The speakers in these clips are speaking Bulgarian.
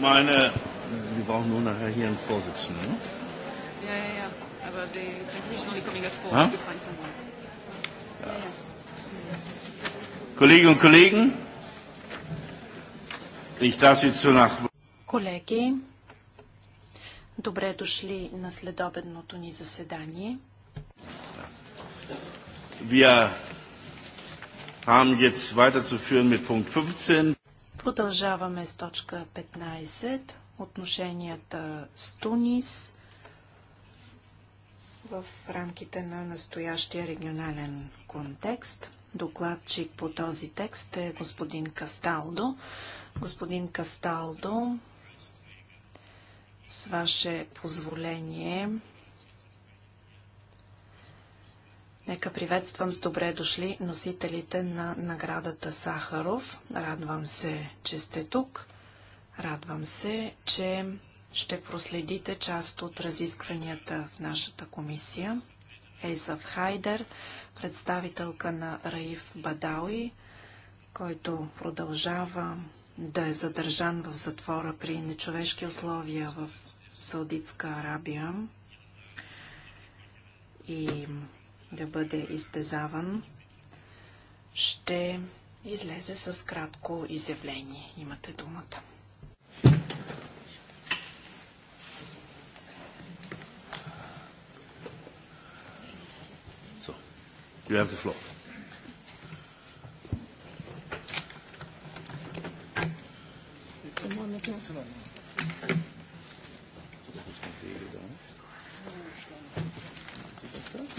meine. Wir brauchen nur nachher hier einen Vorsitzenden. Ne? Ja, ja, ja. Aber die conclusions die coming at four. Ja? Ja. Kolleginnen und Kollegen, ich darf Sie zu Nach. Колеги, добре дошли на следобедното ни заседание. Wir haben jetzt weiterzuführen mit Punkt 15. Продължаваме с точка 15. Отношенията с Тунис в рамките на настоящия регионален контекст. Докладчик по този текст е господин Касталдо. Господин Касталдо, с ваше позволение, Нека приветствам с добре дошли носителите на наградата Сахаров. Радвам се, че сте тук. Радвам се, че ще проследите част от разискванията в нашата комисия. Ейзав Хайдер, представителка на Раиф Бадауи, който продължава да е задържан в затвора при нечовешки условия в Саудитска Арабия. И да бъде изтезаван, ще излезе с кратко изявление. Имате думата. So, you have the floor. Come on,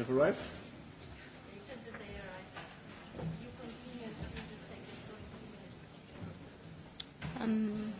They have arrived? They said that they arrived. You continue to the second Um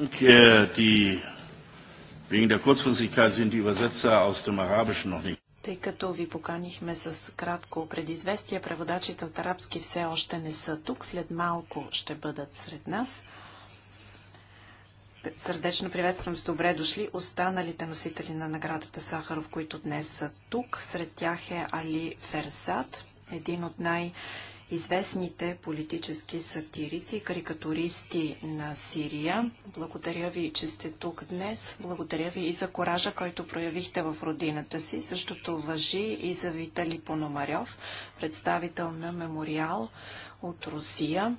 Äh, Тъй като ви поканихме с кратко предизвестие, преводачите от арабски все още не са тук. След малко ще бъдат сред нас. Сърдечно приветствам с добре дошли останалите носители на наградата Сахаров, които днес са тук. Сред тях е Али Ферсат, един от най- известните политически сатирици и карикатуристи на Сирия. Благодаря ви, че сте тук днес. Благодаря ви и за коража, който проявихте в родината си. Същото въжи и за Витали Пономарев, представител на Мемориал от Русия.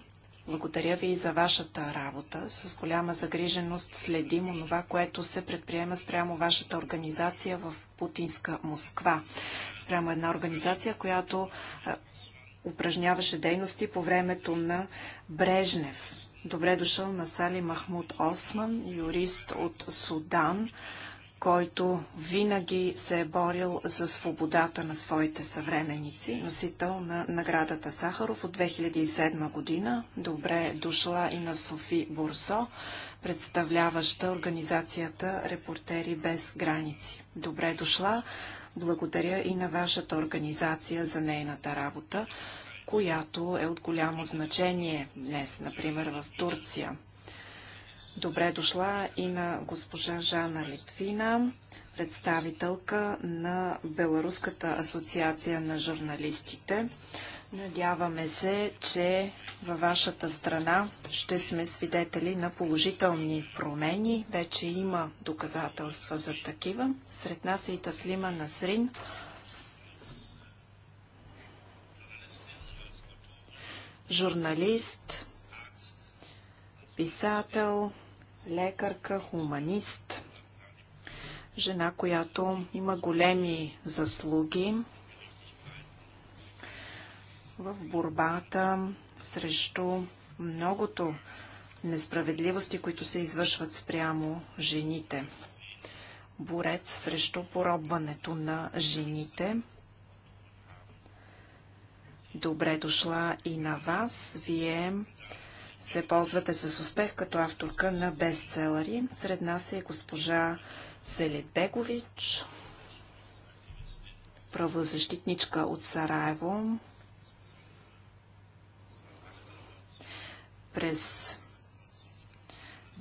Благодаря ви и за вашата работа. С голяма загриженост следим онова, което се предприема спрямо вашата организация в Путинска Москва. Спрямо една организация, която упражняваше дейности по времето на Брежнев. Добре дошъл на Сали Махмуд Осман, юрист от Судан, който винаги се е борил за свободата на своите съвременици, носител на наградата Сахаров от 2007 година. Добре дошла и на Софи Бурсо, представляваща организацията Репортери без граници. Добре дошла благодаря и на вашата организация за нейната работа, която е от голямо значение днес, например в Турция. Добре дошла и на госпожа Жана Литвина, представителка на Беларуската асоциация на журналистите. Надяваме се, че във вашата страна ще сме свидетели на положителни промени. Вече има доказателства за такива. Сред нас е и Таслима Насрин. Журналист, писател, лекарка, хуманист. Жена, която има големи заслуги в борбата срещу многото несправедливости, които се извършват спрямо жените. Борец срещу поробването на жените. Добре дошла и на вас. Вие се ползвате с успех като авторка на бестселери. Сред нас е госпожа Селетбегович, правозащитничка от Сараево, През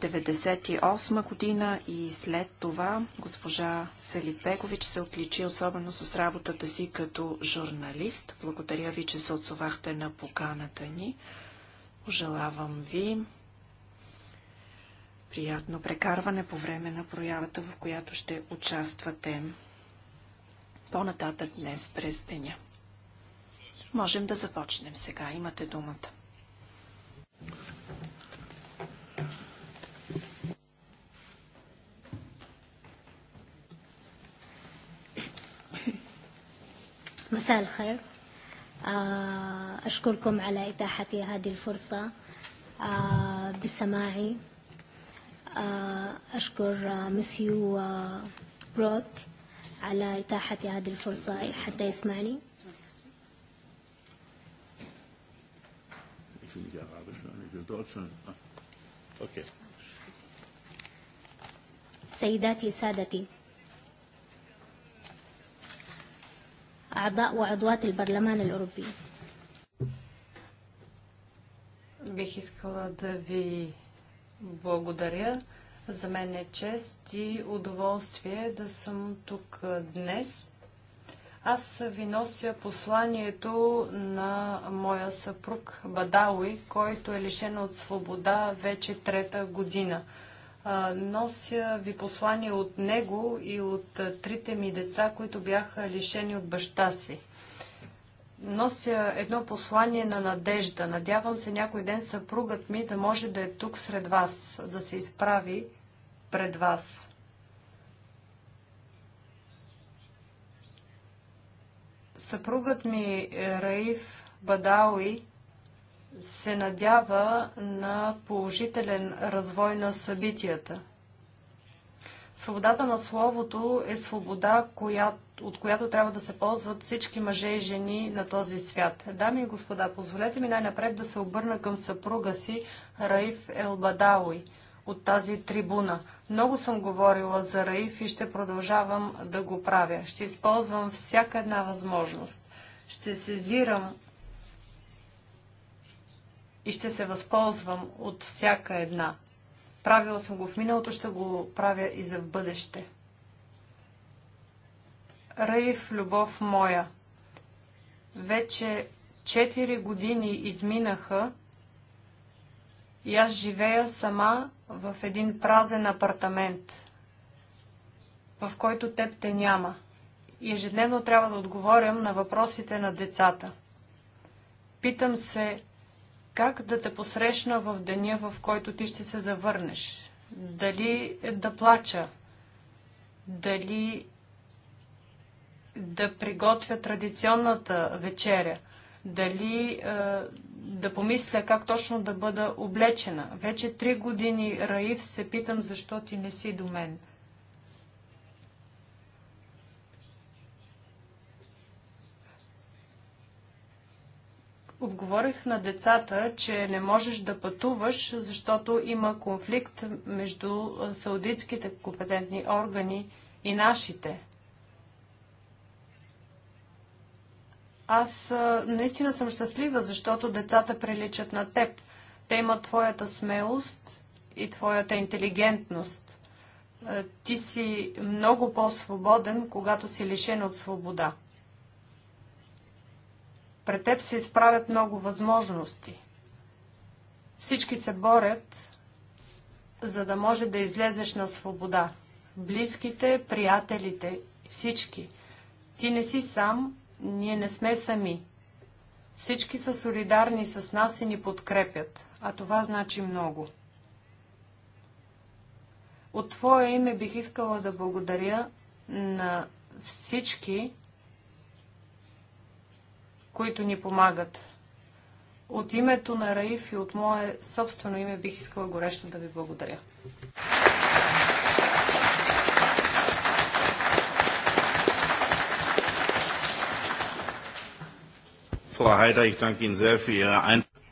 1998 година и след това госпожа Селитбегович се отличи особено с работата си като журналист. Благодаря ви, че се отзовахте на поканата ни. Пожелавам ви приятно прекарване по време на проявата, в която ще участвате по-нататък днес през деня. Можем да започнем сега. Имате думата. مساء الخير أشكركم على إتاحتي هذه الفرصة بسماعي أشكر مسيو بروك على إتاحتي هذه الفرصة حتى يسمعني سيداتي سادتي أعضاء وعضوات البرلمان الأوروبي Бих искала да ви благодаря. За мен е чест и удоволствие да съм тук днес аз ви нося посланието на моя съпруг Бадауи, който е лишен от свобода вече трета година. Нося ви послание от него и от трите ми деца, които бяха лишени от баща си нося едно послание на надежда. Надявам се някой ден съпругът ми да може да е тук сред вас, да се изправи пред вас. Съпругът ми е, Раиф Бадауи се надява на положителен развой на събитията. Свободата на словото е свобода, от която трябва да се ползват всички мъже и жени на този свят. Дами и господа, позволете ми най-напред да се обърна към съпруга си Раиф Елбадауи от тази трибуна. Много съм говорила за Раиф и ще продължавам да го правя. Ще използвам всяка една възможност. Ще сезирам и ще се възползвам от всяка една. Правила съм го в миналото, ще го правя и за в бъдеще. Раиф, любов моя. Вече 4 години изминаха и аз живея сама в един празен апартамент, в който теб те няма. И ежедневно трябва да отговорям на въпросите на децата. Питам се, как да те посрещна в деня, в който ти ще се завърнеш? Дали да плача? Дали да приготвя традиционната вечеря? дали е, да помисля как точно да бъда облечена. Вече три години, Раив, се питам, защо ти не си до мен. Отговорих на децата, че не можеш да пътуваш, защото има конфликт между е, саудитските компетентни органи и нашите. Аз наистина съм щастлива, защото децата приличат на теб. Те имат твоята смелост и твоята интелигентност. ти си много по-свободен, когато си лишен от свобода. Пред теб се изправят много възможности. Всички се борят, за да може да излезеш на свобода. Близките, приятелите, всички. Ти не си сам, ние не сме сами. Всички са солидарни с нас и ни подкрепят, а това значи много. От твое име бих искала да благодаря на всички, които ни помагат. От името на Раиф и от мое собствено име бих искала горещо да ви благодаря.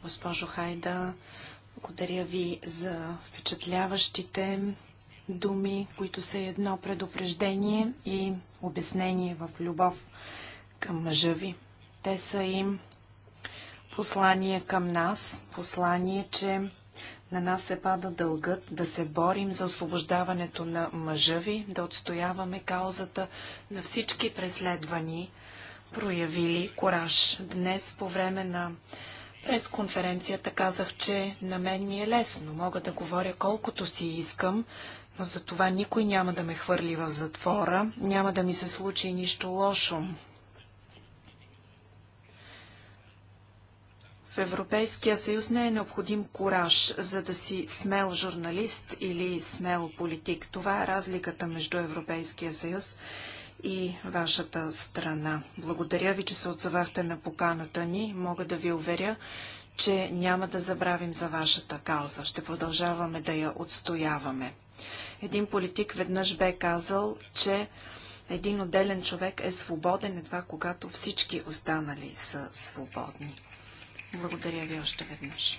Госпожо Хайда, благодаря ви за впечатляващите думи, които са едно предупреждение и обяснение в любов към мъжа ви. Те са им послание към нас, послание, че на нас се пада дългът да се борим за освобождаването на мъжа ви, да отстояваме каузата на всички преследвани проявили кораж. Днес по време на пресконференцията казах, че на мен ми е лесно. Мога да говоря колкото си искам, но за това никой няма да ме хвърли в затвора, няма да ми се случи нищо лошо. В Европейския съюз не е необходим кураж, за да си смел журналист или смел политик. Това е разликата между Европейския съюз и вашата страна. Благодаря ви, че се отзовахте на поканата ни. Мога да ви уверя, че няма да забравим за вашата кауза. Ще продължаваме да я отстояваме. Един политик веднъж бе казал, че един отделен човек е свободен едва когато всички останали са свободни. Благодаря ви още веднъж.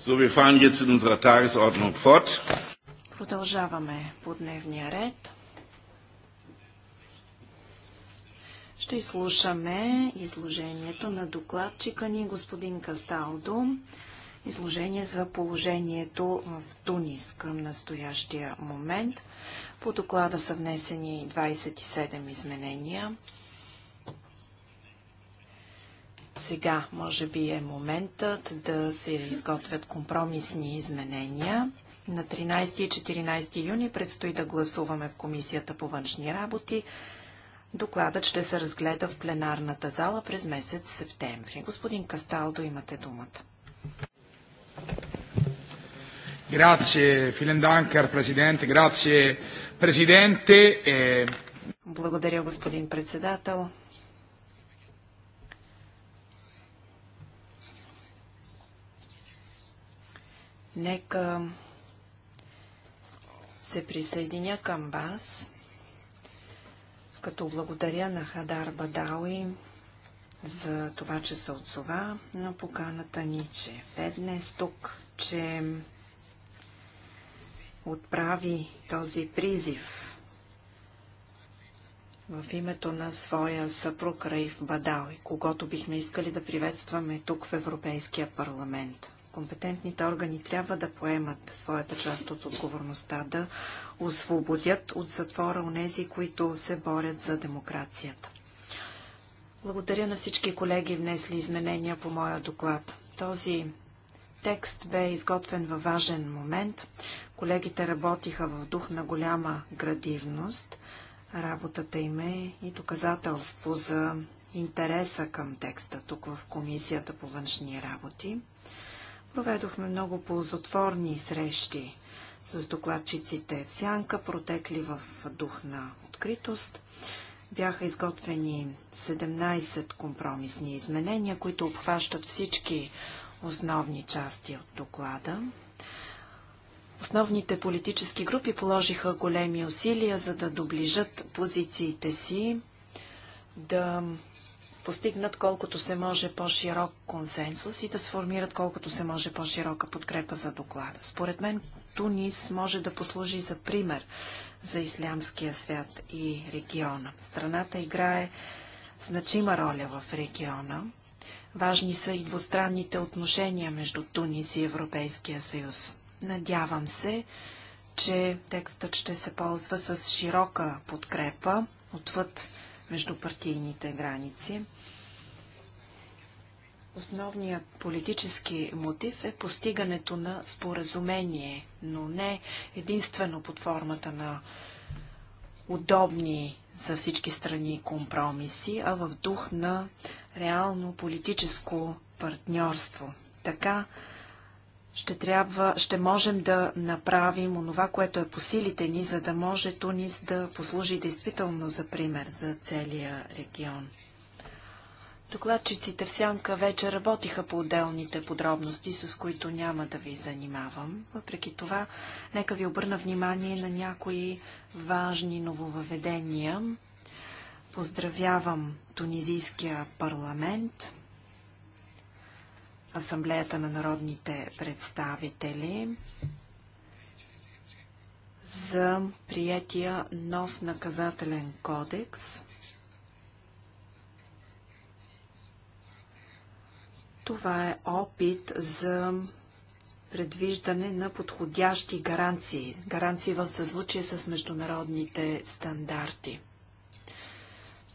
So, fahren jetzt in unserer Tagesordnung fort. Продължаваме по дневния ред. Ще изслушаме изложението на докладчика ни господин Касталдо. Изложение за положението в Тунис към настоящия момент. По доклада са внесени 27 изменения. Сега може би е моментът да се изготвят компромисни изменения. На 13 и 14 юни предстои да гласуваме в Комисията по външни работи. Докладът ще се разгледа в пленарната зала през месец септември. Господин Касталдо, имате думата. Grazie, Grazie, Presidente. Благодаря, господин председател. Нека се присъединя към вас, като благодаря на Хадар Бадауи за това, че се отзова на поканата ни, че е днес тук, че отправи този призив в името на своя съпруг Раиф Бадауи, когато бихме искали да приветстваме тук в Европейския парламент компетентните органи трябва да поемат своята част от отговорността, да освободят от затвора онези, които се борят за демокрацията. Благодаря на всички колеги, внесли изменения по моя доклад. Този текст бе изготвен във важен момент. Колегите работиха в дух на голяма градивност. Работата им е и доказателство за интереса към текста тук в Комисията по външни работи. Проведохме много ползотворни срещи с докладчиците в Сянка, протекли в дух на откритост. Бяха изготвени 17 компромисни изменения, които обхващат всички основни части от доклада. Основните политически групи положиха големи усилия, за да доближат позициите си, да постигнат колкото се може по-широк консенсус и да сформират колкото се може по-широка подкрепа за доклада. Според мен Тунис може да послужи за пример за ислямския свят и региона. Страната играе значима роля в региона. Важни са и двустранните отношения между Тунис и Европейския съюз. Надявам се, че текстът ще се ползва с широка подкрепа отвъд между партийните граници. Основният политически мотив е постигането на споразумение, но не единствено под формата на удобни за всички страни компромиси, а в дух на реално политическо партньорство. Така ще трябва, ще можем да направим онова, което е по силите ни, за да може Тунис да послужи действително за пример за целия регион. Докладчиците в Сянка вече работиха по отделните подробности, с които няма да ви занимавам. Въпреки това, нека ви обърна внимание на някои важни нововъведения. Поздравявам Тунизийския парламент – Асамблеята на народните представители за приятия нов наказателен кодекс. Това е опит за предвиждане на подходящи гаранции, гаранции в съзвучие с международните стандарти.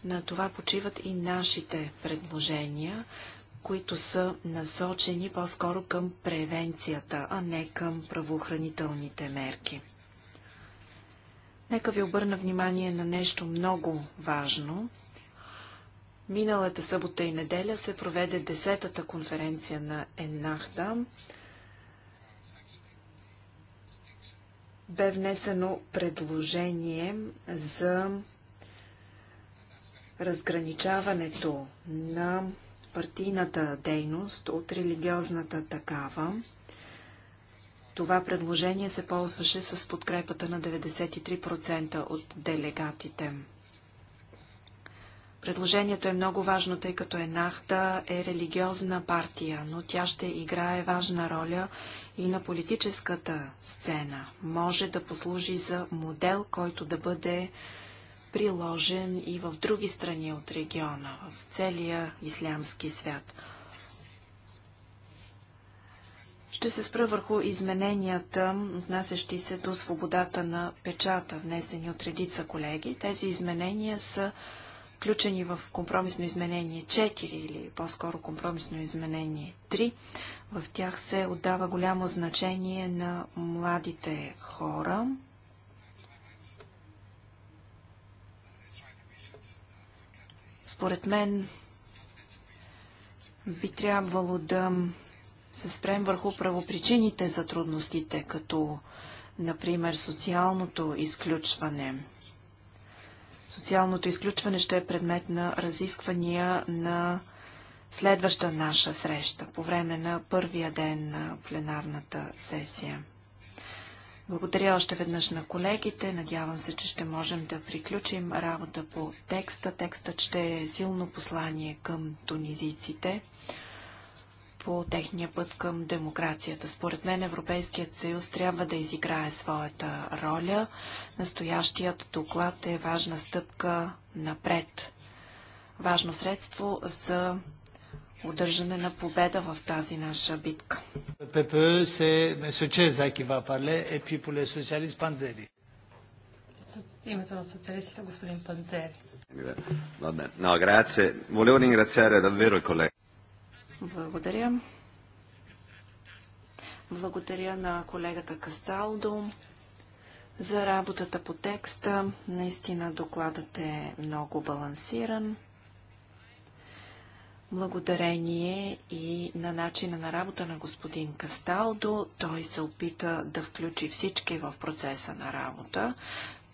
На това почиват и нашите предложения които са насочени по-скоро към превенцията, а не към правоохранителните мерки. Нека ви обърна внимание на нещо много важно. Миналата събота и неделя се проведе 10-та конференция на Еннахта. Бе внесено предложение за разграничаването на партийната дейност от религиозната такава. Това предложение се ползваше с подкрепата на 93% от делегатите. Предложението е много важно, тъй като Енахта е религиозна партия, но тя ще играе важна роля и на политическата сцена. Може да послужи за модел, който да бъде приложен и в други страни от региона, в целия ислямски свят. Ще се спра върху измененията, отнасящи се до свободата на печата, внесени от редица колеги. Тези изменения са включени в компромисно изменение 4 или по-скоро компромисно изменение 3. В тях се отдава голямо значение на младите хора. Според мен би трябвало да се спрем върху правопричините за трудностите, като например социалното изключване. Социалното изключване ще е предмет на разисквания на следваща наша среща по време на първия ден на пленарната сесия. Благодаря още веднъж на колегите. Надявам се, че ще можем да приключим работа по текста. Текстът ще е силно послание към тунизийците по техния път към демокрацията. Според мен Европейският съюз трябва да изиграе своята роля. Настоящият доклад е важна стъпка напред. Важно средство за удържане на победа в тази наша битка. Е името на социалистите господин Панзери. Благодаря. Благодаря на колегата Касталдо за работата по текста. Наистина докладът е много балансиран благодарение и на начина на работа на господин Касталдо. Той се опита да включи всички в процеса на работа.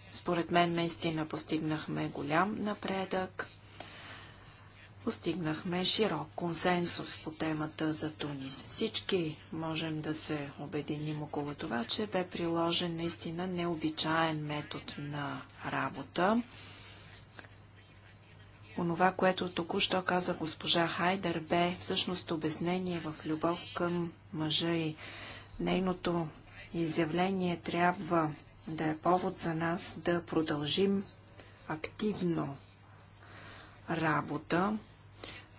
Според мен наистина постигнахме голям напредък. Постигнахме широк консенсус по темата за Тунис. Всички можем да се обединим около това, че бе приложен наистина необичаен метод на работа. Онова, което току-що каза госпожа Хайдер, бе всъщност обяснение в любов към мъжа и нейното изявление трябва да е повод за нас да продължим активно работа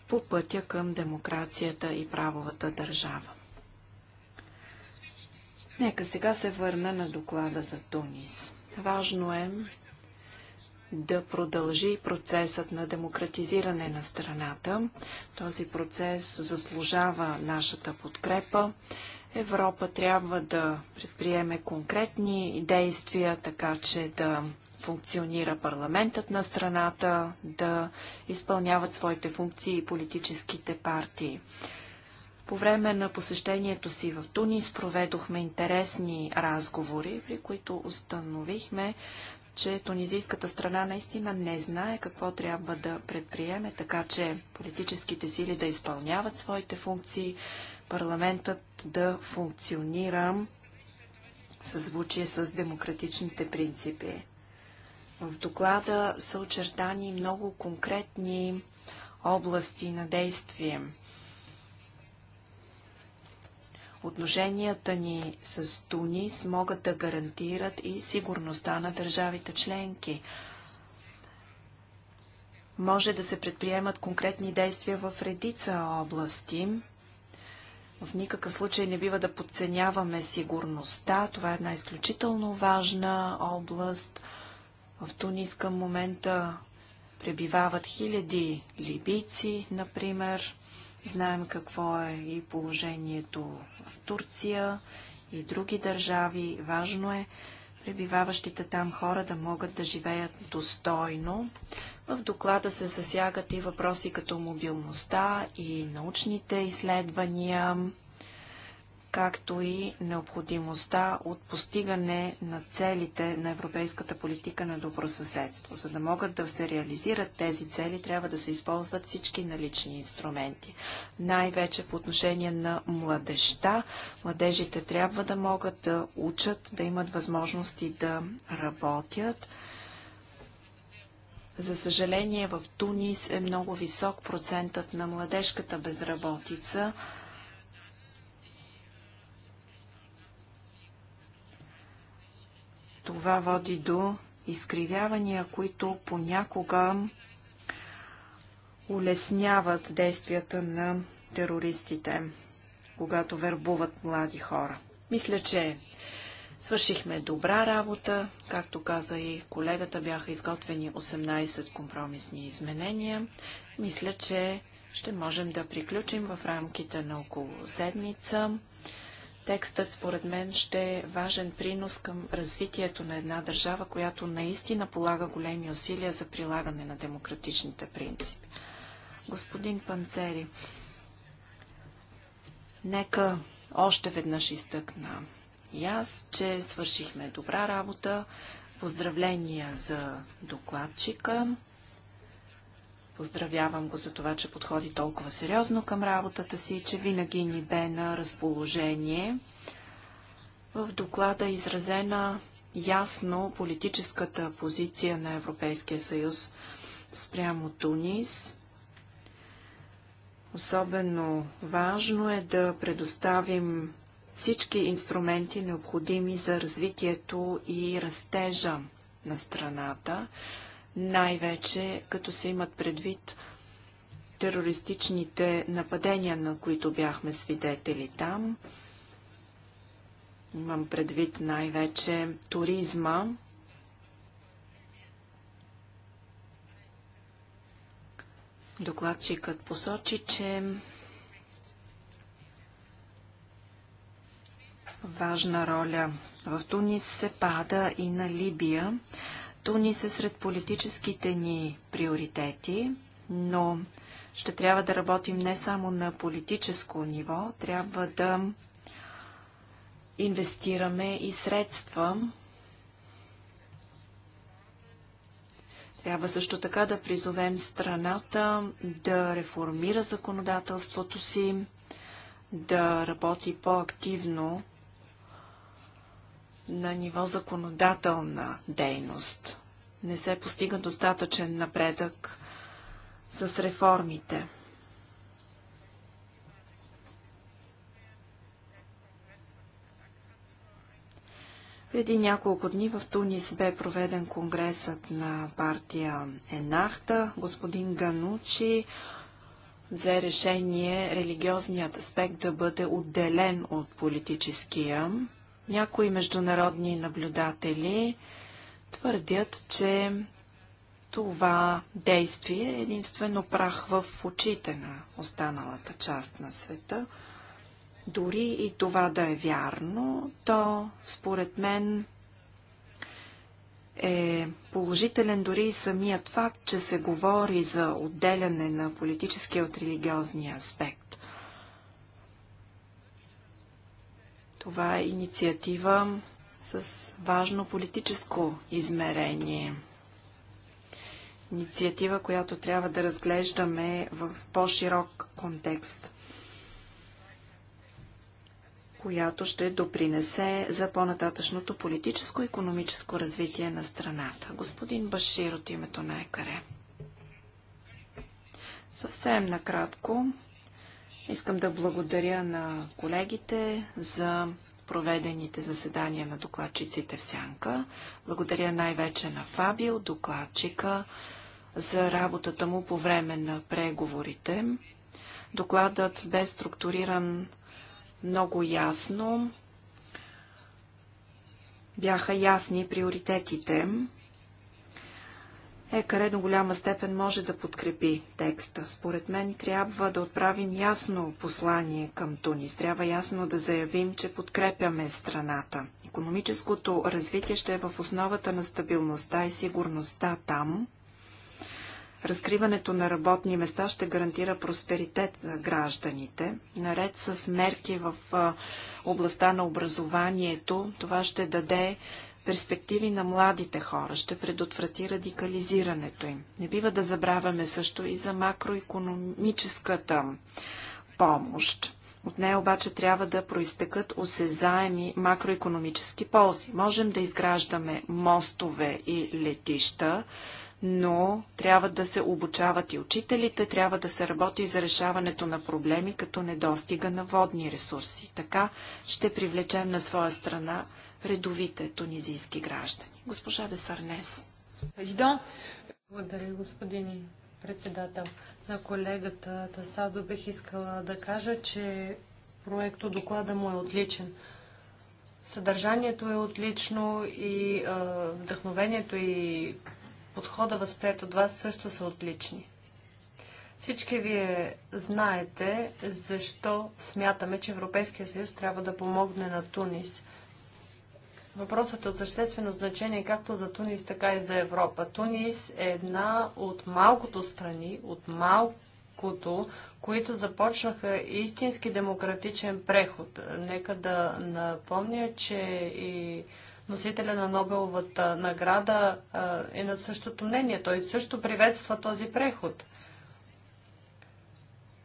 по пътя към демокрацията и правовата държава. Нека сега се върна на доклада за Тунис. Важно е да продължи процесът на демократизиране на страната. Този процес заслужава нашата подкрепа. Европа трябва да предприеме конкретни действия, така че да функционира парламентът на страната, да изпълняват своите функции и политическите партии. По време на посещението си в Тунис проведохме интересни разговори, при които установихме, че тунизийската страна наистина не знае какво трябва да предприеме, така че политическите сили да изпълняват своите функции, парламентът да функционира съзвучие с демократичните принципи. В доклада са очертани много конкретни области на действие. Отношенията ни с Тунис могат да гарантират и сигурността на държавите членки. Може да се предприемат конкретни действия в редица области. В никакъв случай не бива да подценяваме сигурността. Това е една изключително важна област. В Тунис към момента пребивават хиляди либийци, например. Знаем какво е и положението Турция и други държави. Важно е пребиваващите там хора да могат да живеят достойно. В доклада се засягат и въпроси като мобилността и научните изследвания, както и необходимостта от постигане на целите на европейската политика на добросъседство. За да могат да се реализират тези цели, трябва да се използват всички налични инструменти. Най-вече по отношение на младеща. Младежите трябва да могат да учат, да имат възможности да работят. За съжаление, в Тунис е много висок процентът на младежката безработица – Това води до изкривявания, които понякога улесняват действията на терористите, когато вербуват млади хора. Мисля, че свършихме добра работа. Както каза и колегата, бяха изготвени 18 компромисни изменения. Мисля, че ще можем да приключим в рамките на около седмица. Текстът, според мен, ще е важен принос към развитието на една държава, която наистина полага големи усилия за прилагане на демократичните принципи. Господин Панцери, нека още веднъж изтъкна и аз, че свършихме добра работа. Поздравления за докладчика. Поздравявам го за това, че подходи толкова сериозно към работата си, че винаги ни бе на разположение. В доклада е изразена ясно политическата позиция на Европейския съюз спрямо Тунис. Особено важно е да предоставим всички инструменти, необходими за развитието и растежа на страната най-вече като се имат предвид терористичните нападения, на които бяхме свидетели там. Имам предвид най-вече туризма. Докладчикът посочи, че важна роля в Тунис се пада и на Либия. Тунис е сред политическите ни приоритети, но ще трябва да работим не само на политическо ниво, трябва да инвестираме и средства. Трябва също така да призовем страната да реформира законодателството си, да работи по-активно на ниво законодателна дейност. Не се постига достатъчен напредък с реформите. Преди няколко дни в Тунис бе проведен конгресът на партия Енахта. Господин Ганучи взе решение религиозният аспект да бъде отделен от политическия. Някои международни наблюдатели твърдят, че това действие е единствено прах в очите на останалата част на света. Дори и това да е вярно, то според мен е положителен дори и самият факт, че се говори за отделяне на политическия от религиозния аспект. Това е инициатива с важно политическо измерение. Инициатива, която трябва да разглеждаме в по-широк контекст, която ще допринесе за по-нататъчното политическо и економическо развитие на страната. Господин Башир от името на ЕКАРЕ. Съвсем накратко, Искам да благодаря на колегите за проведените заседания на докладчиците в Сянка. Благодаря най-вече на Фабио, докладчика, за работата му по време на преговорите. Докладът бе структуриран много ясно. Бяха ясни приоритетите къде до голяма степен може да подкрепи текста. Според мен трябва да отправим ясно послание към Тунис. Трябва ясно да заявим, че подкрепяме страната. Економическото развитие ще е в основата на стабилността и сигурността там. Разкриването на работни места ще гарантира просперитет за гражданите. Наред с мерки в областта на образованието, това ще даде перспективи на младите хора, ще предотврати радикализирането им. Не бива да забравяме също и за макроекономическата помощ. От нея обаче трябва да проистекат осезаеми макроекономически ползи. Можем да изграждаме мостове и летища, но трябва да се обучават и учителите, трябва да се работи за решаването на проблеми като недостига на водни ресурси. Така ще привлечем на своя страна редовите тунизийски граждани. Госпожа Десарнес. Благодаря, господин председател. На колегата Тасадо бих искала да кажа, че проекто доклада му е отличен. Съдържанието е отлично и вдъхновението и подхода възпред от вас също са отлични. Всички вие знаете защо смятаме, че Европейския съюз трябва да помогне на Тунис – Въпросът е от съществено значение както за Тунис, така и за Европа. Тунис е една от малкото страни, от малкото, които започнаха истински демократичен преход. Нека да напомня, че и носителя на Нобеловата награда е на същото мнение. Той също приветства този преход.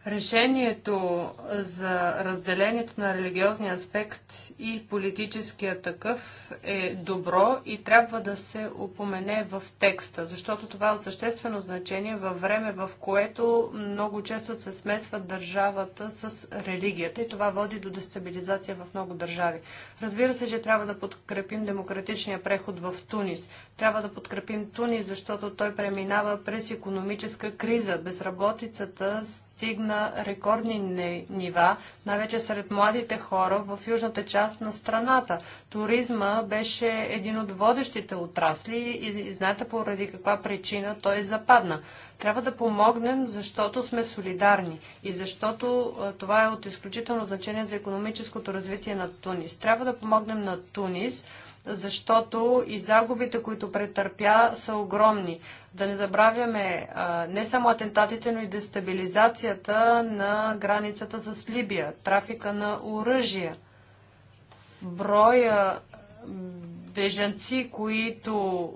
Решението за разделението на религиозния аспект и политическия такъв е добро и трябва да се упомене в текста, защото това е от съществено значение във време, в което много често се смесва държавата с религията и това води до дестабилизация в много държави. Разбира се, че трябва да подкрепим демократичния преход в Тунис. Трябва да подкрепим Тунис, защото той преминава през економическа криза. Безработицата достигна рекордни нива, най-вече сред младите хора в южната част на страната. Туризма беше един от водещите отрасли и, и знаете поради каква причина той западна. Трябва да помогнем, защото сме солидарни и защото това е от изключително значение за економическото развитие на Тунис. Трябва да помогнем на Тунис, защото и загубите, които претърпя, са огромни. Да не забравяме не само атентатите, но и дестабилизацията на границата с Либия, трафика на оръжия, броя бежанци, които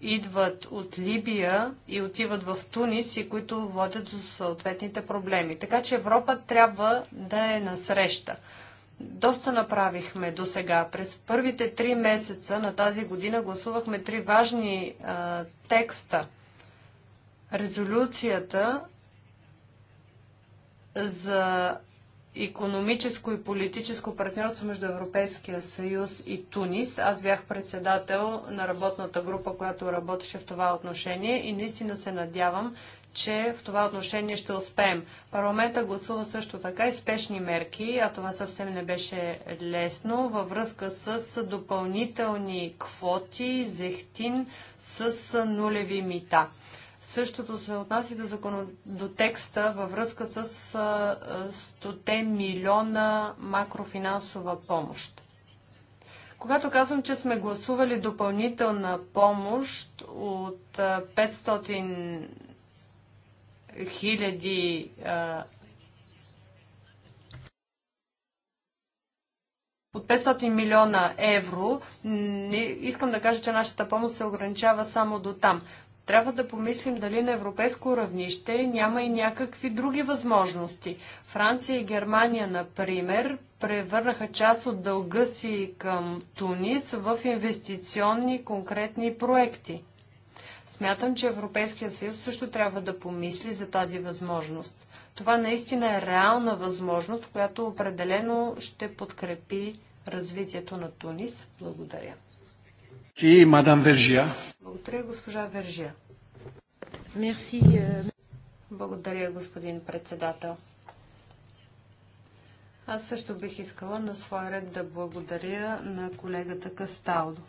идват от Либия и отиват в Тунис и които водят до съответните проблеми. Така че Европа трябва да е насреща. среща. Доста направихме до сега. През първите три месеца на тази година гласувахме три важни а, текста. Резолюцията за економическо и политическо партньорство между Европейския съюз и Тунис. Аз бях председател на работната група, която работеше в това отношение и наистина се надявам, че в това отношение ще успеем. Парламента гласува също така и спешни мерки, а това съвсем не беше лесно, във връзка с допълнителни квоти, зехтин с нулеви мита. Същото се отнася до, закон... до текста във връзка с 100 милиона макрофинансова помощ. Когато казвам, че сме гласували допълнителна помощ от 500 хиляди от 500 милиона евро, не, искам да кажа, че нашата помощ се ограничава само до там. Трябва да помислим дали на европейско равнище няма и някакви други възможности. Франция и Германия, например, превърнаха част от дълга си към Тунис в инвестиционни конкретни проекти. Смятам, че Европейския съюз също трябва да помисли за тази възможност. Това наистина е реална възможност, която определено ще подкрепи развитието на Тунис. Благодаря. И мадам Вержия. Благодаря, госпожа Вержия. Мерси. Е, благодаря, господин председател. Аз също бих искала на своя ред да благодаря на колегата Касталдо.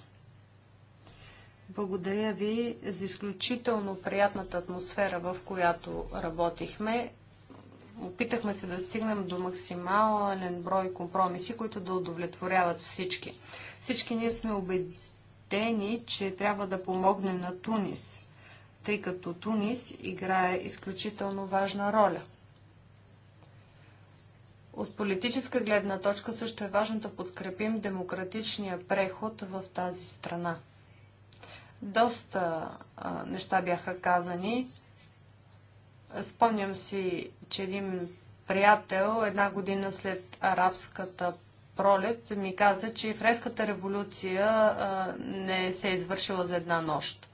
Благодаря ви за изключително приятната атмосфера, в която работихме. Опитахме се да стигнем до максимален брой компромиси, които да удовлетворяват всички. Всички ние сме убедени, че трябва да помогнем на Тунис, тъй като Тунис играе изключително важна роля. От политическа гледна точка също е важно да подкрепим демократичния преход в тази страна. Доста а, неща бяха казани. Спомням си, че един приятел една година след арабската пролет ми каза, че френската революция а, не се е извършила за една нощ.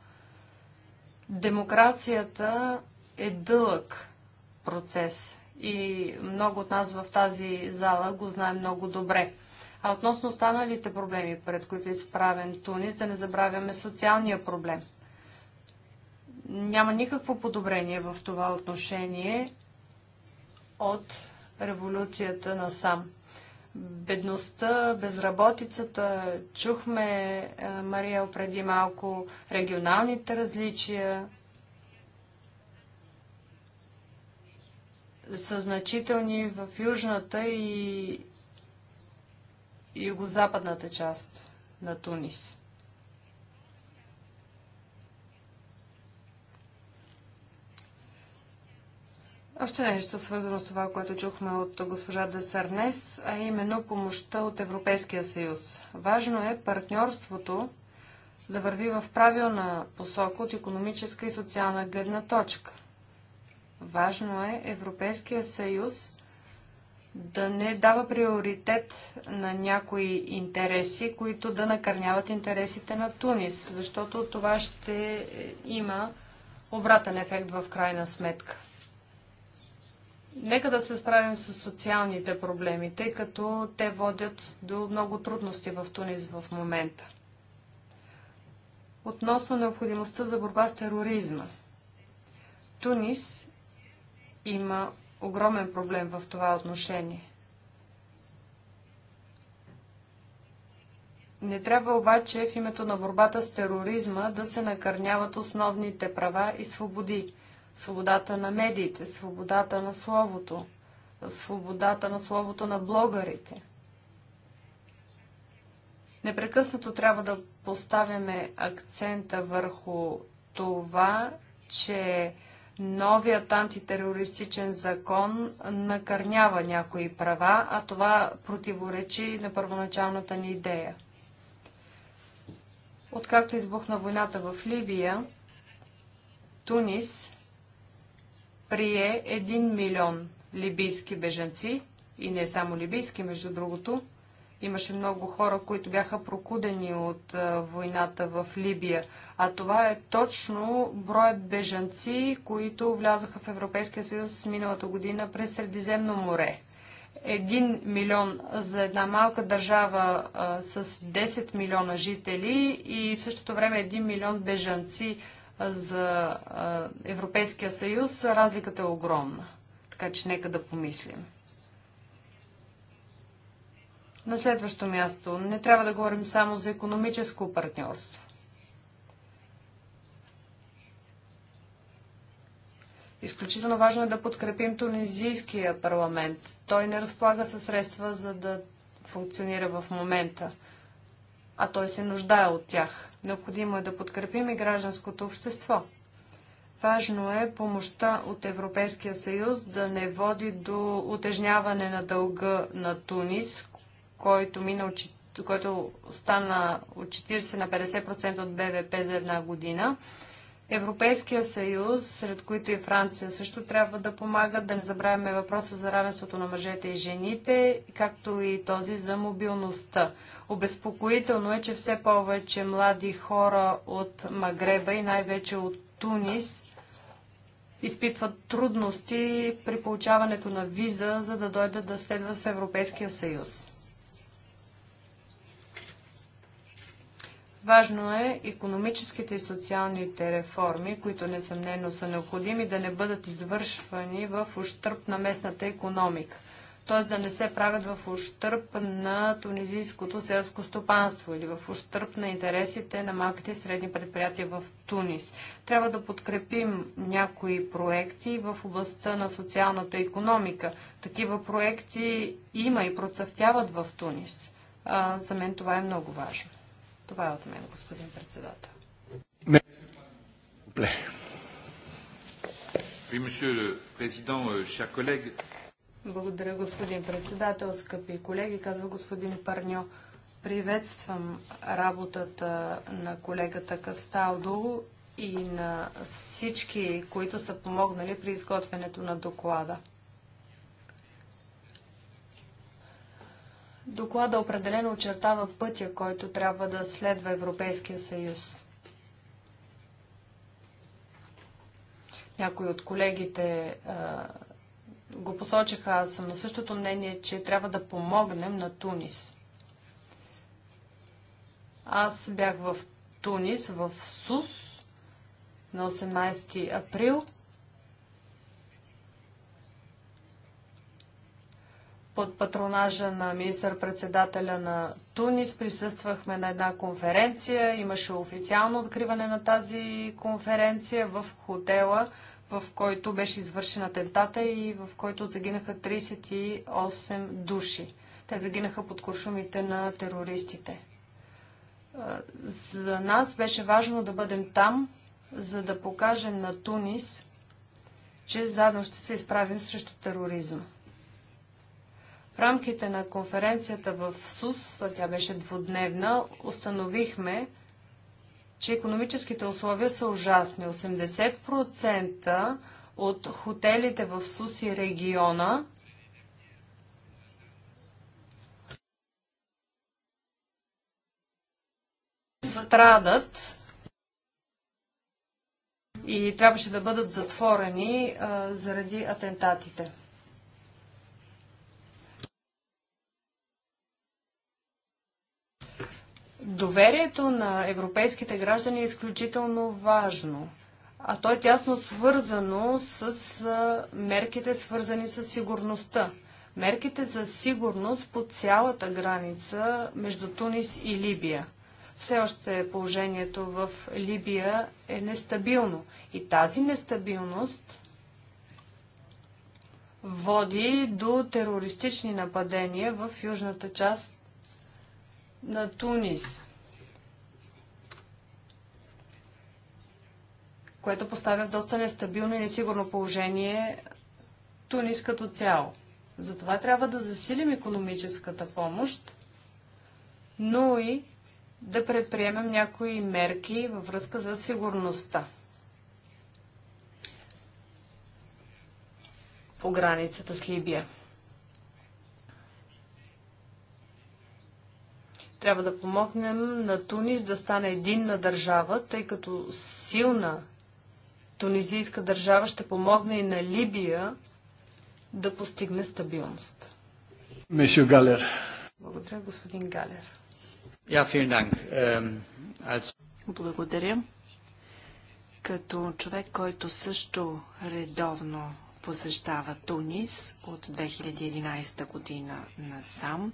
Демокрацията е дълъг процес и много от нас в тази зала го знаем много добре. А относно останалите проблеми, пред които е изправен Тунис, да не забравяме социалния проблем. Няма никакво подобрение в това отношение от революцията на сам. Бедността, безработицата, чухме е, Мария преди малко, регионалните различия, са значителни в южната и югозападната част на Тунис. Още нещо свързано с това, което чухме от госпожа Десарнес, а именно помощта от Европейския съюз. Важно е партньорството да върви в правилна посока от економическа и социална гледна точка. Важно е Европейския съюз да не дава приоритет на някои интереси, които да накърняват интересите на Тунис, защото това ще има обратен ефект в крайна сметка. Нека да се справим с социалните проблеми, тъй като те водят до много трудности в Тунис в момента. Относно необходимостта за борба с тероризма. Тунис има огромен проблем в това отношение. Не трябва обаче в името на борбата с тероризма да се накърняват основните права и свободи. Свободата на медиите, свободата на словото, свободата на словото на блогърите. Непрекъснато трябва да поставяме акцента върху това, че новият антитерористичен закон накърнява някои права, а това противоречи на първоначалната ни идея. Откакто избухна войната в Либия, Тунис прие 1 милион либийски бежанци и не само либийски, между другото, Имаше много хора, които бяха прокудени от войната в Либия. А това е точно броят бежанци, които влязоха в Европейския съюз миналата година през Средиземно море. Един милион за една малка държава а, с 10 милиона жители и в същото време един милион бежанци а, за а, Европейския съюз, разликата е огромна. Така че нека да помислим. На следващо място, не трябва да говорим само за економическо партньорство. Изключително важно е да подкрепим тунизийския парламент. Той не разполага със средства, за да функционира в момента, а той се нуждае от тях. Необходимо е да подкрепим и гражданското общество. Важно е помощта от Европейския съюз да не води до утежняване на дълга на Тунис, който мина от който стана от 40 на 50% от БВП за една година. Европейския съюз, сред които и Франция, също трябва да помагат. Да не забравяме въпроса за равенството на мъжете и жените, както и този за мобилността. Обезпокоително е, че все повече млади хора от Магреба и най-вече от Тунис изпитват трудности при получаването на виза, за да дойдат да следват в Европейския съюз. Важно е економическите и социалните реформи, които несъмнено са необходими, да не бъдат извършвани в ущърп на местната економика. Т.е. да не се правят в ущърп на тунизийското селско стопанство или в ущърп на интересите на малките и средни предприятия в Тунис. Трябва да подкрепим някои проекти в областта на социалната економика. Такива проекти има и процъфтяват в Тунис. за мен това е много важно. Това е от мен, господин председател. Euh, Благодаря, господин председател, скъпи колеги, казва господин Парньо. Приветствам работата на колегата Касталдо и на всички, които са помогнали при изготвянето на доклада. Доклада определено очертава пътя, който трябва да следва Европейския съюз. Някои от колегите а, го посочиха, аз съм на същото мнение, че трябва да помогнем на Тунис. Аз бях в Тунис, в СУС, на 18 април – под патронажа на министър-председателя на Тунис. Присъствахме на една конференция. Имаше официално откриване на тази конференция в хотела, в който беше извършен атентата и в който загинаха 38 души. Те загинаха под куршумите на терористите. За нас беше важно да бъдем там, за да покажем на Тунис, че заедно ще се изправим срещу тероризма. В рамките на конференцията в СУС, тя беше двудневна, установихме, че економическите условия са ужасни. 80% от хотелите в СУС и региона страдат и трябваше да бъдат затворени а, заради атентатите. Доверието на европейските граждани е изключително важно, а то е тясно свързано с мерките, свързани с сигурността. Мерките за сигурност по цялата граница между Тунис и Либия. Все още положението в Либия е нестабилно и тази нестабилност води до терористични нападения в южната част на Тунис, което поставя в доста нестабилно и несигурно положение Тунис като цяло. Затова трябва да засилим економическата помощ, но и да предприемем някои мерки във връзка за сигурността. по границата с Либия. Трябва да помогнем на Тунис да стане единна държава, тъй като силна тунизийска държава ще помогне и на Либия да постигне стабилност. Мишо Галер. Благодаря, господин Галер. Я, vielen Благодаря. Като човек, който също редовно посещава Тунис от 2011 година насам,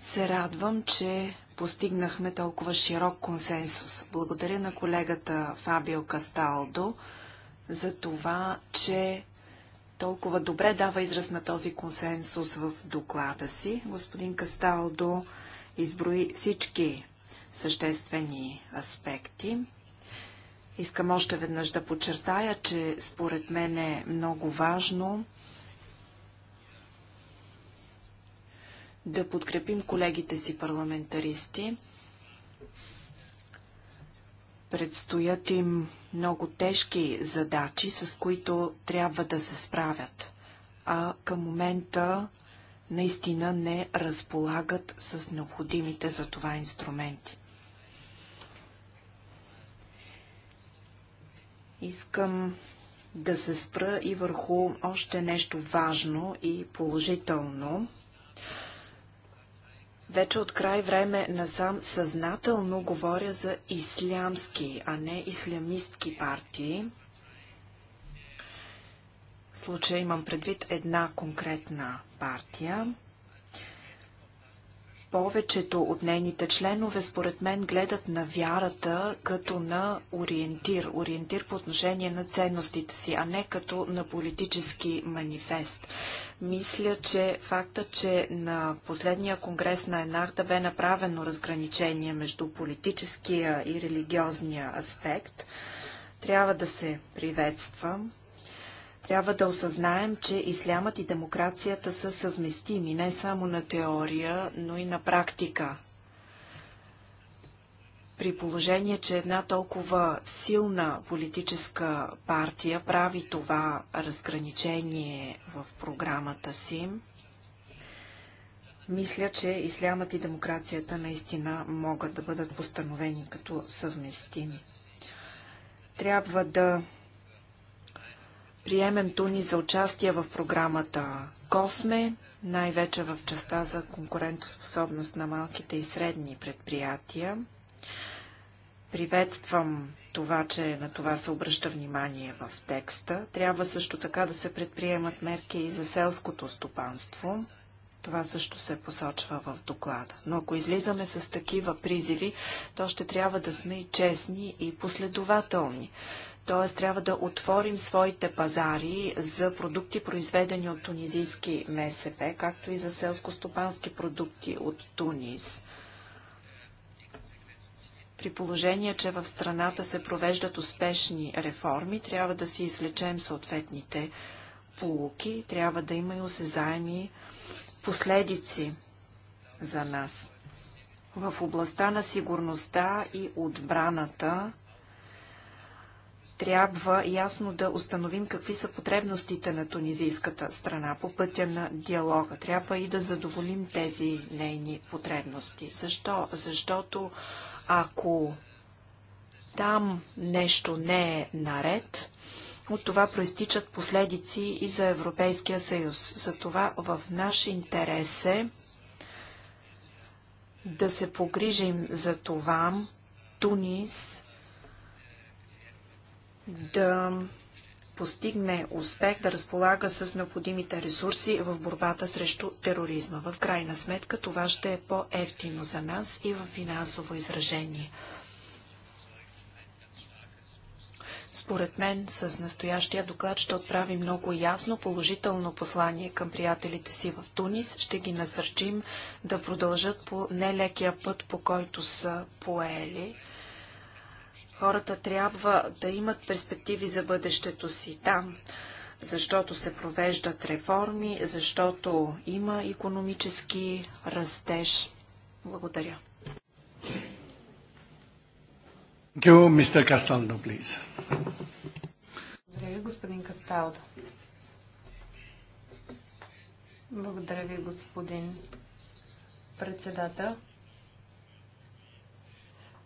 се радвам, че постигнахме толкова широк консенсус. Благодаря на колегата Фабио Касталдо за това, че толкова добре дава израз на този консенсус в доклада си. Господин Касталдо изброи всички съществени аспекти. Искам още веднъж да подчертая, че според мен е много важно да подкрепим колегите си парламентаристи. Предстоят им много тежки задачи, с които трябва да се справят. А към момента наистина не разполагат с необходимите за това инструменти. Искам да се спра и върху още нещо важно и положително. Вече от край време насам съзнателно говоря за ислямски, а не ислямистки партии. В случая имам предвид една конкретна партия. Повечето от нейните членове, според мен, гледат на вярата като на ориентир, ориентир по отношение на ценностите си, а не като на политически манифест. Мисля, че факта, че на последния конгрес на Енарта бе направено разграничение между политическия и религиозния аспект, трябва да се приветства. Трябва да осъзнаем, че ислямът и демокрацията са съвместими не само на теория, но и на практика. При положение, че една толкова силна политическа партия прави това разграничение в програмата си, мисля, че ислямът и демокрацията наистина могат да бъдат постановени като съвместими. Трябва да приемем Туни за участие в програмата Косме, най-вече в частта за конкурентоспособност на малките и средни предприятия. Приветствам това, че на това се обръща внимание в текста. Трябва също така да се предприемат мерки и за селското стопанство. Това също се посочва в доклада. Но ако излизаме с такива призиви, то ще трябва да сме и честни и последователни т.е. трябва да отворим своите пазари за продукти, произведени от тунизийски МСП, както и за селско-стопански продукти от Тунис. При положение, че в страната се провеждат успешни реформи, трябва да си извлечем съответните полуки, трябва да има и осезаеми последици за нас. В областта на сигурността и отбраната трябва ясно да установим какви са потребностите на тунизийската страна по пътя на диалога. Трябва и да задоволим тези нейни потребности. Защо? Защото ако там нещо не е наред, от това проистичат последици и за Европейския съюз. Затова в наш интерес е да се погрижим за това Тунис да постигне успех, да разполага с необходимите ресурси в борбата срещу тероризма. В крайна сметка това ще е по-ефтино за нас и в финансово изражение. Според мен с настоящия доклад ще отправи много ясно положително послание към приятелите си в Тунис. Ще ги насърчим да продължат по нелекия път, по който са поели. Хората трябва да имат перспективи за бъдещето си там, защото се провеждат реформи, защото има економически растеж. Благодаря. Благодаря ви, господин Касталдо. Благодаря ви, господин председател.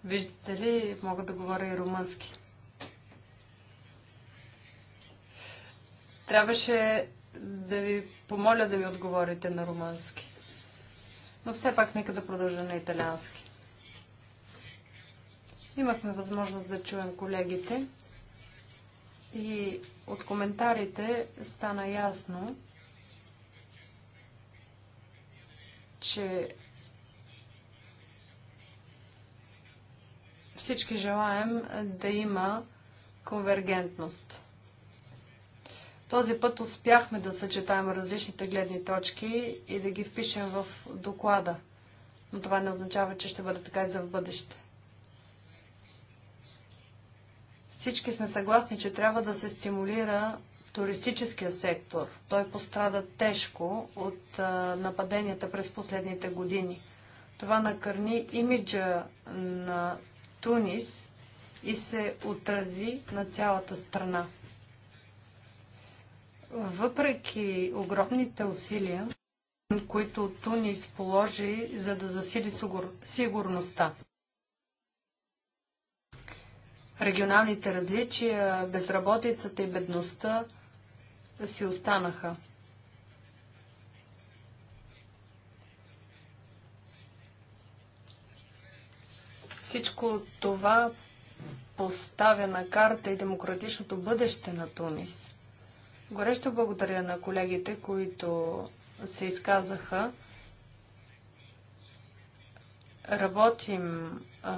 Виждате ли, мога да говоря и румънски. Трябваше да ви помоля да ми отговорите на румънски. Но все пак нека да продължа на италиански. Имахме възможност да чуем колегите и от коментарите стана ясно, че всички желаем е, да има конвергентност. Този път успяхме да съчетаем различните гледни точки и да ги впишем в доклада. Но това не означава, че ще бъде така и за в бъдеще. Всички сме съгласни, че трябва да се стимулира туристическия сектор. Той пострада тежко от нападенията през последните години. Това накърни имиджа на Тунис и се отрази на цялата страна. Въпреки огромните усилия, които Тунис положи, за да засили сигурността. Регионалните различия, безработицата и бедността си останаха. Всичко това поставя на карта и демократичното бъдеще на Тунис. Горещо благодаря на колегите, които се изказаха. Работим а,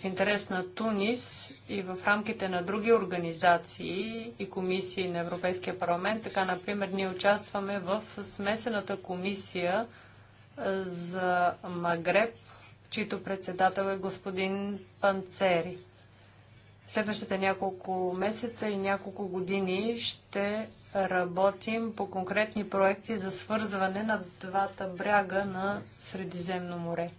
в интерес на Тунис и в рамките на други организации и комисии на Европейския парламент. Така, например, ние участваме в смесената комисия за Магреб – чийто председател е господин Панцери. Следващите няколко месеца и няколко години ще работим по конкретни проекти за свързване на двата бряга на Средиземно море.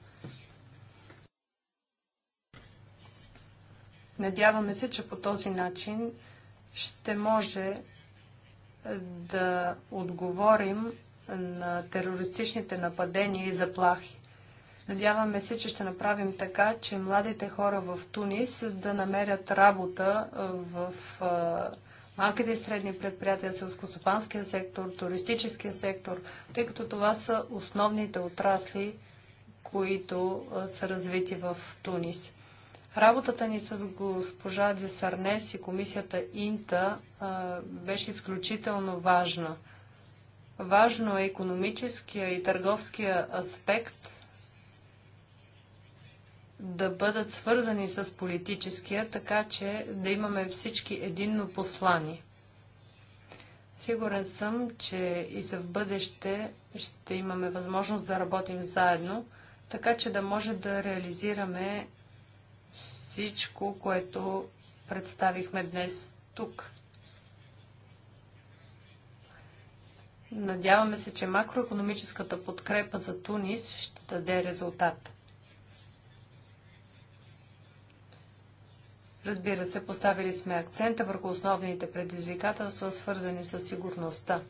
Надяваме се, че по този начин ще може да отговорим на терористичните нападения и заплахи. Надяваме се, че ще направим така, че младите хора в Тунис да намерят работа в малките и средни предприятия, селскостопанския сектор, туристическия сектор, тъй като това са основните отрасли, които са развити в Тунис. Работата ни с госпожа Десарнес и комисията Инта беше изключително важна. Важно е економическия и търговския аспект да бъдат свързани с политическия, така че да имаме всички единно послание. Сигурен съм, че и за в бъдеще ще имаме възможност да работим заедно, така че да може да реализираме всичко, което представихме днес тук. Надяваме се, че макроекономическата подкрепа за Тунис ще даде резултат. Разбира се, поставили сме акцента върху основните предизвикателства, свързани с сигурността.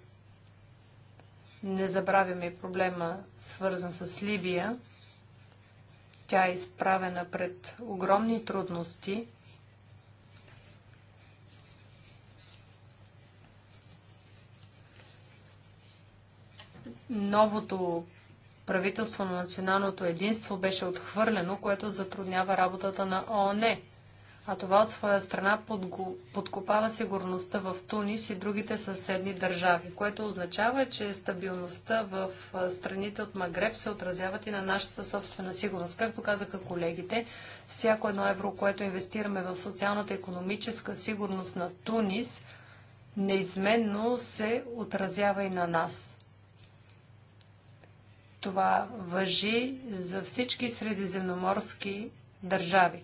Не забравяме и проблема, свързан с Либия. Тя е изправена пред огромни трудности. Новото правителство на националното единство беше отхвърлено, което затруднява работата на ООН а това от своя страна подкопава сигурността в Тунис и другите съседни държави, което означава, че стабилността в страните от Магреб се отразяват и на нашата собствена сигурност. Както казаха колегите, всяко едно евро, което инвестираме в социалната и економическа сигурност на Тунис, неизменно се отразява и на нас. Това въжи за всички средиземноморски държави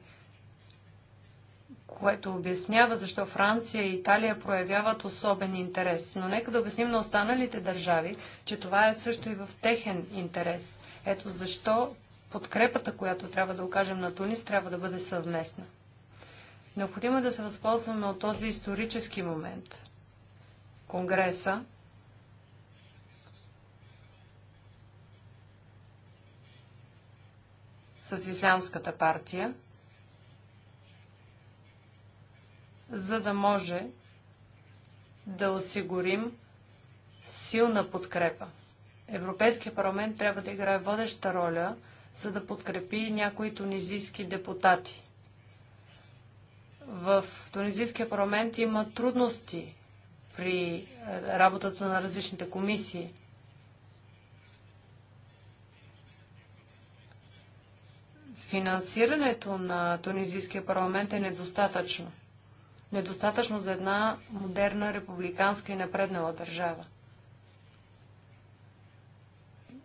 което обяснява защо Франция и Италия проявяват особен интерес. Но нека да обясним на останалите държави, че това е също и в техен интерес. Ето защо подкрепата, която трябва да окажем на Тунис, трябва да бъде съвместна. Необходимо е да се възползваме от този исторически момент. Конгреса, с Ислямската партия – за да може да осигурим силна подкрепа. Европейския парламент трябва да играе водеща роля, за да подкрепи някои тунизийски депутати. В тунизийския парламент има трудности при е, работата на различните комисии. Финансирането на тунизийския парламент е недостатъчно но е достатъчно за една модерна, републиканска и напреднала държава.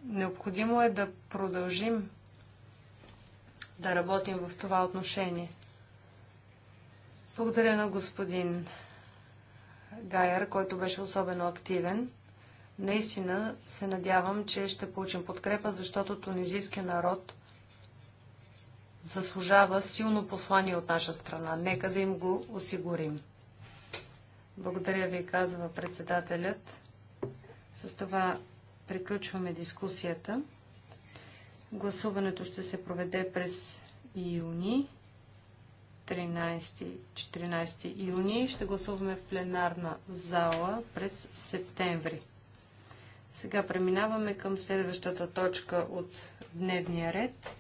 Необходимо е да продължим да работим в това отношение. Благодаря на господин Гайер, който беше особено активен. Наистина се надявам, че ще получим подкрепа, защото тунизийския народ – заслужава силно послание от наша страна. Нека да им го осигурим. Благодаря ви, казва председателят. С това приключваме дискусията. Гласуването ще се проведе през юни, 13-14 июни. Ще гласуваме в пленарна зала през септември. Сега преминаваме към следващата точка от дневния ред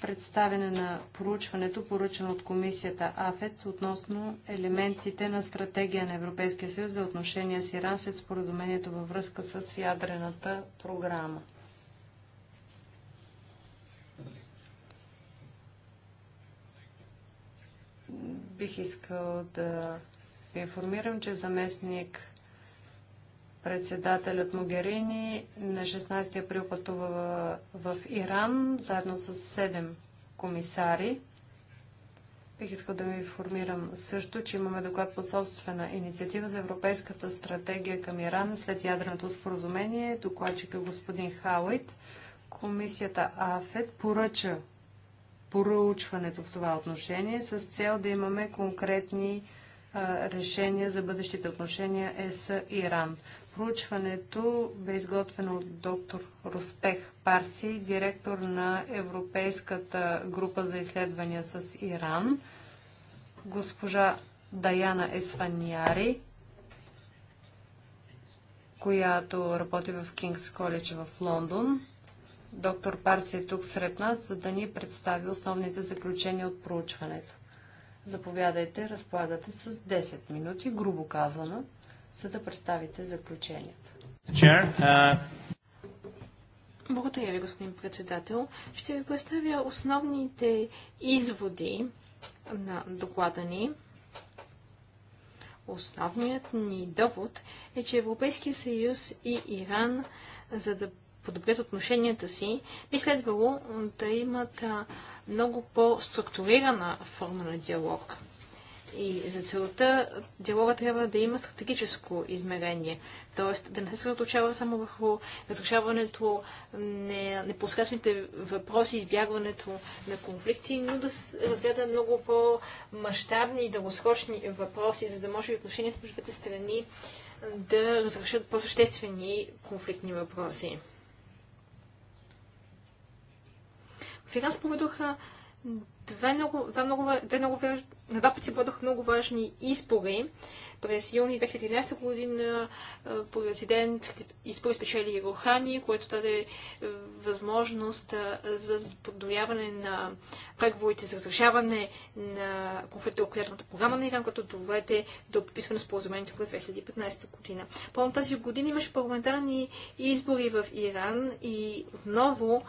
представяне на проучването, поръчано от комисията АФЕТ относно елементите на стратегия на Европейския съюз за отношения с Иран след споразумението във връзка с ядрената програма. Бих искал да информирам, че заместник Председателят Могерини на 16 април пътува в Иран заедно с 7 комисари. Бих искал да ви информирам също, че имаме доклад по собствена инициатива за Европейската стратегия към Иран след ядреното споразумение. Докладчика е господин Хауит. Комисията АФЕД поръча проучването в това отношение с цел да имаме конкретни решения за бъдещите отношения ЕС-Иран. Проучването бе изготвено от доктор Роспех Парси, директор на Европейската група за изследвания с Иран, госпожа Даяна Есваняри, която работи в Кингс Коледж в Лондон. Доктор Парси е тук сред нас, за да ни представи основните заключения от проучването. Заповядайте, разполагате с 10 минути, грубо казано за да представите заключенията. Uh, Благодаря ви, господин председател. Ще ви представя основните изводи на доклада ни. Основният ни довод е, че Европейския съюз и Иран, за да подобрят отношенията си, би следвало да имат много по-структурирана форма на диалог. И за целта диалога трябва да има стратегическо измерение, т.е. да не се съсредоточава само върху разрешаването на непосредствените въпроси, избягването на конфликти, но да разгледа много по-масштабни и дългосрочни въпроси, за да може отношенията между двете страни да разрешат по-съществени конфликтни въпроси. В Иран споведоха две много, две много, две много на два пъти се много важни избори. През юни 2011 година президент избори спечели Рухани, което даде е, възможност за подновяване на преговорите за разрешаване на конфликта околярната програма на Иран, като доведе до подписване на споразумението през 2015 година. по тази година имаше парламентарни избори в Иран и отново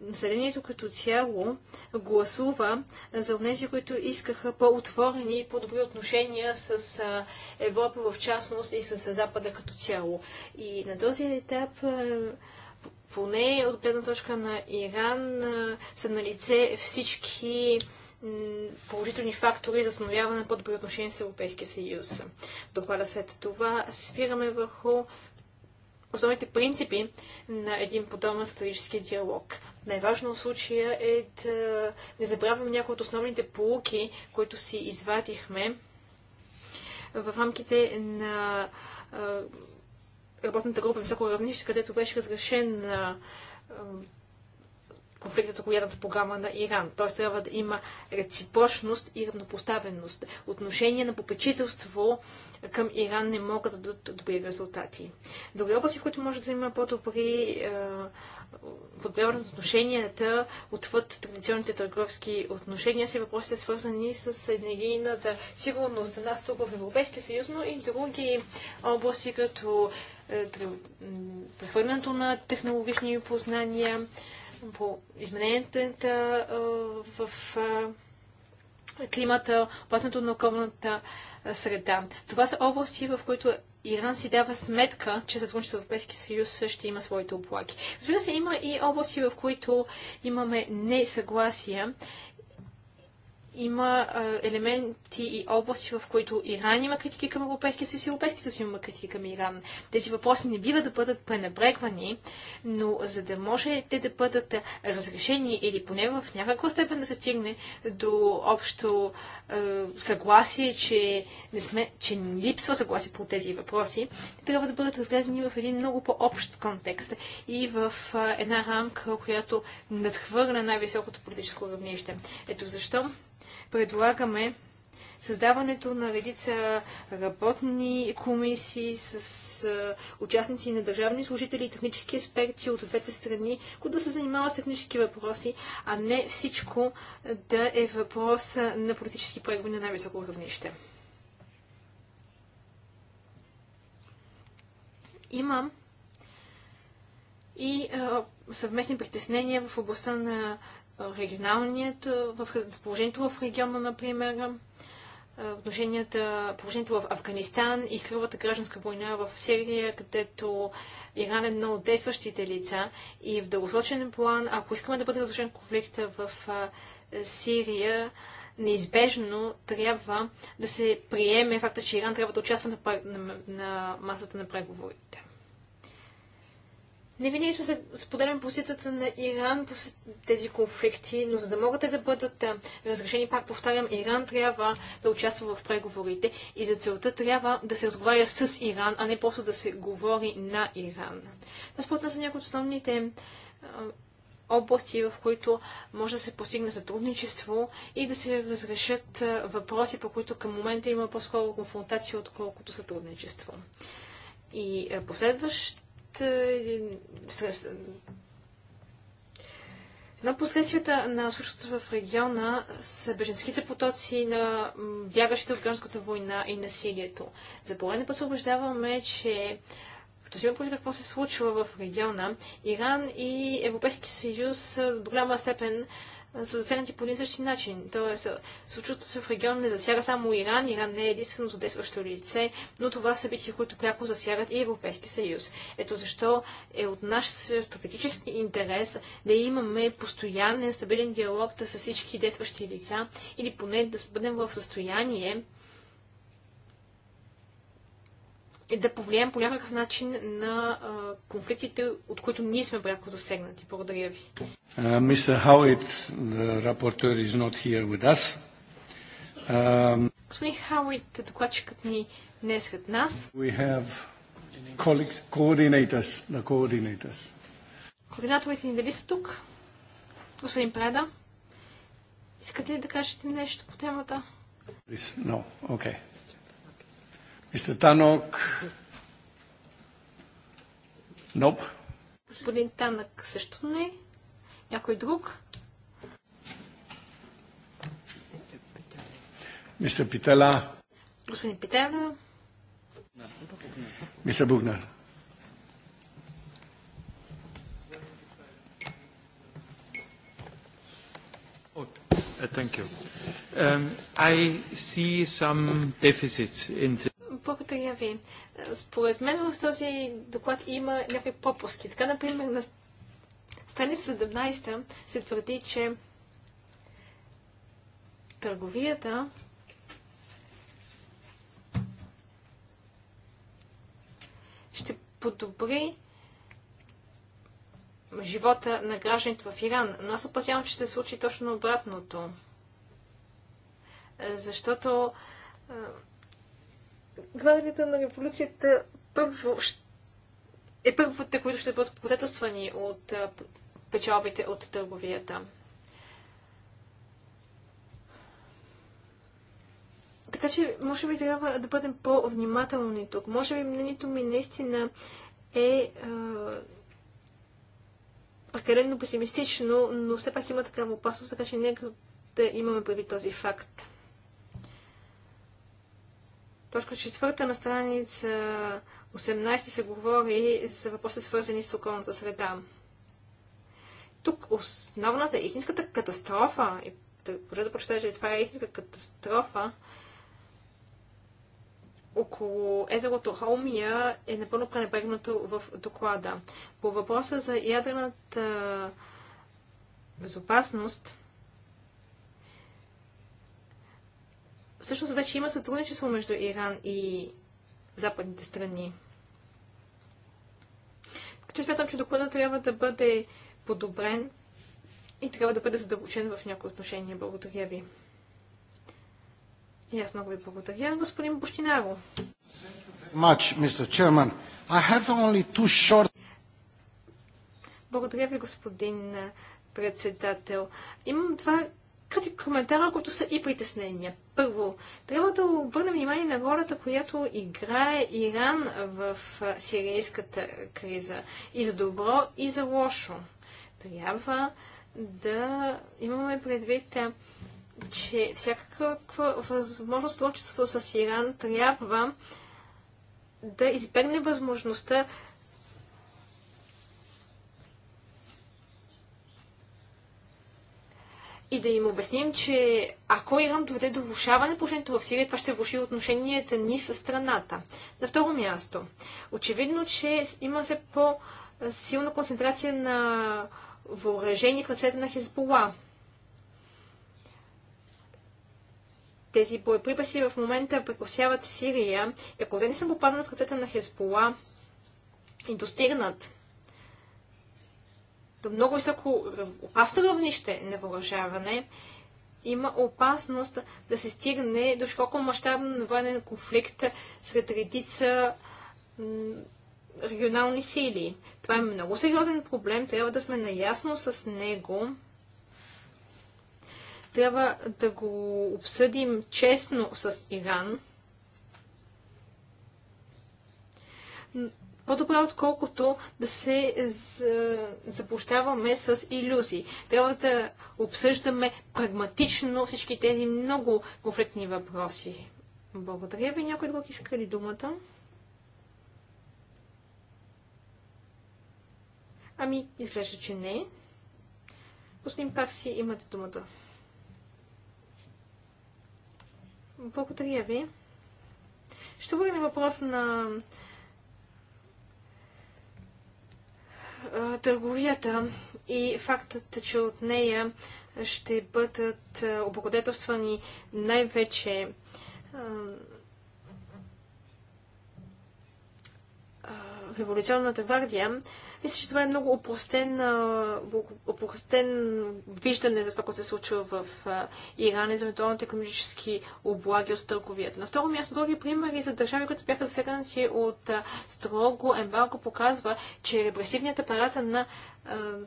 населението като цяло гласува за тези, които искаха по-отворени и по-добри отношения с е, Европа в частност и с Запада като цяло. И на този етап е, поне от гледна точка на Иран е, са на лице всички положителни фактори за установяване на по-добри отношения с Европейския съюз. Доклада след това се спираме върху основните принципи на един подобен стратегически диалог. Най-важно в случая е да не забравяме някои от основните полуки, които си извадихме в рамките на работната група високо равнище, където беше разрешен конфликтът около ядната програма на Иран. Тоест трябва да има реципрочност и равнопоставеност. Отношение на попечителство към Иран не могат да дадат добри резултати. Други области, в които може да има по-добри е, подобряване на отношенията отвъд традиционните търговски отношения, са въпросите свързани с енергийната сигурност за нас тук в Европейския съюз, но и други области, като е, прехвърлянето на технологични познания, по измененията е, в климата, опасното на околната среда. Това са области, в които Иран си дава сметка, че сътрудничеството в Европейския съюз ще има своите оплаки. Разбира се, има и области, в които имаме несъгласия има елементи и области, в които Иран има критики към Европейския съюз и Европейския съюз има критики към Иран. Тези въпроси не бива да бъдат пренебрегвани, но за да може те да бъдат разрешени или поне в някаква степен да се стигне до общо е, съгласие, че, не сме, че не липсва съгласие по тези въпроси, те трябва да бъдат разгледани в един много по-общ контекст и в една рамка, която надхвърля най-високото политическо равнище. Ето защо предлагаме създаването на редица работни комисии с участници на държавни служители и технически експерти от двете страни, които да се занимават с технически въпроси, а не всичко да е въпрос на политически преговори на най-високо равнище. Имам и съвместни притеснения в областта на регионалният, в положението в региона, например, отношенията, положението в Афганистан и кръвата гражданска война в Сирия, където Иран е едно от действащите лица и в дългосрочен план, ако искаме да бъде разрешен конфликта в Сирия, неизбежно трябва да се приеме факта, че Иран трябва да участва на, на, на масата на преговорите. Не винаги сме се споделяме посетата на Иран по тези конфликти, но за да могат те да бъдат разрешени, пак повтарям, Иран трябва да участва в преговорите и за целта трябва да се разговаря с Иран, а не просто да се говори на Иран. Това според нас са някои от основните области, в които може да се постигне сътрудничество и да се разрешат въпроси, по които към момента има по-скоро конфронтация, отколкото сътрудничество. И последващ е, Едно последствията на случващото в региона са беженските потоци на бягащите от гражданската война и насилието. За пореден път се убеждаваме, че като си има какво се случва в региона, Иран и Европейския съюз до голяма степен са засегнати по един същи начин. Тоест, случващото се в региона не засяга само Иран. Иран не е единственото действащо лице, но това са събития, които пряко засягат и Европейски съюз. Ето защо е от наш стратегически интерес да имаме постоянен, стабилен диалог да с всички действащи лица или поне да бъдем в състояние и да повлияем по някакъв начин на а, конфликтите, от които ние сме пряко засегнати. Благодаря ви. Uh, мистер Хауит, рапортер is not here with us. Um, Господин Хауит, докладчикът ни не е сред нас. We have colleagues, coordinators, the coordinators. Координаторите ни дали са тук? Господин Преда, искате ли да кажете нещо по темата? No, okay. Mr. Tanok. Nope. Господин Танък също не. Някой друг? Мистер Питела. Господин Питела. Мистер Бугнер. Oh, uh, thank you. Um, I see some deficits in the Първата ви. Според мен в този доклад има някакви пропуски. Така, например, на страница 17 се твърди, че търговията ще подобри живота на гражданите в Иран. Но аз опасявам, че ще се случи точно обратното. Защото гвардията на революцията първо е първите, които ще бъдат подетелствани от печалбите от търговията. Така че, може би трябва да бъдем по-внимателни тук. Може би мнението ми наистина е прекалено песимистично, но все пак има такава опасност, така че нека да имаме преди този факт точка четвърта на страница 18 се говори за въпроси свързани с околната среда. Тук основната истинската катастрофа, и да да прочета, че това е истинска катастрофа, около езерото Холмия е напълно пренебрегнато в доклада. По въпроса за ядрената безопасност, всъщност вече има сътрудничество между Иран и западните страни. Така че смятам, че докладът трябва да бъде подобрен и трябва да бъде задълбочен в някои отношения. Благодаря ви. И аз много ви благодаря, господин Бощинаро. Short... Благодаря ви, господин председател. Имам два кратки коментара, които са и притеснения. Първо, трябва да обърнем внимание на ролята, която играе Иран в сирийската криза. И за добро, и за лошо. Трябва да имаме предвид, че всякаква възможност творчество с Иран трябва да избегне възможността и да им обясним, че ако Иран доведе до влушаване положението в Сирия, това ще влуши отношенията ни с страната. На второ място, очевидно, че има се по-силна концентрация на въоръжение в ръцете на Хезбола. Тези боеприпаси в момента прекосяват Сирия. Ако те не са попаднат в ръцете на Хезбола и достигнат много високо опасно равнище на въоръжаване, има опасност да се стигне до широко мащабен военен конфликт сред редица регионални сили. Това е много сериозен проблем, трябва да сме наясно с него. Трябва да го обсъдим честно с Иран по-добре, отколкото да се заплощаваме с иллюзии. Трябва да обсъждаме прагматично всички тези много конфликтни въпроси. Благодаря ви. Някой друг иска ли думата? Ами, изглежда, че не. Господин Парси, имате думата. Благодаря ви. Ще върнем въпрос на търговията и фактът, че от нея ще бъдат облагодетелствани най-вече революционната гвардия, мисля, че това е много опростен, опростен виждане за това, което се случва в Иран и за евентуалните економически облаги от търговията. На второ място, други примери за държави, които бяха засегнати от строго ембарго, показва, че репресивният апарат на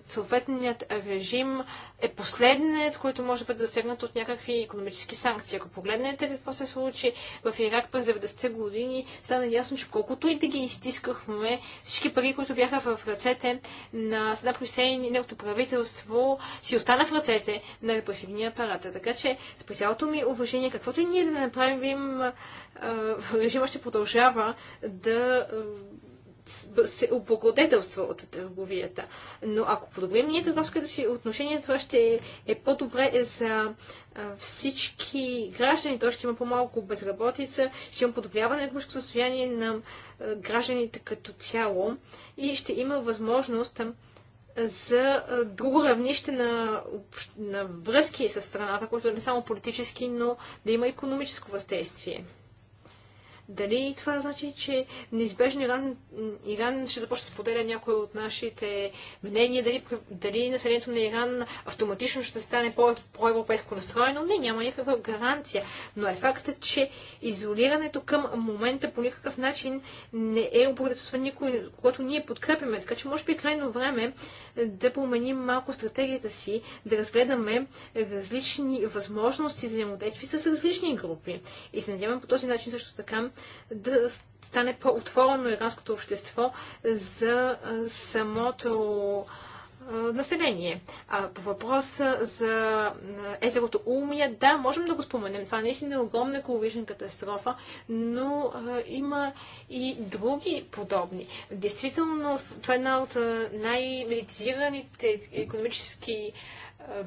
съответният режим е последният, който може да бъде засегнат от някакви економически санкции. Ако погледнете какво се случи в Ирак през 90-те години, стана ясно, че колкото и да ги изтискахме, всички пари, които бяха в ръцете на Сада Хусейн и неговото правителство, си остана в ръцете на репресивния апарат. Така че, специалното цялото ми уважение, каквото и ние да направим, режимът ще продължава да се облагодетелства от търговията. Но ако подобрим ние търговските си отношения, това ще е по-добре за всички граждани. То ще има по-малко безработица, ще има подобряване на економическо състояние на гражданите като цяло и ще има възможност за друго равнище на, на връзки с страната, което е не само политически, но да има економическо въздействие. Дали това значи, че неизбежно Иран, Иран ще започне да споделя някои от нашите мнения? Дали, дали населението на Иран автоматично ще стане по-европейско настроено? Не, няма никаква гаранция. Но е фактът, че изолирането към момента по никакъв начин не е облагодетелства никой, което ние подкрепяме. Така че може би е крайно време да променим малко стратегията си, да разгледаме различни възможности за взаимодействие с различни групи. И се надявам по този начин също така да стане по-отворено иранското общество за самото население. А по въпроса за езерото Умия, да, можем да го споменем. Това наистина е огромна екологична катастрофа, но а, има и други подобни. Действително, това е една от най-медитизираните економически а,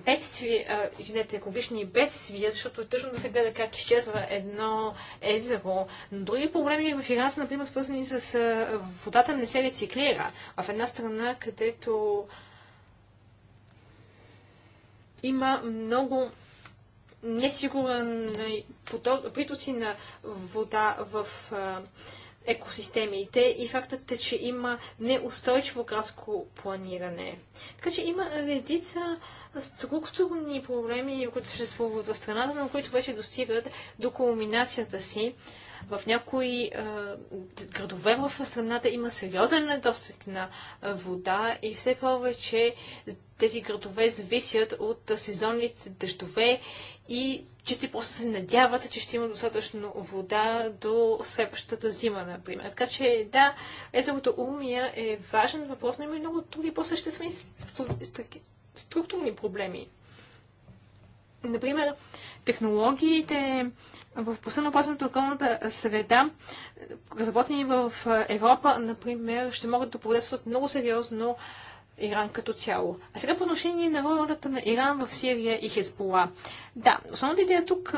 бедствие, а, извинете, екологични бедствия, защото е тъжно да се гледа как изчезва едно езеро. Но други проблеми в Иран са, например, свързани с а, водата не се рециклира. А в една страна, където има много несигурен притоци на вода в а, екосистемите и фактът е, че има неустойчиво градско планиране. Така че има редица структурни проблеми, които съществуват в страната, но които вече достигат до кулминацията си в някои градове в страната има сериозен недостиг на вода и все повече тези градове зависят от сезонните дъждове и чисти просто се надяват, че ще има достатъчно вода до следващата зима, например. Така че, да, езерото Умия е важен въпрос, но има и много други по-съществени структурни проблеми. Например, технологиите в посъл на опазването на околната среда, разработени в Европа, например, ще могат да подействат много сериозно Иран като цяло. А сега по отношение на ролята на Иран в Сирия и Хезбола. Да, основната идея тук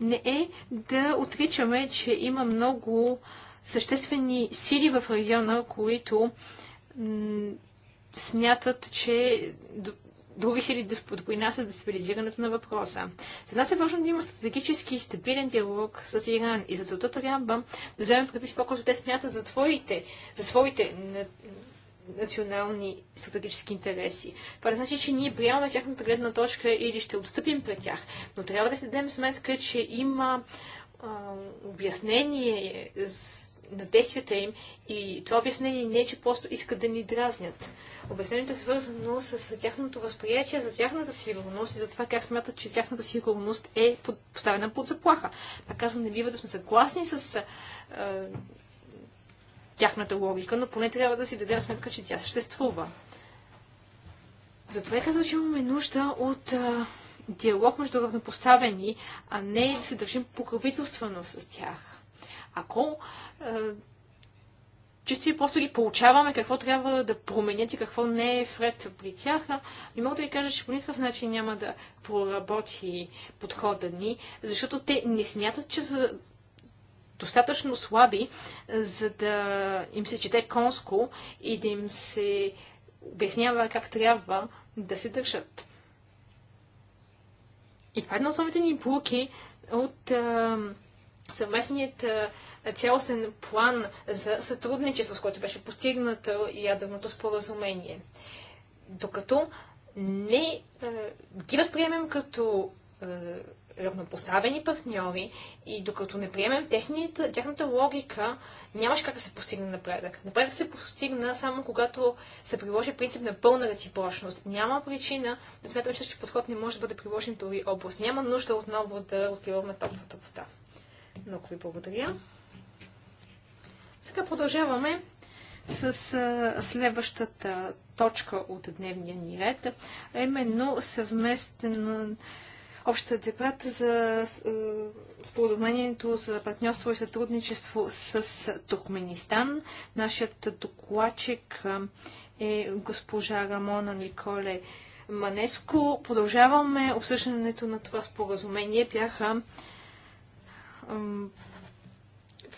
не е да отричаме, че има много съществени сили в региона, които смятат, че други сили да допринасят за стабилизирането на въпроса. За нас е важно да има стратегически и стабилен диалог с Иран и за целта трябва да вземем предвид това, което те смятат за, твоите, за своите национални стратегически интереси. Това не значи, че ние приемаме тяхната гледна точка или ще отстъпим пред тях, но трябва да се дадем сметка, че има а, обяснение на действията им и това обяснение не е, че просто искат да ни дразнят. Обяснението е свързано с тяхното възприятие за тяхната сигурност и за това как смятат, че тяхната сигурност е поставена под заплаха. Пак казвам, не бива да сме съгласни с а, тяхната логика, но поне трябва да си дадем сметка, че тя съществува. Затова е казвам, че имаме нужда от а, диалог между равнопоставени, а не да се държим покровителствено с тях. Ако а, чисто и просто ги получаваме какво трябва да променят и какво не е вред при тях. И мога да ви кажа, че по никакъв начин няма да проработи подхода ни, защото те не смятат, че са достатъчно слаби, за да им се чете конско и да им се обяснява как трябва да се държат. И това е една от основните ни булки от а, съвместният а, цялостен план за сътрудничество, с който беше постигнато ядерното споразумение. Докато не е, ги възприемем като е, равнопоставени партньори и докато не приемем техните, тяхната логика, нямаше как да се постигне напредък. Напредък се постигна само когато се приложи принцип на пълна реципрочност. Няма причина да смятам, че същия подход не може да бъде приложен в други области. Няма нужда отново да откриваме топлата вода. Много ви благодаря. Сега продължаваме с следващата точка от дневния ни ред, а именно съвместен общата дебат за споразумението за партньорство и сътрудничество с Туркменистан. Нашият докладчик е госпожа Рамона Николе Манеско. Продължаваме обсъждането на това споразумение. Бяха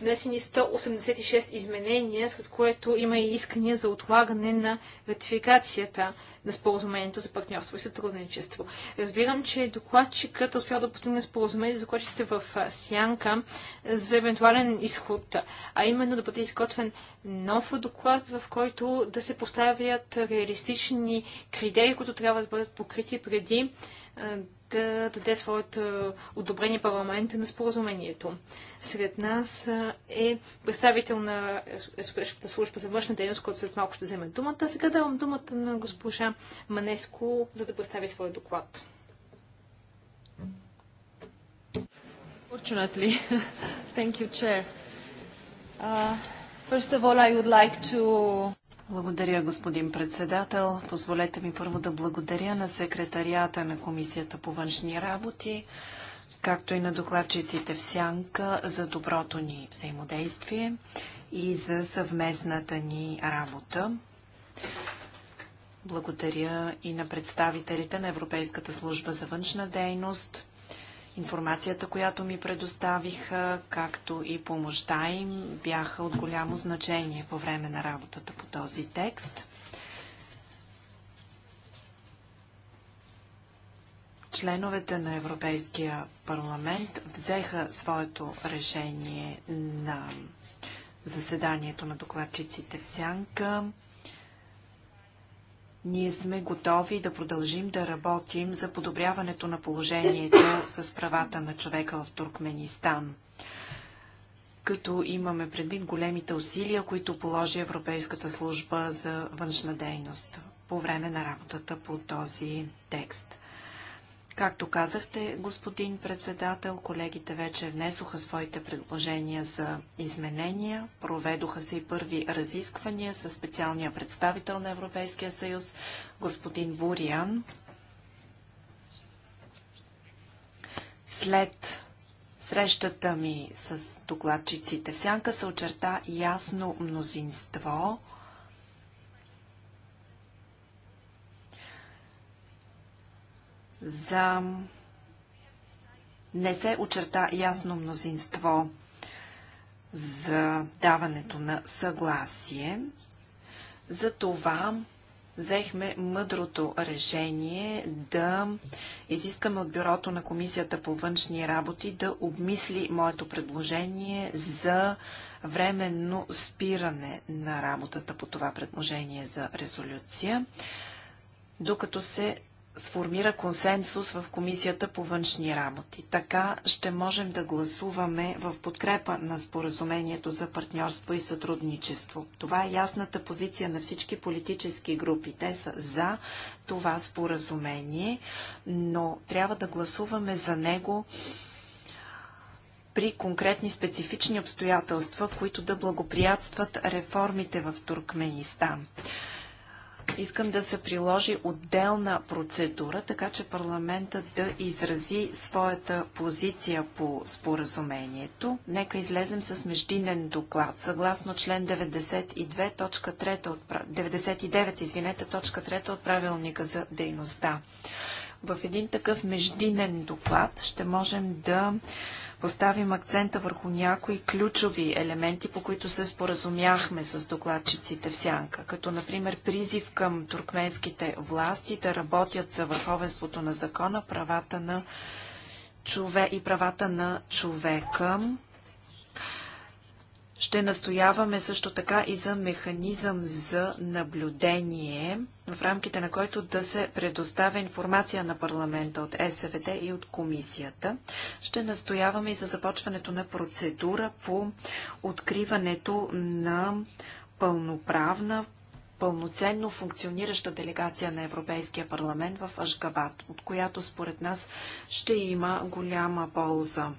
внесени 186 изменения, след което има и искания за отлагане на ратификацията на споразумението за партньорство и сътрудничество. Разбирам, че докладчикът е успял да постигне споразумение за докладчиците в Сянка за евентуален изход, а именно да бъде изготвен нов доклад, в който да се поставят реалистични критерии, които трябва да бъдат покрити преди да даде своето одобрение парламента на споразумението. Сред нас е представител на Европейската служба за външна дейност, който след малко ще вземе думата. Сега давам думата на госпожа Манеско, за да представи своя доклад. Fortunately, thank you, Chair. Uh, first of all, I would like to благодаря, господин председател. Позволете ми първо да благодаря на секретарията на Комисията по външни работи, както и на докладчиците в Сянка за доброто ни взаимодействие и за съвместната ни работа. Благодаря и на представителите на Европейската служба за външна дейност, Информацията, която ми предоставиха, както и помощта им, бяха от голямо значение по време на работата по този текст. Членовете на Европейския парламент взеха своето решение на заседанието на докладчиците в Сянка. Ние сме готови да продължим да работим за подобряването на положението с правата на човека в Туркменистан като имаме предвид големите усилия, които положи Европейската служба за външна дейност по време на работата по този текст. Както казахте, господин председател, колегите вече внесоха своите предложения за изменения, проведоха се и първи разисквания с специалния представител на Европейския съюз, господин Буриан. След срещата ми с докладчиците в Сянка се очерта ясно мнозинство – за не се очерта ясно мнозинство за даването на съгласие. Затова взехме мъдрото решение да изискаме от бюрото на Комисията по външни работи да обмисли моето предложение за временно спиране на работата по това предложение за резолюция, докато се сформира консенсус в Комисията по външни работи. Така ще можем да гласуваме в подкрепа на споразумението за партньорство и сътрудничество. Това е ясната позиция на всички политически групи. Те са за това споразумение, но трябва да гласуваме за него при конкретни специфични обстоятелства, които да благоприятстват реформите в Туркменистан. Искам да се приложи отделна процедура, така че парламентът да изрази своята позиция по споразумението. Нека излезем с междинен доклад. Съгласно член 92, точка 3 от, 99, извинете, точка 3 от правилника за дейността. В един такъв междинен доклад ще можем да поставим акцента върху някои ключови елементи, по които се споразумяхме с докладчиците в Сянка, като например призив към туркменските власти да работят за върховенството на закона, правата на чове и правата на човека, ще настояваме също така и за механизъм за наблюдение, в рамките на който да се предоставя информация на парламента от СВД и от комисията. Ще настояваме и за започването на процедура по откриването на пълноправна пълноценно функционираща делегация на Европейския парламент в Ашгабад, от която според нас ще има голяма полза.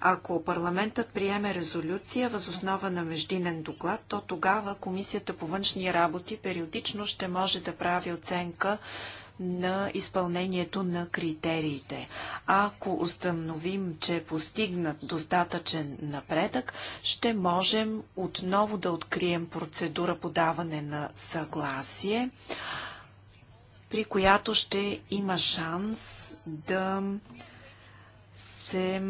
Ако парламентът приеме резолюция възоснова на междинен доклад, то тогава Комисията по външни работи периодично ще може да прави оценка на изпълнението на критериите. Ако установим, че е постигнат достатъчен напредък, ще можем отново да открием процедура подаване на съгласие, при която ще има шанс да се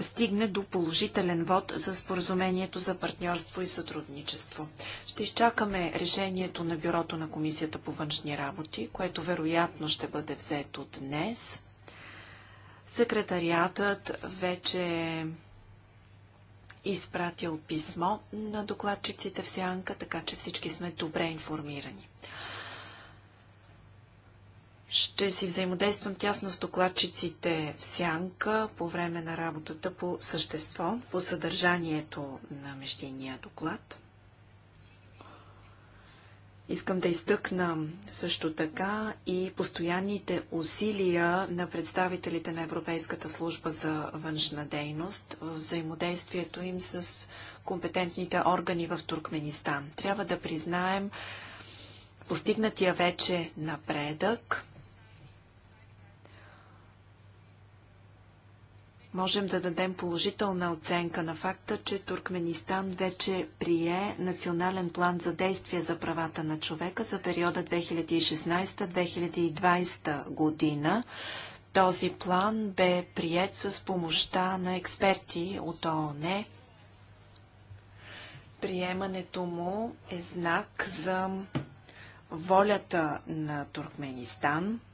стигне до положителен вод за споразумението за партньорство и сътрудничество. Ще изчакаме решението на бюрото на Комисията по външни работи, което вероятно ще бъде взето днес. Секретариатът вече е изпратил писмо на докладчиците в Сянка, така че всички сме добре информирани. Ще си взаимодействам тясно с докладчиците в сянка по време на работата по същество, по съдържанието на междинния доклад. Искам да изтъкна също така и постоянните усилия на представителите на Европейската служба за външна дейност в взаимодействието им с компетентните органи в Туркменистан. Трябва да признаем постигнатия вече напредък. можем да дадем положителна оценка на факта, че Туркменистан вече прие национален план за действие за правата на човека за периода 2016-2020 година. Този план бе прият с помощта на експерти от ООН. Приемането му е знак за волята на Туркменистан –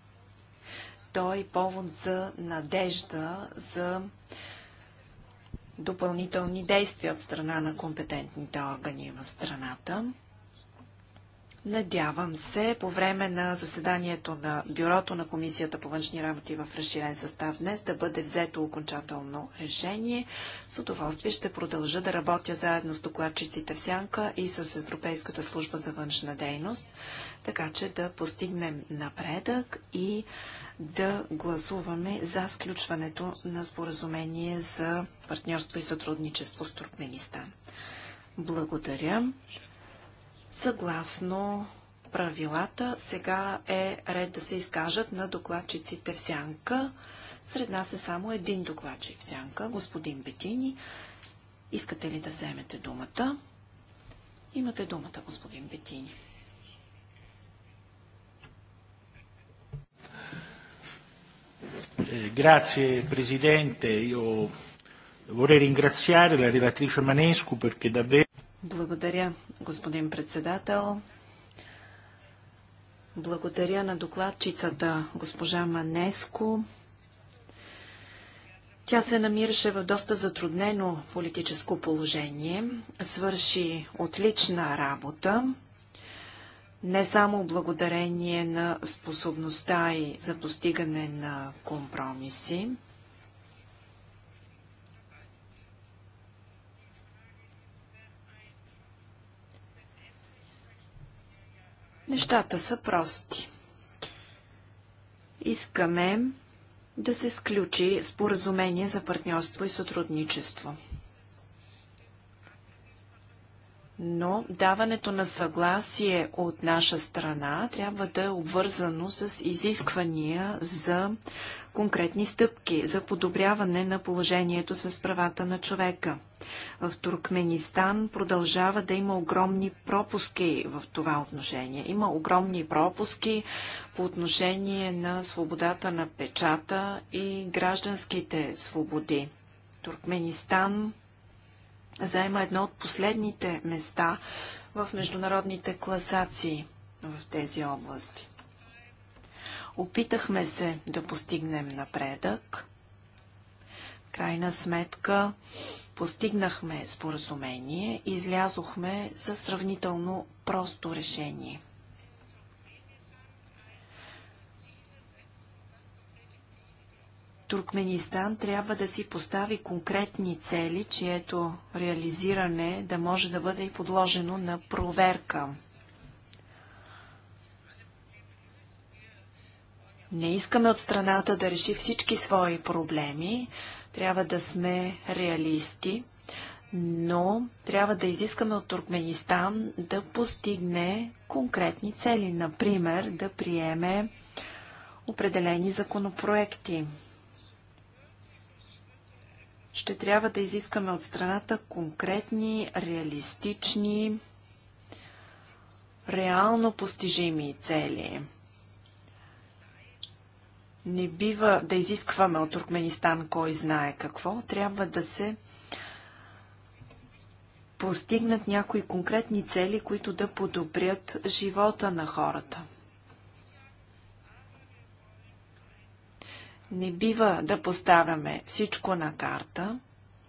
той е повод за надежда, за допълнителни действия от страна на компетентните органи в страната. Надявам се, по време на заседанието на Бюрото на Комисията по външни работи в разширен състав днес да бъде взето окончателно решение. С удоволствие ще продължа да работя заедно с докладчиците в Сянка и с Европейската служба за външна дейност, така че да постигнем напредък и да гласуваме за сключването на споразумение за партньорство и сътрудничество с Туркменистан. Благодаря. Съгласно правилата, сега е ред да се изкажат на докладчиците в сянка. Сред нас е само един докладчик в сянка, господин Бетини. Искате ли да вземете думата? Имате думата, господин Бетини. Eh, grazie Presidente, io vorrei ringraziare la relatrice Manescu perché davvero... Благодаря, господин председател. Благодаря на докладчицата госпожа Манеско. Тя се намираше в доста затруднено политическо положение, свърши отлична работа не само благодарение на способността и за постигане на компромиси, Нещата са прости. Искаме да се сключи споразумение за партньорство и сътрудничество но даването на съгласие от наша страна трябва да е обвързано с изисквания за конкретни стъпки за подобряване на положението с правата на човека. В Туркменистан продължава да има огромни пропуски в това отношение. Има огромни пропуски по отношение на свободата на печата и гражданските свободи. Туркменистан заема едно от последните места в международните класации в тези области. Опитахме се да постигнем напредък. Крайна сметка постигнахме споразумение, и излязохме със сравнително просто решение – Туркменистан трябва да си постави конкретни цели, чието реализиране да може да бъде и подложено на проверка. Не искаме от страната да реши всички свои проблеми, трябва да сме реалисти, но трябва да изискаме от Туркменистан да постигне конкретни цели, например да приеме определени законопроекти ще трябва да изискаме от страната конкретни, реалистични, реално постижими цели. Не бива да изискваме от Туркменистан кой знае какво. Трябва да се постигнат някои конкретни цели, които да подобрят живота на хората. Не бива да поставяме всичко на карта.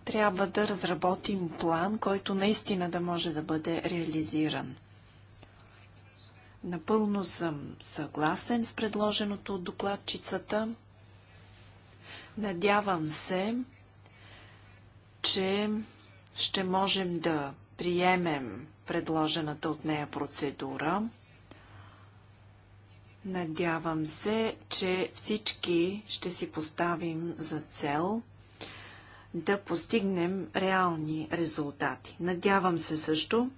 Трябва да разработим план, който наистина да може да бъде реализиран. Напълно съм съгласен с предложеното от докладчицата. Надявам се, че ще можем да приемем предложената от нея процедура. Надявам се, че всички ще си поставим за цел да постигнем реални резултати. Надявам се също,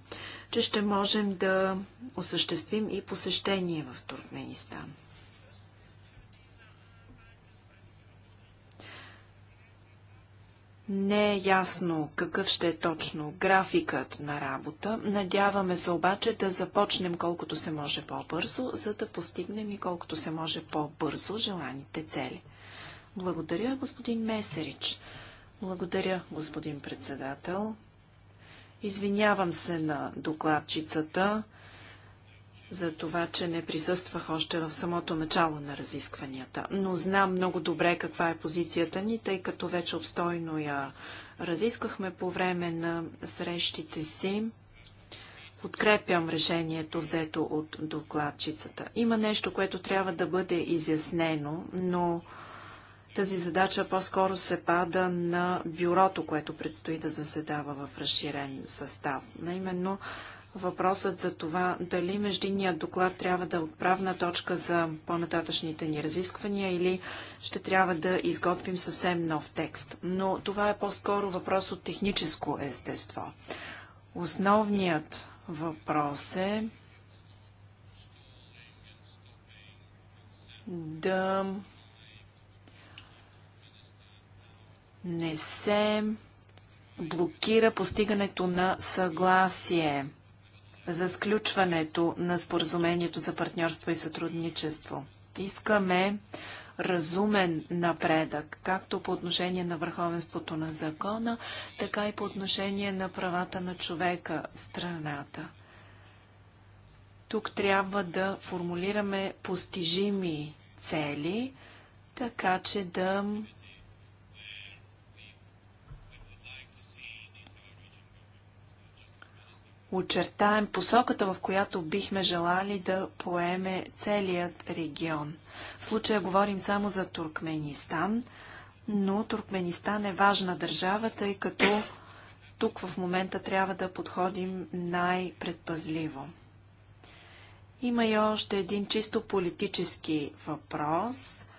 че ще можем да осъществим и посещение в Туркменистан. Не е ясно какъв ще е точно графикът на работа. Надяваме се обаче да започнем колкото се може по-бързо, за да постигнем и колкото се може по-бързо желаните цели. Благодаря, господин Месерич. Благодаря, господин председател. Извинявам се на докладчицата за това, че не присъствах още в самото начало на разискванията. Но знам много добре каква е позицията ни, тъй като вече обстойно я разисквахме по време на срещите си. Подкрепям решението, взето от докладчицата. Има нещо, което трябва да бъде изяснено, но тази задача по-скоро се пада на бюрото, което предстои да заседава в разширен състав. Наименно Въпросът за това дали междинният доклад трябва да е отправна точка за по-нататъчните ни разисквания или ще трябва да изготвим съвсем нов текст. Но това е по-скоро въпрос от техническо естество. Основният въпрос е да не се блокира постигането на съгласие за сключването на споразумението за партньорство и сътрудничество. Искаме разумен напредък, както по отношение на върховенството на закона, така и по отношение на правата на човека страната. Тук трябва да формулираме постижими цели, така че да очертаем посоката, в която бихме желали да поеме целият регион. В случая говорим само за Туркменистан, но Туркменистан е важна държава, тъй като тук в момента трябва да подходим най-предпазливо. Има и още един чисто политически въпрос –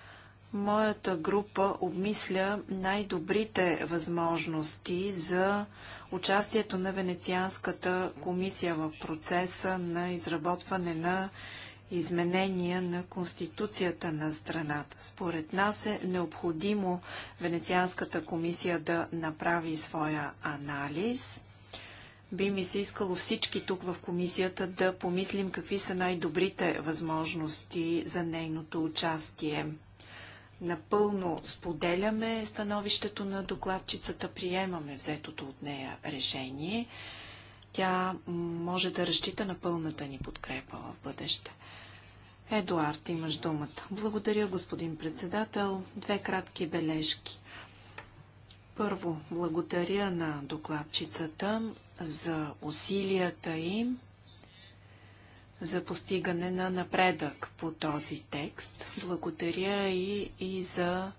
Моята група обмисля най-добрите възможности за участието на Венецианската комисия в процеса на изработване на изменения на Конституцията на страната. Според нас е необходимо Венецианската комисия да направи своя анализ. Би ми се искало всички тук в комисията да помислим какви са най-добрите възможности за нейното участие. Напълно споделяме становището на докладчицата, приемаме взетото от нея решение. Тя може да разчита на пълната ни подкрепа в бъдеще. Едуард, имаш думата. Благодаря, господин председател. Две кратки бележки. Първо, благодаря на докладчицата за усилията им за постигане на напредък по този текст. Благодаря и, и за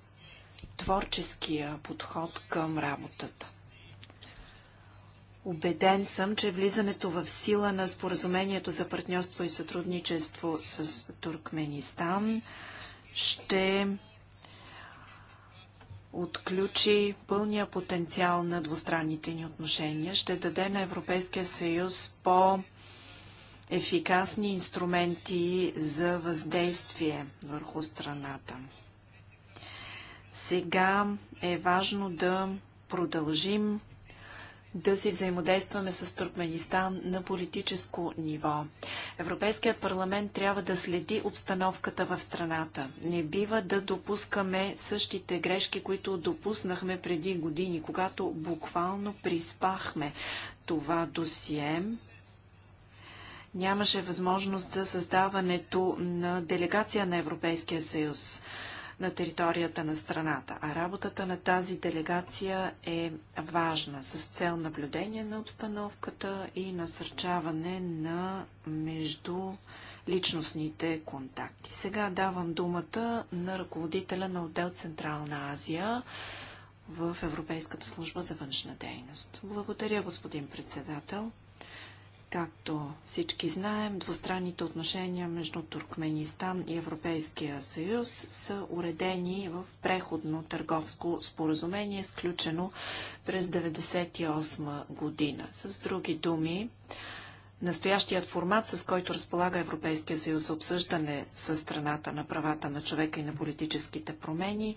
творческия подход към работата. Обеден съм, че влизането в сила на споразумението за партньорство и сътрудничество с Туркменистан ще отключи пълния потенциал на двустранните ни отношения, ще даде на Европейския съюз по- ефикасни инструменти за въздействие върху страната. Сега е важно да продължим да си взаимодействаме с Туркменистан на политическо ниво. Европейският парламент трябва да следи обстановката в страната. Не бива да допускаме същите грешки, които допуснахме преди години, когато буквално приспахме това досие нямаше възможност за създаването на делегация на Европейския съюз на територията на страната. А работата на тази делегация е важна с цел наблюдение на обстановката и насърчаване на между личностните контакти. Сега давам думата на ръководителя на отдел Централна Азия в Европейската служба за външна дейност. Благодаря, господин председател. Както всички знаем, двустранните отношения между Туркменистан и Европейския съюз са уредени в преходно търговско споразумение, сключено през 1998 година. С други думи, Настоящият формат, с който разполага Европейския съюз за обсъждане с страната на правата на човека и на политическите промени,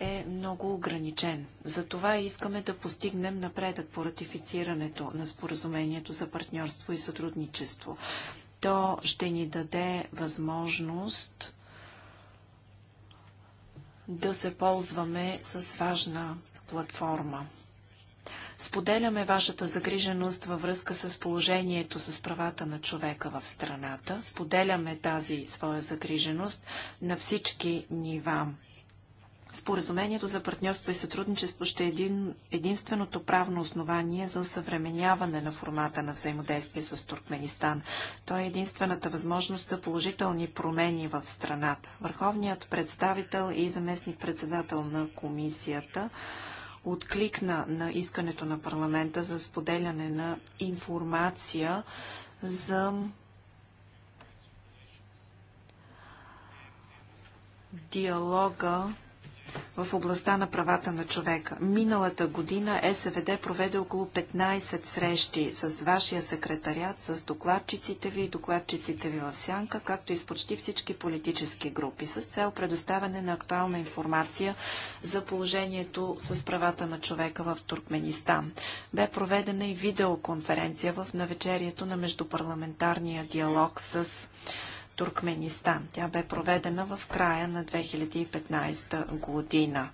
е много ограничен. Затова искаме да постигнем напредък по ратифицирането на споразумението за партньорство и сътрудничество. То ще ни даде възможност да се ползваме с важна платформа. Споделяме вашата загриженост във връзка с положението с правата на човека в страната. Споделяме тази своя загриженост на всички нива. Споразумението за партньорство и сътрудничество ще е един, единственото правно основание за усъвременяване на формата на взаимодействие с Туркменистан. То е единствената възможност за положителни промени в страната. Върховният представител и заместник-председател на комисията откликна на искането на парламента за споделяне на информация за диалога в областта на правата на човека. Миналата година СВД проведе около 15 срещи с вашия секретарят, с докладчиците ви и докладчиците ви в Сянка, както и с почти всички политически групи, с цел предоставяне на актуална информация за положението с правата на човека в Туркменистан. Бе проведена и видеоконференция в навечерието на междупарламентарния диалог с Туркменистан. Тя бе проведена в края на 2015 година.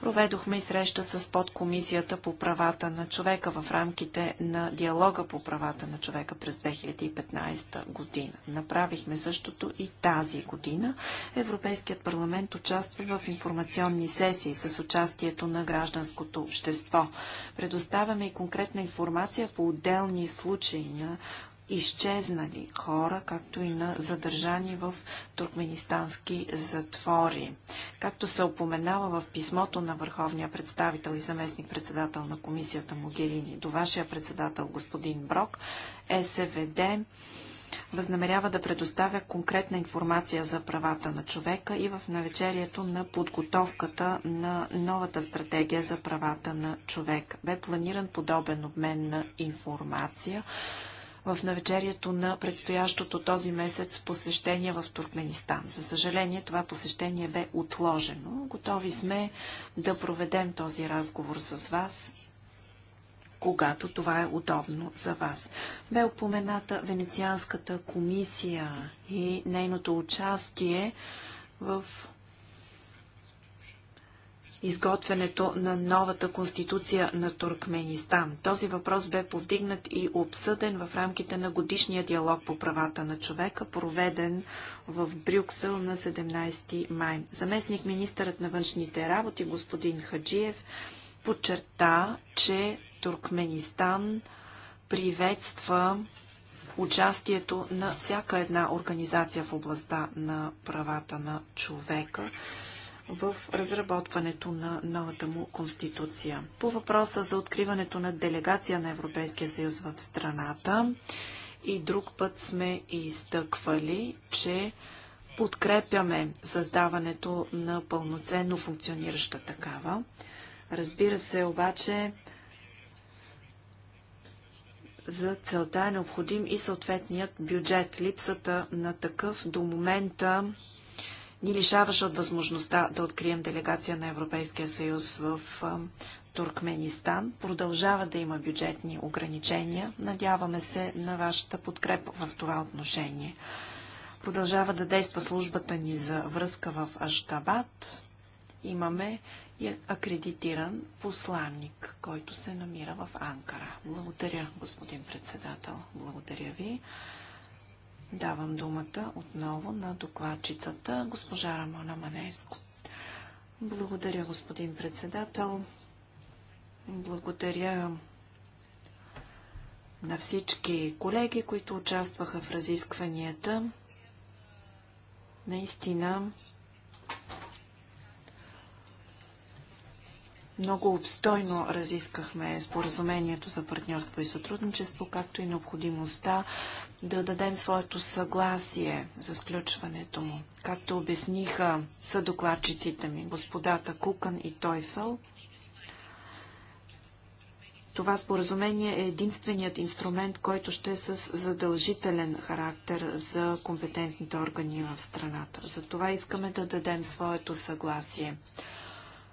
Проведохме и среща с подкомисията по правата на човека в рамките на диалога по правата на човека през 2015 година. Направихме същото и тази година. Европейският парламент участва в информационни сесии с участието на гражданското общество. Предоставяме и конкретна информация по отделни случаи на изчезнали хора, както и на задържани в туркменистански затвори. Както се опоменава в писмото на върховния представител и заместник председател на комисията Могерини до вашия председател господин Брок, СВД възнамерява да предоставя конкретна информация за правата на човека и в навечерието на подготовката на новата стратегия за правата на човек. Бе планиран подобен обмен на информация в навечерието на предстоящото този месец посещение в Туркменистан. За съжаление, това посещение бе отложено. Готови сме да проведем този разговор с вас когато това е удобно за вас. Бе упомената Венецианската комисия и нейното участие в изготвянето на новата конституция на Туркменистан. Този въпрос бе повдигнат и обсъден в рамките на годишния диалог по правата на човека, проведен в Брюксел на 17 май. Заместник министърът на външните работи господин Хаджиев подчерта, че Туркменистан приветства участието на всяка една организация в областта на правата на човека, в разработването на новата му конституция. По въпроса за откриването на делегация на Европейския съюз в страната и друг път сме изтъквали, че подкрепяме създаването на пълноценно функционираща такава. Разбира се, обаче, за целта е необходим и съответният бюджет. Липсата на такъв до момента ни лишаваше от възможността да открием делегация на Европейския съюз в Туркменистан. Продължава да има бюджетни ограничения. Надяваме се на вашата подкрепа в това отношение. Продължава да действа службата ни за връзка в Ашкабад. Имаме и акредитиран посланник, който се намира в Анкара. Благодаря, господин председател. Благодаря ви. Давам думата отново на докладчицата госпожа Рамона Манеско. Благодаря, господин председател. Благодаря на всички колеги, които участваха в разискванията. Наистина, много обстойно разискахме споразумението за партньорство и сътрудничество, както и необходимостта да дадем своето съгласие за сключването му. Както обясниха съдокладчиците ми, господата Кукан и Тойфел, това споразумение е единственият инструмент, който ще е с задължителен характер за компетентните органи в страната. За това искаме да дадем своето съгласие.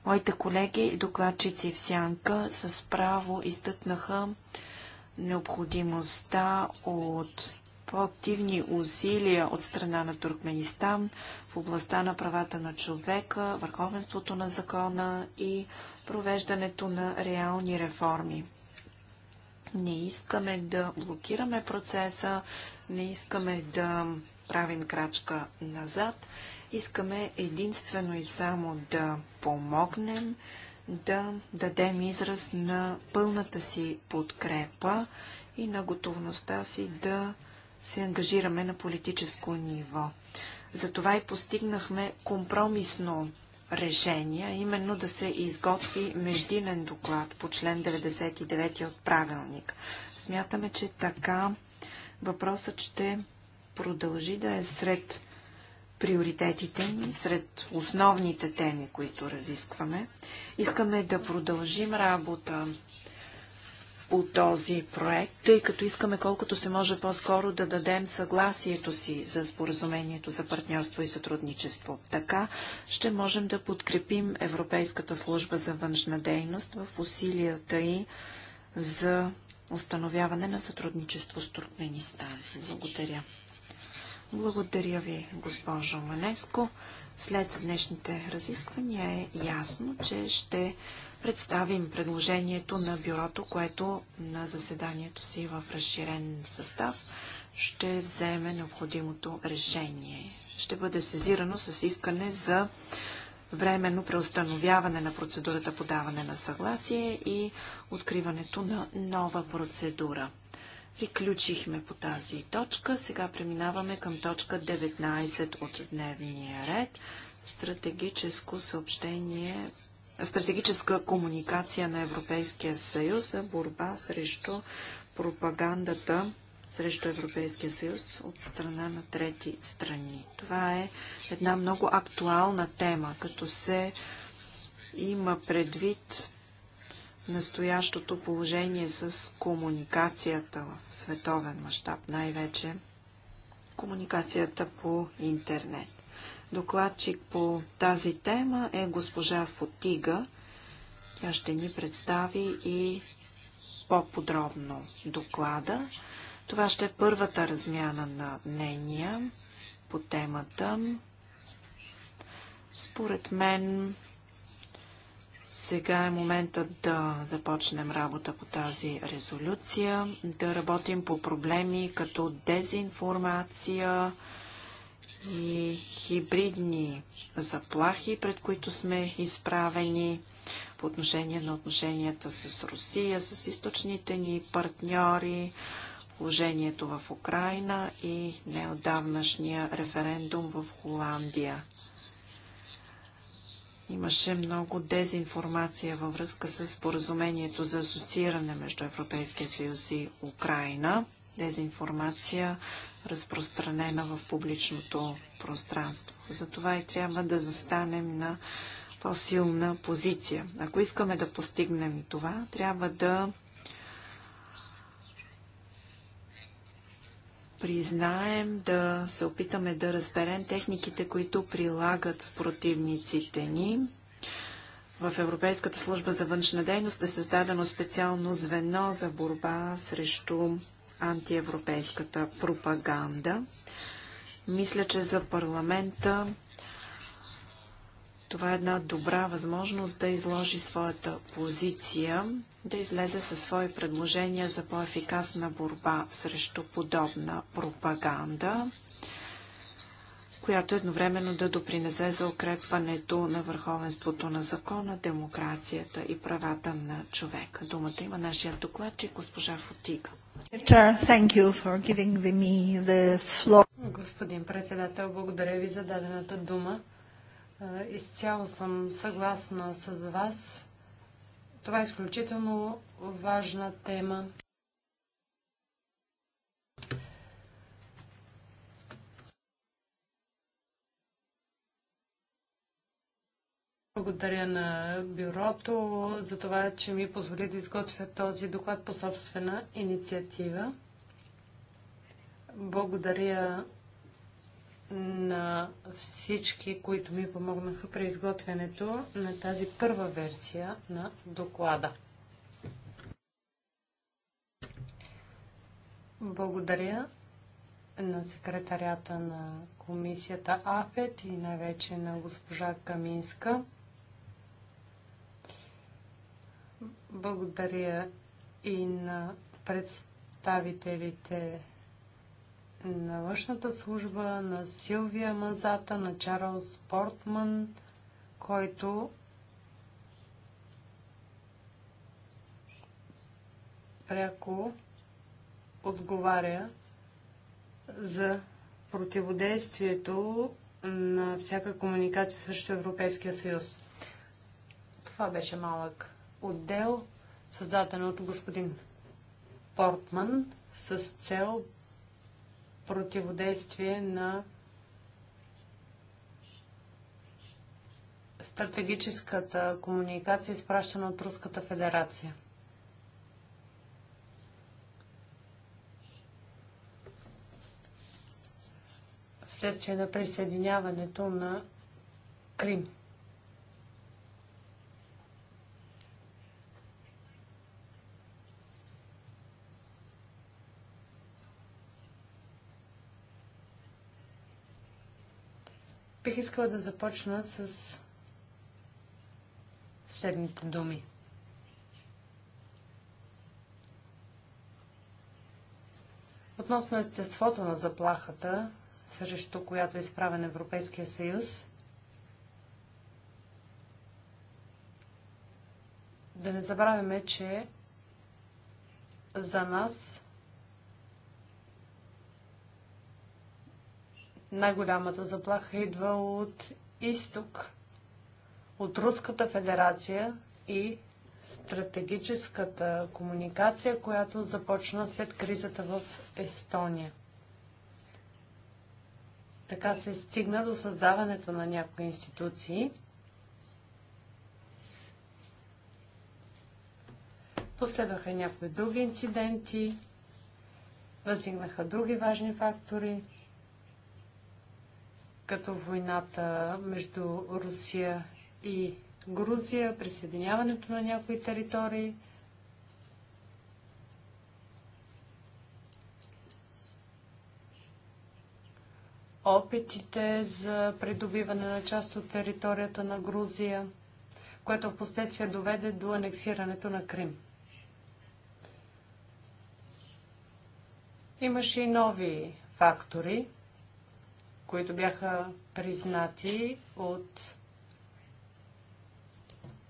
Моите колеги, докладчици в Сянка, с право изтъкнаха, необходимостта от по-активни усилия от страна на Туркменистан в областта на правата на човека, върховенството на закона и провеждането на реални реформи. Не искаме да блокираме процеса, не искаме да правим крачка назад. Искаме единствено и само да помогнем, да дадем израз на пълната си подкрепа и на готовността си да се ангажираме на политическо ниво. Затова и постигнахме компромисно решение, именно да се изготви междинен доклад по член 99 от правилник. Смятаме, че така въпросът ще продължи да е сред приоритетите ни, сред основните теми, които разискваме. Искаме да продължим работа по този проект, тъй като искаме колкото се може по-скоро да дадем съгласието си за споразумението за партньорство и сътрудничество. Така ще можем да подкрепим Европейската служба за външна дейност в усилията и за установяване на сътрудничество с Туркменистан. Благодаря. Благодаря ви, госпожо Манеско. След днешните разисквания е ясно, че ще представим предложението на бюрото, което на заседанието си е в разширен състав ще вземе необходимото решение. Ще бъде сезирано с искане за временно преустановяване на процедурата подаване на съгласие и откриването на нова процедура. Приключихме по тази точка. Сега преминаваме към точка 19 от дневния ред. Стратегическо съобщение стратегическа комуникация на Европейския съюз за борба срещу пропагандата срещу Европейския съюз от страна на трети страни. Това е една много актуална тема, като се има предвид настоящото положение с комуникацията в световен мащаб, най-вече комуникацията по интернет. Докладчик по тази тема е госпожа Фотига. Тя ще ни представи и по-подробно доклада. Това ще е първата размяна на мнения по темата. Според мен сега е моментът да започнем работа по тази резолюция, да работим по проблеми като дезинформация и хибридни заплахи, пред които сме изправени по отношение на отношенията с Русия, с източните ни партньори, положението в Украина и неодавнашния референдум в Холандия. Имаше много дезинформация във връзка с поразумението за асоцииране между Европейския съюз и Украина. Дезинформация, разпространена в публичното пространство. Затова и трябва да застанем на по-силна позиция. Ако искаме да постигнем това, трябва да признаем, да се опитаме да разберем техниките, които прилагат противниците ни. В Европейската служба за външна дейност е създадено специално звено за борба срещу антиевропейската пропаганда. Мисля, че за парламента това е една добра възможност да изложи своята позиция, да излезе със свои предложения за по-ефикасна борба срещу подобна пропаганда, която едновременно да допринесе за укрепването на върховенството на закона, демокрацията и правата на човека. Думата има нашия докладчик, госпожа Фотига. Господин председател, благодаря ви за дадената дума. Е, изцяло съм съгласна с вас. Това е изключително важна тема. Благодаря на бюрото за това, че ми позволи да изготвя този доклад по собствена инициатива. Благодаря на всички, които ми помогнаха при изготвянето на тази първа версия на доклада. Благодаря на секретарята на комисията АФЕТ и най-вече на госпожа Каминска. Благодаря и на представителите на външната служба, на Силвия Мазата, на Чарлз Портман, който пряко отговаря за противодействието на всяка комуникация срещу Европейския съюз. Това беше малък отдел, създаден от господин Портман с цел противодействие на стратегическата комуникация, изпращана от Руската федерация. Вследствие на присъединяването на Крим. Бих искала да започна с следните думи. Относно естеството на заплахата, срещу която е изправен Европейския съюз, да не забравяме, че за нас най-голямата заплаха идва от изток, от Руската федерация и стратегическата комуникация, която започна след кризата в Естония. Така се стигна до създаването на някои институции. Последваха някои други инциденти, възникнаха други важни фактори, като войната между Русия и Грузия, присъединяването на някои територии. опитите за придобиване на част от територията на Грузия, което в последствие доведе до анексирането на Крим. Имаше и нови фактори, които бяха признати от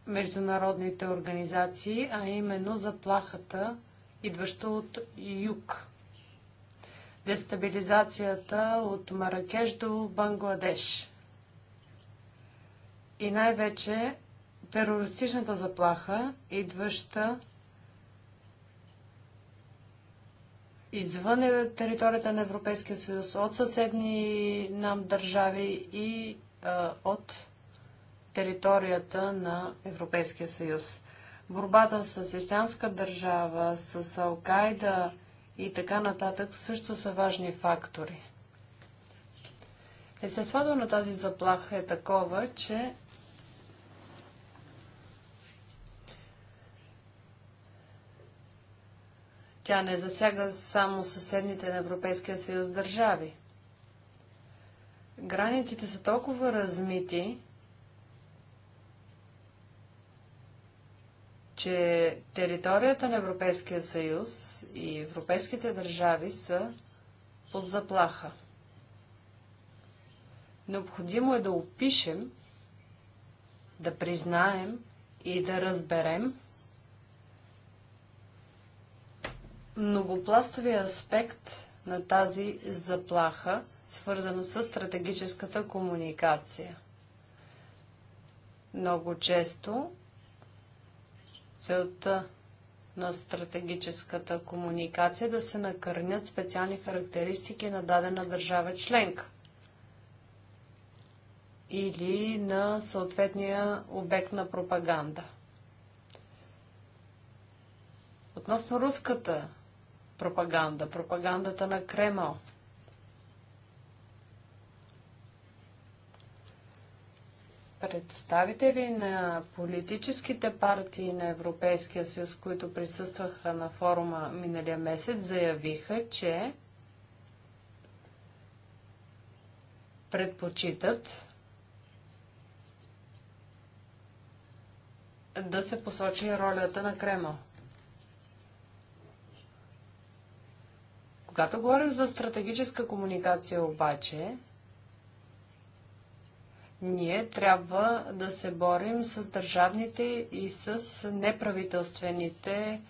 международните организации, а именно заплахата, идваща от юг. Дестабилизацията от Маракеш до Бангладеш. И най-вече терористичната заплаха, идваща извън е, територията на Европейския съюз, от съседни нам държави и а, от територията на Европейския съюз. Борбата с Ислямска държава, с Алкайда и така нататък също са важни фактори. Естеството на тази заплаха е такова, че Тя не засяга само съседните на Европейския съюз държави. Границите са толкова размити, че територията на Европейския съюз и европейските държави са под заплаха. Необходимо е да опишем, да признаем и да разберем многопластовия аспект на тази заплаха, свързано с стратегическата комуникация. Много често целта на стратегическата комуникация е да се накърнят специални характеристики на дадена държава членка или на съответния обект на пропаганда. Относно руската пропаганда, пропагандата на Кремъл. Представители на политическите партии на Европейския съюз, които присъстваха на форума миналия месец, заявиха, че предпочитат да се посочи ролята на Кремъл. Когато говорим за стратегическа комуникация обаче, ние трябва да се борим с държавните и с неправителствените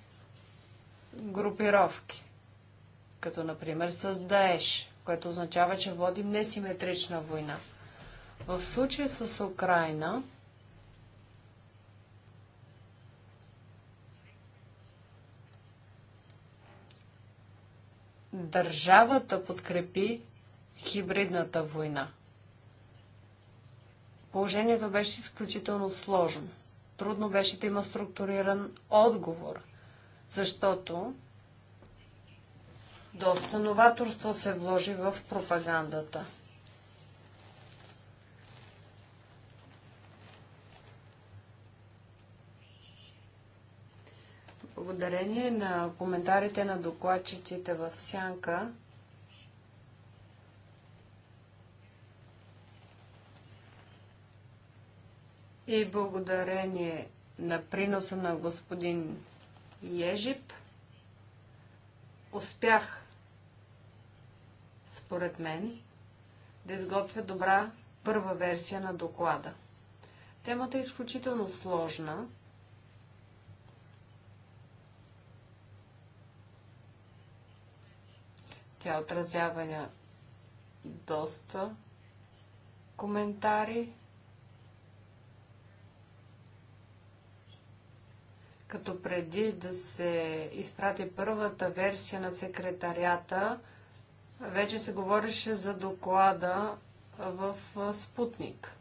групировки, като например с Даеш, което означава, че водим несиметрична война. В случая с Украина, държавата подкрепи хибридната война. Положението беше изключително сложно. Трудно беше да има структуриран отговор, защото доста новаторство се вложи в пропагандата. благодарение на коментарите на докладчиците в Сянка, и благодарение на приноса на господин Ежип, успях, според мен, да изготвя добра първа версия на доклада. Темата е изключително сложна Тя отразява доста коментари. Като преди да се изпрати първата версия на секретарията, вече се говореше за доклада в Спутник.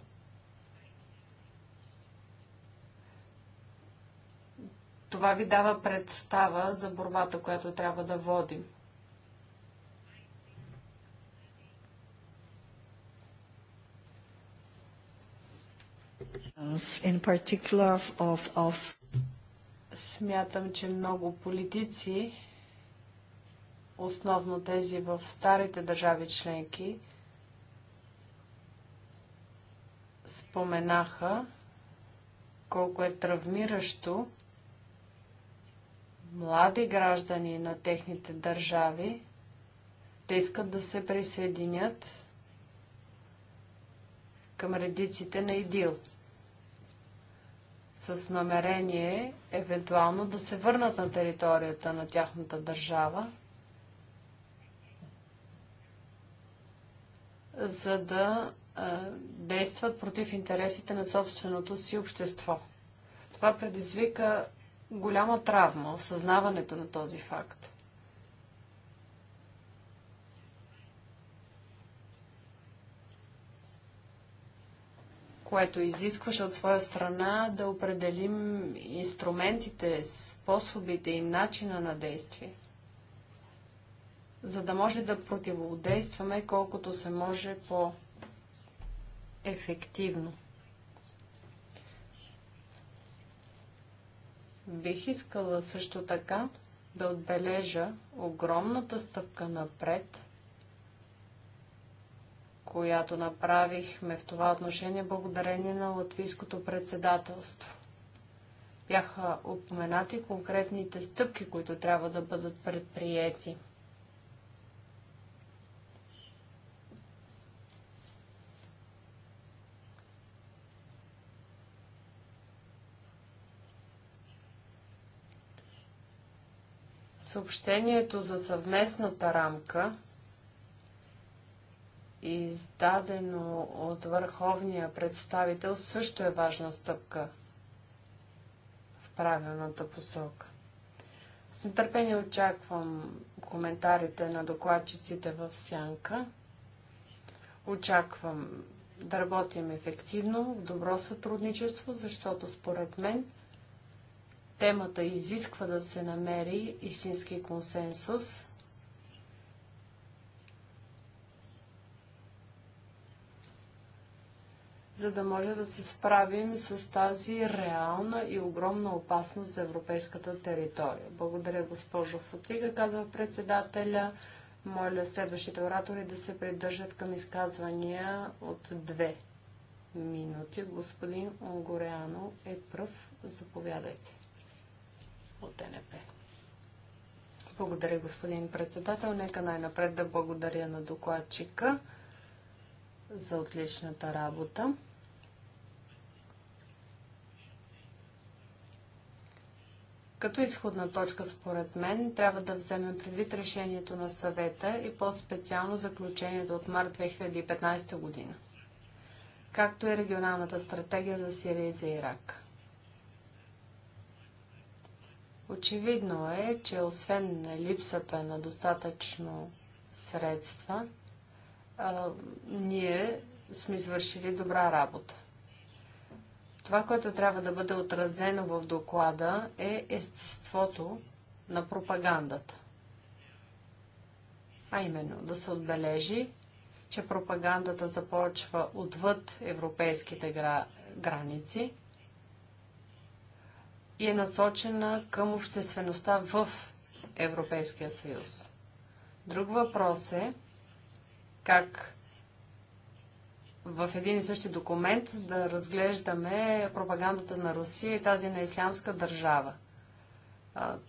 Това ви дава представа за борбата, която трябва да водим. Of, of... Смятам, че много политици, основно тези в старите държави членки, споменаха колко е травмиращо млади граждани на техните държави, те искат да се присъединят към редиците на ИДИЛ с намерение евентуално да се върнат на територията на тяхната държава, за да а, действат против интересите на собственото си общество. Това предизвика голяма травма, осъзнаването на този факт. което изискваше от своя страна да определим инструментите, способите и начина на действие, за да може да противодействаме колкото се може по-ефективно. Бих искала също така да отбележа огромната стъпка напред – която направихме в това отношение благодарение на латвийското председателство. Бяха упоменати конкретните стъпки, които трябва да бъдат предприяти. Съобщението за съвместната рамка – издадено от върховния представител, също е важна стъпка в правилната посока. С нетърпение очаквам коментарите на докладчиците в Сянка. Очаквам да работим ефективно, в добро сътрудничество, защото според мен темата изисква да се намери истински консенсус за да може да се справим с тази реална и огромна опасност за европейската територия. Благодаря, госпожо Фотига, казва председателя. Моля следващите оратори да се придържат към изказвания от две минути. Господин Онгоряно е пръв. Заповядайте от НП. Благодаря, господин председател. Нека най-напред да благодаря на докладчика за отличната работа. Като изходна точка, според мен, трябва да вземем предвид решението на съвета и по-специално заключението от март 2015 година, както и регионалната стратегия за Сирия и за Ирак. Очевидно е, че освен липсата на достатъчно средства, а, ние сме извършили добра работа. Това, което трябва да бъде отразено в доклада е естеството на пропагандата. А именно да се отбележи, че пропагандата започва отвъд европейските гра... граници и е насочена към обществеността в Европейския съюз. Друг въпрос е как в един и същи документ да разглеждаме пропагандата на Русия и тази на Ислямска държава.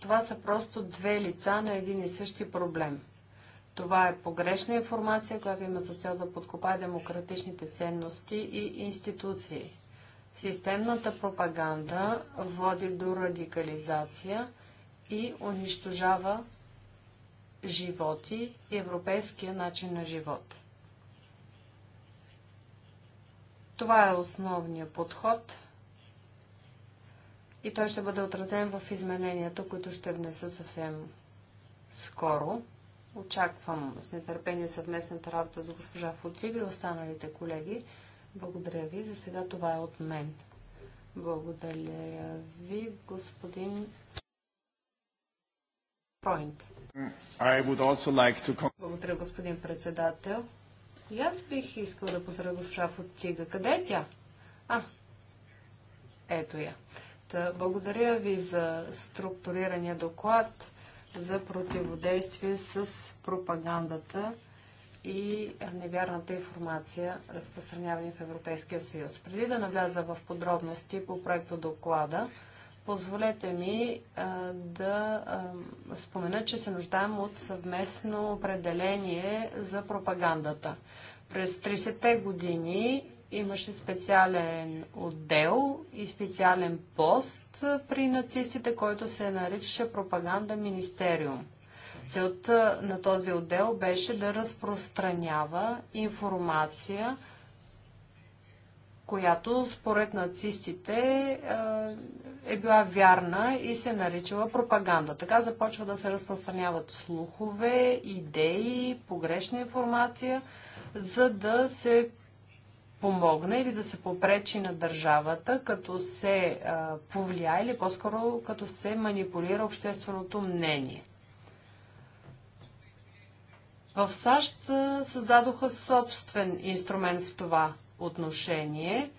Това са просто две лица на един и същи проблем. Това е погрешна информация, която има за цел да подкопае демократичните ценности и институции. Системната пропаганда води до радикализация и унищожава животи и европейския начин на живота. Това е основният подход и той ще бъде отразен в измененията, които ще внеса съвсем скоро. Очаквам с нетърпение съвместната работа с госпожа Фотрига и останалите колеги. Благодаря ви. За сега това е от мен. Благодаря ви, господин Пройнт. Благодаря, господин председател. И аз бих искал да поздравя госпожа Фотига. Къде е тя? А, ето я. Та, благодаря ви за структурирания доклад за противодействие с пропагандата и невярната информация, разпространявани в Европейския съюз. Преди да навляза в подробности по проекта доклада, Позволете ми а, да а, спомена, че се нуждаем от съвместно определение за пропагандата. През 30-те години имаше специален отдел и специален пост при нацистите, който се наричаше Пропаганда Министериум. Целта на този отдел беше да разпространява информация, която според нацистите е, е била вярна и се наричала пропаганда. Така започва да се разпространяват слухове, идеи, погрешна информация, за да се помогне или да се попречи на държавата, като се е, повлия или по-скоро като се манипулира общественото мнение. В САЩ е, създадоха собствен инструмент в това отношение,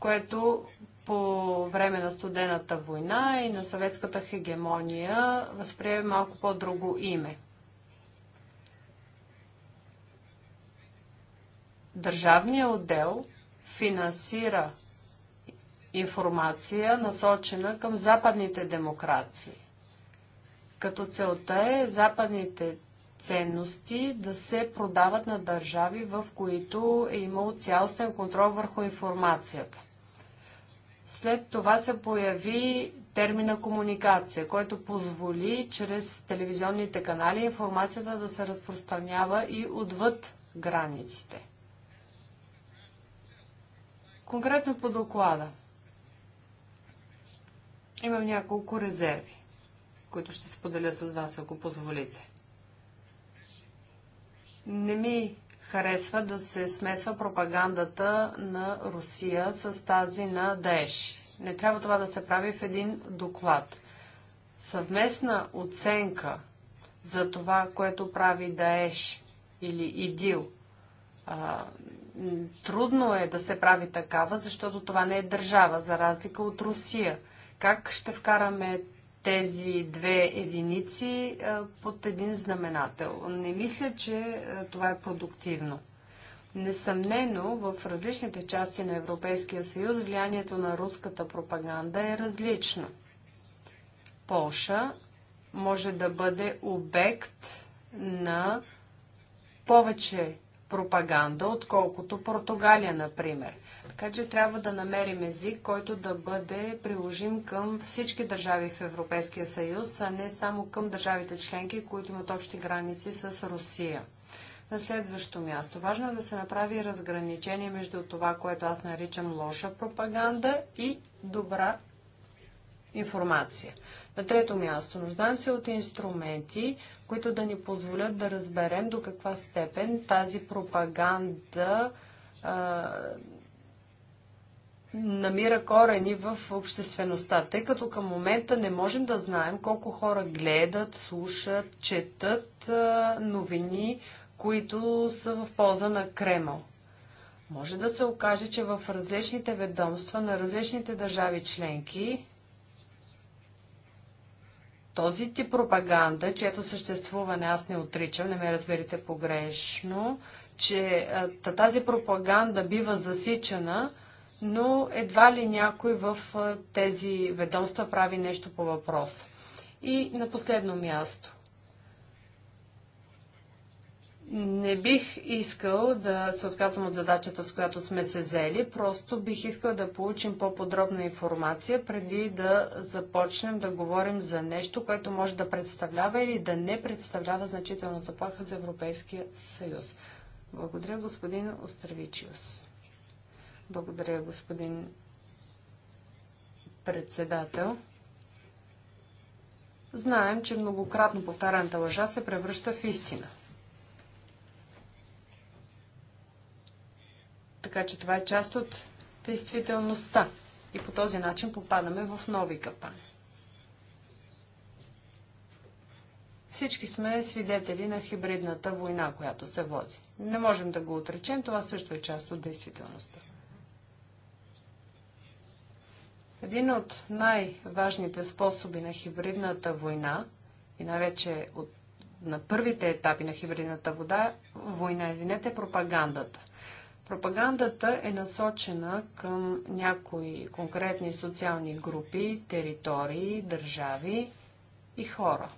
което по време на студената война и на съветската хегемония възприеме малко по-друго име. Държавният отдел финансира информация, насочена към западните демокрации. Като целта е западните ценности да се продават на държави, в които е имало цялостен контрол върху информацията. След това се появи термина комуникация, който позволи чрез телевизионните канали информацията да се разпространява и отвъд границите. Конкретно по доклада имам няколко резерви, които ще споделя с вас, ако позволите. Не ми харесва да се смесва пропагандата на Русия с тази на Даеш. Не трябва това да се прави в един доклад. Съвместна оценка за това, което прави Даеш или ИДИЛ, а, трудно е да се прави такава, защото това не е държава, за разлика от Русия. Как ще вкараме тези две единици под един знаменател. Не мисля, че това е продуктивно. Несъмнено, в различните части на Европейския съюз влиянието на руската пропаганда е различно. Полша може да бъде обект на повече пропаганда, отколкото Португалия, например. Така че трябва да намерим език, който да бъде приложим към всички държави в Европейския съюз, а не само към държавите членки, които имат общи граници с Русия. На следващо място, важно е да се направи разграничение между това, което аз наричам лоша пропаганда и добра информация. На трето място, нуждаем се от инструменти, които да ни позволят да разберем до каква степен тази пропаганда а, намира корени в обществеността, тъй като към момента не можем да знаем колко хора гледат, слушат, четат а, новини, които са в полза на Кремъл. Може да се окаже, че в различните ведомства на различните държави членки този тип пропаганда, чието съществуване аз не отричам, не ме разберете погрешно, че тази пропаганда бива засичана, но едва ли някой в тези ведомства прави нещо по въпроса. И на последно място. Не бих искал да се отказвам от задачата, с която сме се взели, просто бих искал да получим по-подробна информация преди да започнем да говорим за нещо, което може да представлява или да не представлява значителна заплаха за Европейския съюз. Благодаря, господин Остравичиус. Благодаря, господин председател. Знаем, че многократно повтаряната лъжа се превръща в истина. Така че това е част от действителността. И по този начин попадаме в нови капани. Всички сме свидетели на хибридната война, която се води. Не можем да го отречем, това също е част от действителността. Един от най-важните способи на хибридната война и най-вече от, на първите етапи на хибридната вода, война извинете, е пропагандата – Пропагандата е насочена към някои конкретни социални групи, територии, държави и хора.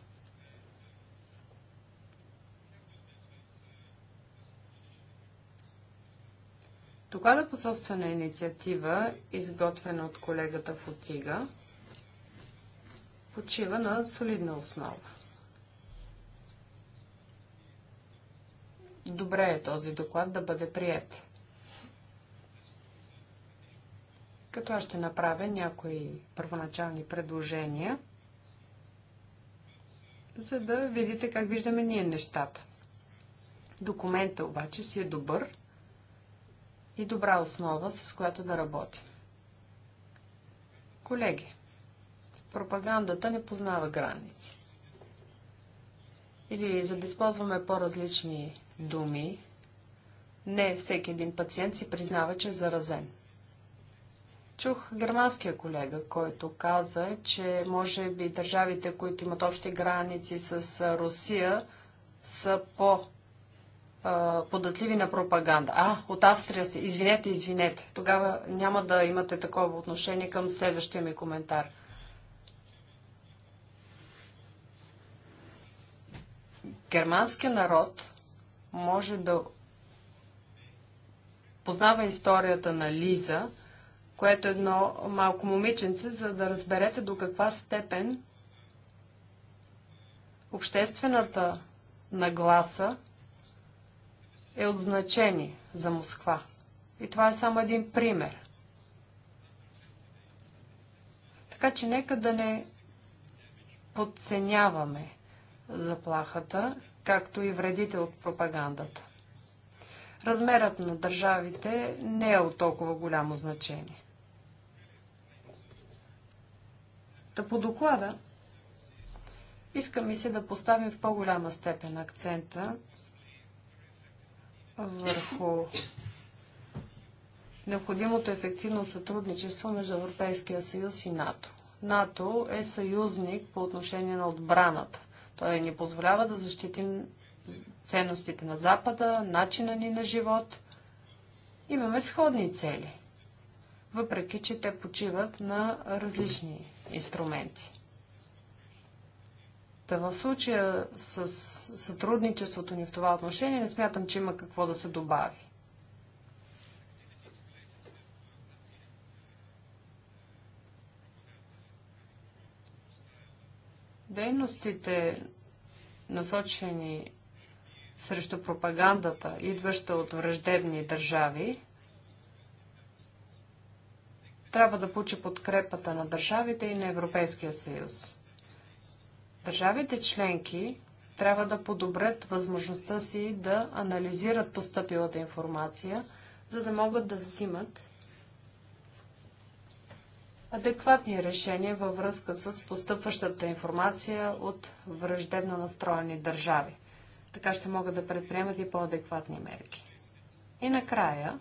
Доклада по собствена инициатива, изготвена от колегата Фотига, почива на солидна основа. Добре е този доклад да бъде прият. Като аз ще направя някои първоначални предложения, за да видите как виждаме ние нещата. Документа обаче си е добър и добра основа, с която да работим. Колеги, пропагандата не познава граници. Или за да използваме по-различни думи, не всеки един пациент си признава, че е заразен. Чух германския колега, който каза, че може би държавите, които имат общи граници с Русия, са по податливи на пропаганда. А, от Австрия сте. Извинете, извинете. Тогава няма да имате такова отношение към следващия ми коментар. Германския народ може да познава историята на Лиза, което е едно малко момиченце, за да разберете до каква степен обществената нагласа е от значение за Москва. И това е само един пример. Така че нека да не подценяваме заплахата, както и вредите от пропагандата. Размерът на държавите не е от толкова голямо значение. Та по доклада иска ми се да поставим в по-голяма степен акцента върху необходимото ефективно сътрудничество между Европейския съюз и НАТО. НАТО е съюзник по отношение на отбраната. Той ни позволява да защитим ценностите на Запада, начина ни на живот. Имаме сходни цели, въпреки че те почиват на различни инструменти. Та в случая с сътрудничеството ни в това отношение не смятам, че има какво да се добави. Дейностите, насочени срещу пропагандата, идваща от враждебни държави, трябва да получи подкрепата на държавите и на Европейския съюз. Държавите членки трябва да подобрят възможността си да анализират поступилата информация, за да могат да взимат адекватни решения във връзка с постъпващата информация от враждебно настроени държави. Така ще могат да предприемат и по-адекватни мерки. И накрая,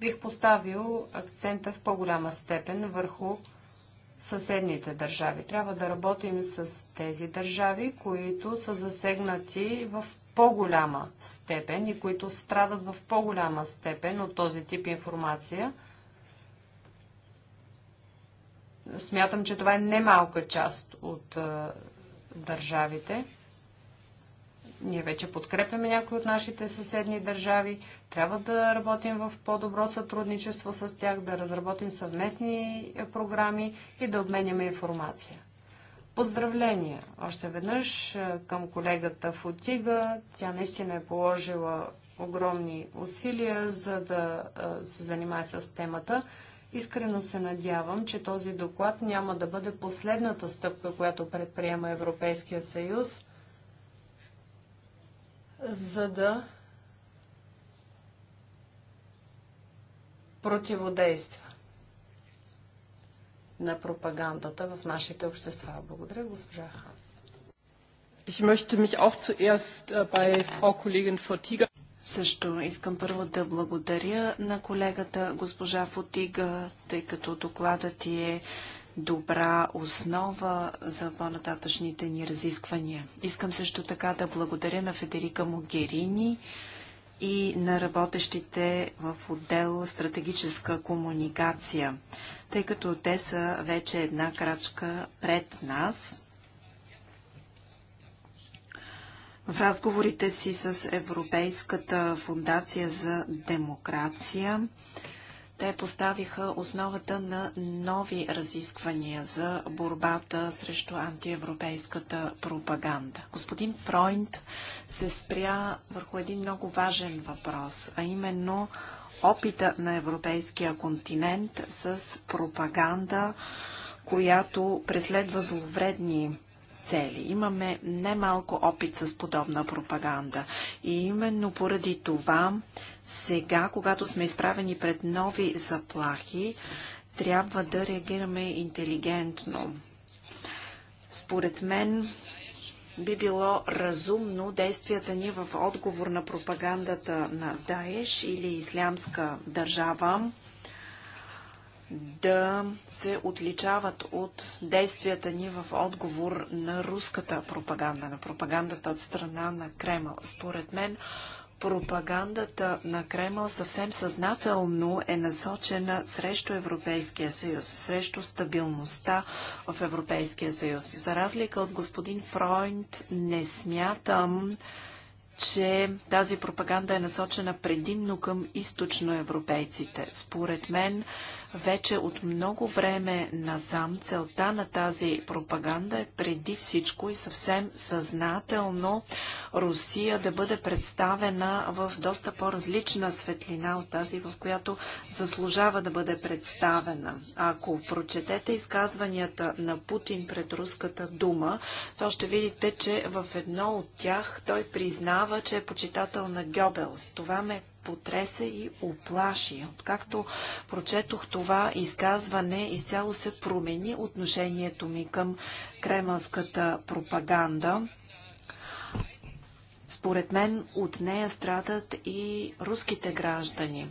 бих поставил акцента в по-голяма степен върху съседните държави. Трябва да работим с тези държави, които са засегнати в по-голяма степен и които страдат в по-голяма степен от този тип информация. Смятам, че това е немалка част от държавите. Ние вече подкрепяме някои от нашите съседни държави. Трябва да работим в по-добро сътрудничество с тях, да разработим съвместни програми и да обменяме информация. Поздравления още веднъж към колегата Фотига. Тя наистина е положила огромни усилия, за да се занимае с темата. Искрено се надявам, че този доклад няма да бъде последната стъпка, която предприема Европейския съюз за да противодейства на пропагандата в нашите общества. Благодаря, госпожа Ханс. Ich möchte mich auch zuerst äh, bei Frau Kollegin Fortiga също искам първо да благодаря на колегата госпожа Фотига, тъй като докладът ти е добра основа за по-нататъчните ни разисквания. Искам също така да благодаря на Федерика Могерини и на работещите в отдел стратегическа комуникация, тъй като те са вече една крачка пред нас. В разговорите си с Европейската фундация за демокрация те поставиха основата на нови разисквания за борбата срещу антиевропейската пропаганда. Господин Фройнд се спря върху един много важен въпрос, а именно опита на европейския континент с пропаганда, която преследва зловредни цели. Имаме немалко опит с подобна пропаганда. И именно поради това, сега, когато сме изправени пред нови заплахи, трябва да реагираме интелигентно. Според мен, би било разумно действията ни в отговор на пропагандата на Даеш или Ислямска държава да се отличават от действията ни в отговор на руската пропаганда, на пропагандата от страна на Кремъл. Според мен, пропагандата на Кремъл съвсем съзнателно е насочена срещу Европейския съюз, срещу стабилността в Европейския съюз. За разлика от господин Фройнд, не смятам, че тази пропаганда е насочена предимно към източноевропейците. Според мен вече от много време насам целта на тази пропаганда е преди всичко и съвсем съзнателно Русия да бъде представена в доста по-различна светлина от тази, в която заслужава да бъде представена. Ако прочетете изказванията на Путин пред руската дума, то ще видите, че в едно от тях той признава, че е почитател на Гьобелс. Това ме потреса и оплаши. Откакто прочетох това изказване, изцяло се промени отношението ми към кремълската пропаганда. Според мен от нея страдат и руските граждани.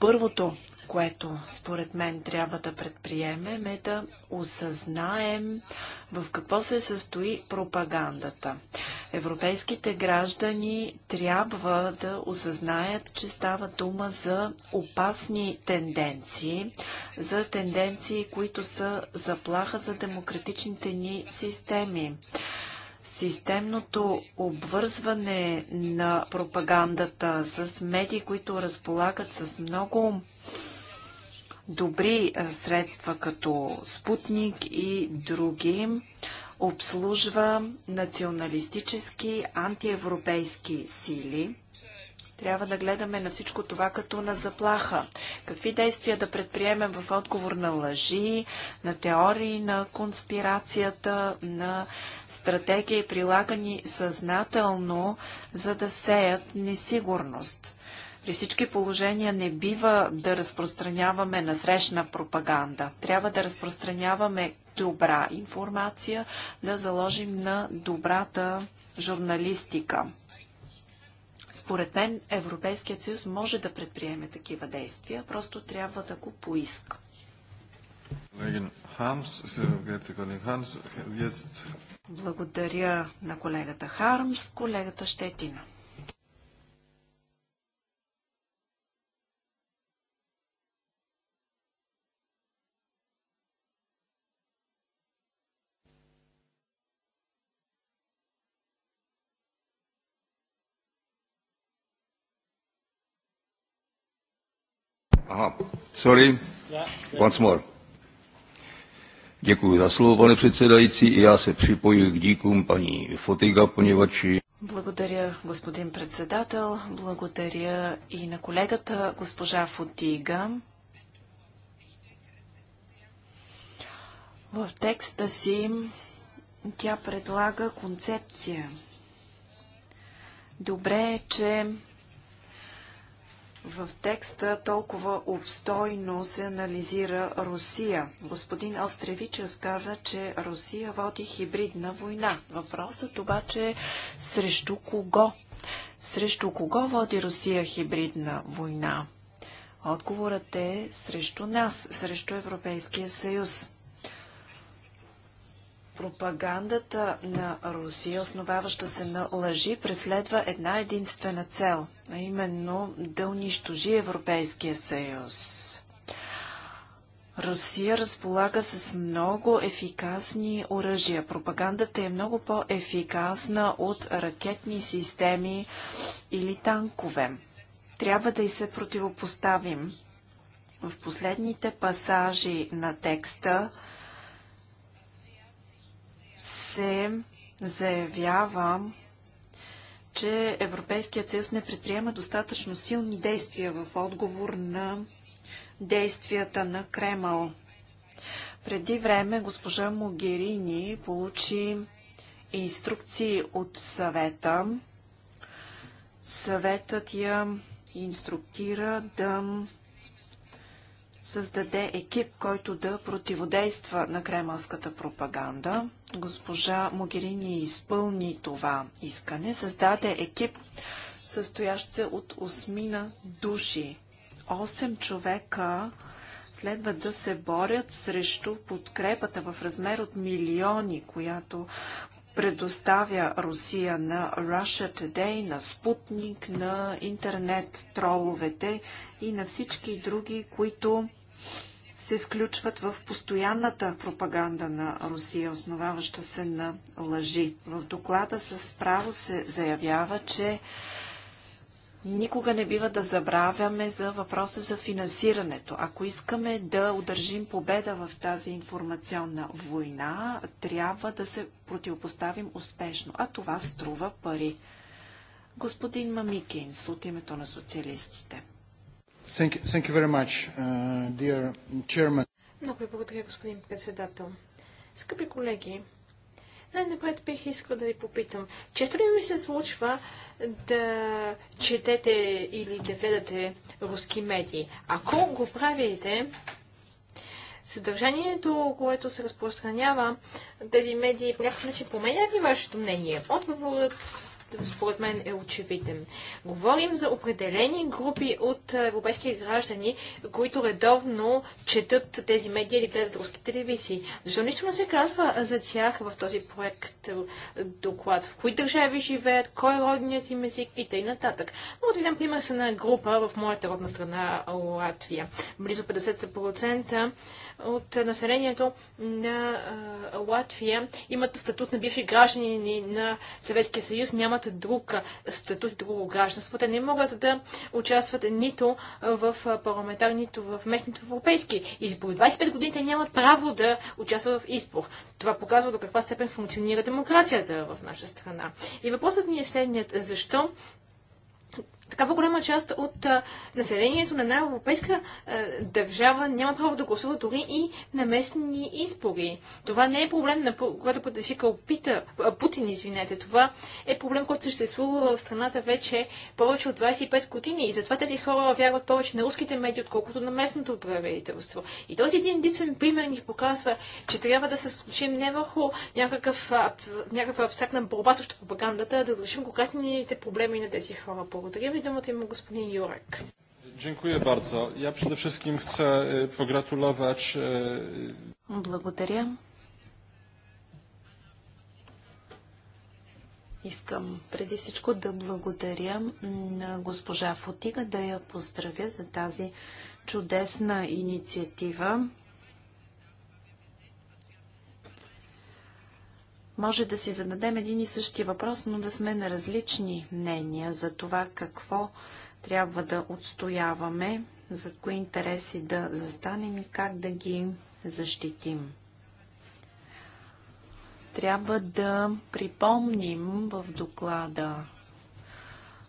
Първото, което според мен трябва да предприемем е да осъзнаем в какво се състои пропагандата. Европейските граждани трябва да осъзнаят, че става дума за опасни тенденции, за тенденции, които са заплаха за демократичните ни системи системното обвързване на пропагандата с медии, които разполагат с много добри средства като Спутник и други обслужва националистически, антиевропейски сили. Трябва да гледаме на всичко това като на заплаха. Какви действия да предприемем в отговор на лъжи, на теории, на конспирацията, на стратегии, прилагани съзнателно, за да сеят несигурност. При всички положения не бива да разпространяваме насрещна пропаганда. Трябва да разпространяваме добра информация, да заложим на добрата журналистика. Според мен Европейският съюз може да предприеме такива действия, просто трябва да го поиска. Благодаря на колегата Хармс, колегата Щетина. Aha, sorry. Once more. Děkuji za slovo, pane předsedající. I já se připoju k díkům paní Fotiga, poněvadž благодаря, господин председател. Благодаря и на колегата, госпожа Фотига. В текста си тя предлага концепция. Добре е, че в текста толкова обстойно се анализира Русия. Господин Остревичев каза, че Русия води хибридна война. Въпросът обаче е срещу кого? Срещу кого води Русия хибридна война? Отговорът е срещу нас, срещу Европейския съюз. Пропагандата на Русия, основаваща се на лъжи, преследва една единствена цел, а именно да унищожи Европейския съюз. Русия разполага с много ефикасни оръжия. Пропагандата е много по-ефикасна от ракетни системи или танкове. Трябва да и се противопоставим. В последните пасажи на текста се заявява, че Европейският съюз не предприема достатъчно силни действия в отговор на действията на Кремъл. Преди време госпожа Могерини получи инструкции от съвета. Съветът я инструктира да създаде екип, който да противодейства на кремълската пропаганда. Госпожа Могерини изпълни това искане. Създаде екип, състоящ се от осмина души. Осем човека следва да се борят срещу подкрепата в размер от милиони, която предоставя Русия на Russia Today, на Спутник, на интернет троловете и на всички други, които се включват в постоянната пропаганда на Русия, основаваща се на лъжи. В доклада с право се заявява, че Никога не бива да забравяме за въпроса за финансирането. Ако искаме да удържим победа в тази информационна война, трябва да се противопоставим успешно, а това струва пари. Господин Мамикинс от името на социалистите. Thank you, thank you very much, uh, dear chairman. Много ви благодаря, господин председател. Скъпи колеги, най-напред бих искал да ви попитам. Често ли ми се случва да четете или да гледате руски медии. Ако го правите, съдържанието, което се разпространява тези медии, по някакъв начин променя ли вашето мнение? Отговорът според мен е очевиден. Говорим за определени групи от европейски граждани, които редовно четат тези медии или гледат руски телевизии. Защо нищо не се казва за тях в този проект доклад? В кои държави живеят, кой е родният им език и т.н. Мога да ви дам пример с една група в моята родна страна Латвия. Близо 50% от населението на Латвия имат статут на бивши граждани на Съветския съюз, нямат друг статут, друго гражданство. Те не могат да участват нито в парламентарни, нито в местните европейски избори. 25 години те нямат право да участват в избор. Това показва до каква степен функционира демокрацията в наша страна. И въпросът ми е следният. Защо такава голяма част от населението на една европейска държава няма право да гласува дори и на местни избори. Това не е проблем, на който предизвикал Пита, Путин, извинете. Това е проблем, който съществува в страната вече повече от 25 години. И затова тези хора вярват повече на руските медии, отколкото на местното правителство. И този един единствен пример ни показва, че трябва да се случим не върху някакъв, някаква абстрактна борба срещу пропагандата, а да решим конкретните проблеми на тези хора. Благодаря ви do има gospodin Jurek. Dziękuję bardzo. Ja przede wszystkim chcę e, pogratulować. E, благодаря. Искам преди всичко да благодаря на госпожа Фотига, да я поздравя за тази чудесна инициатива. Може да си зададем един и същи въпрос, но да сме на различни мнения за това какво трябва да отстояваме, за кои интереси да застанем и как да ги защитим. Трябва да припомним в доклада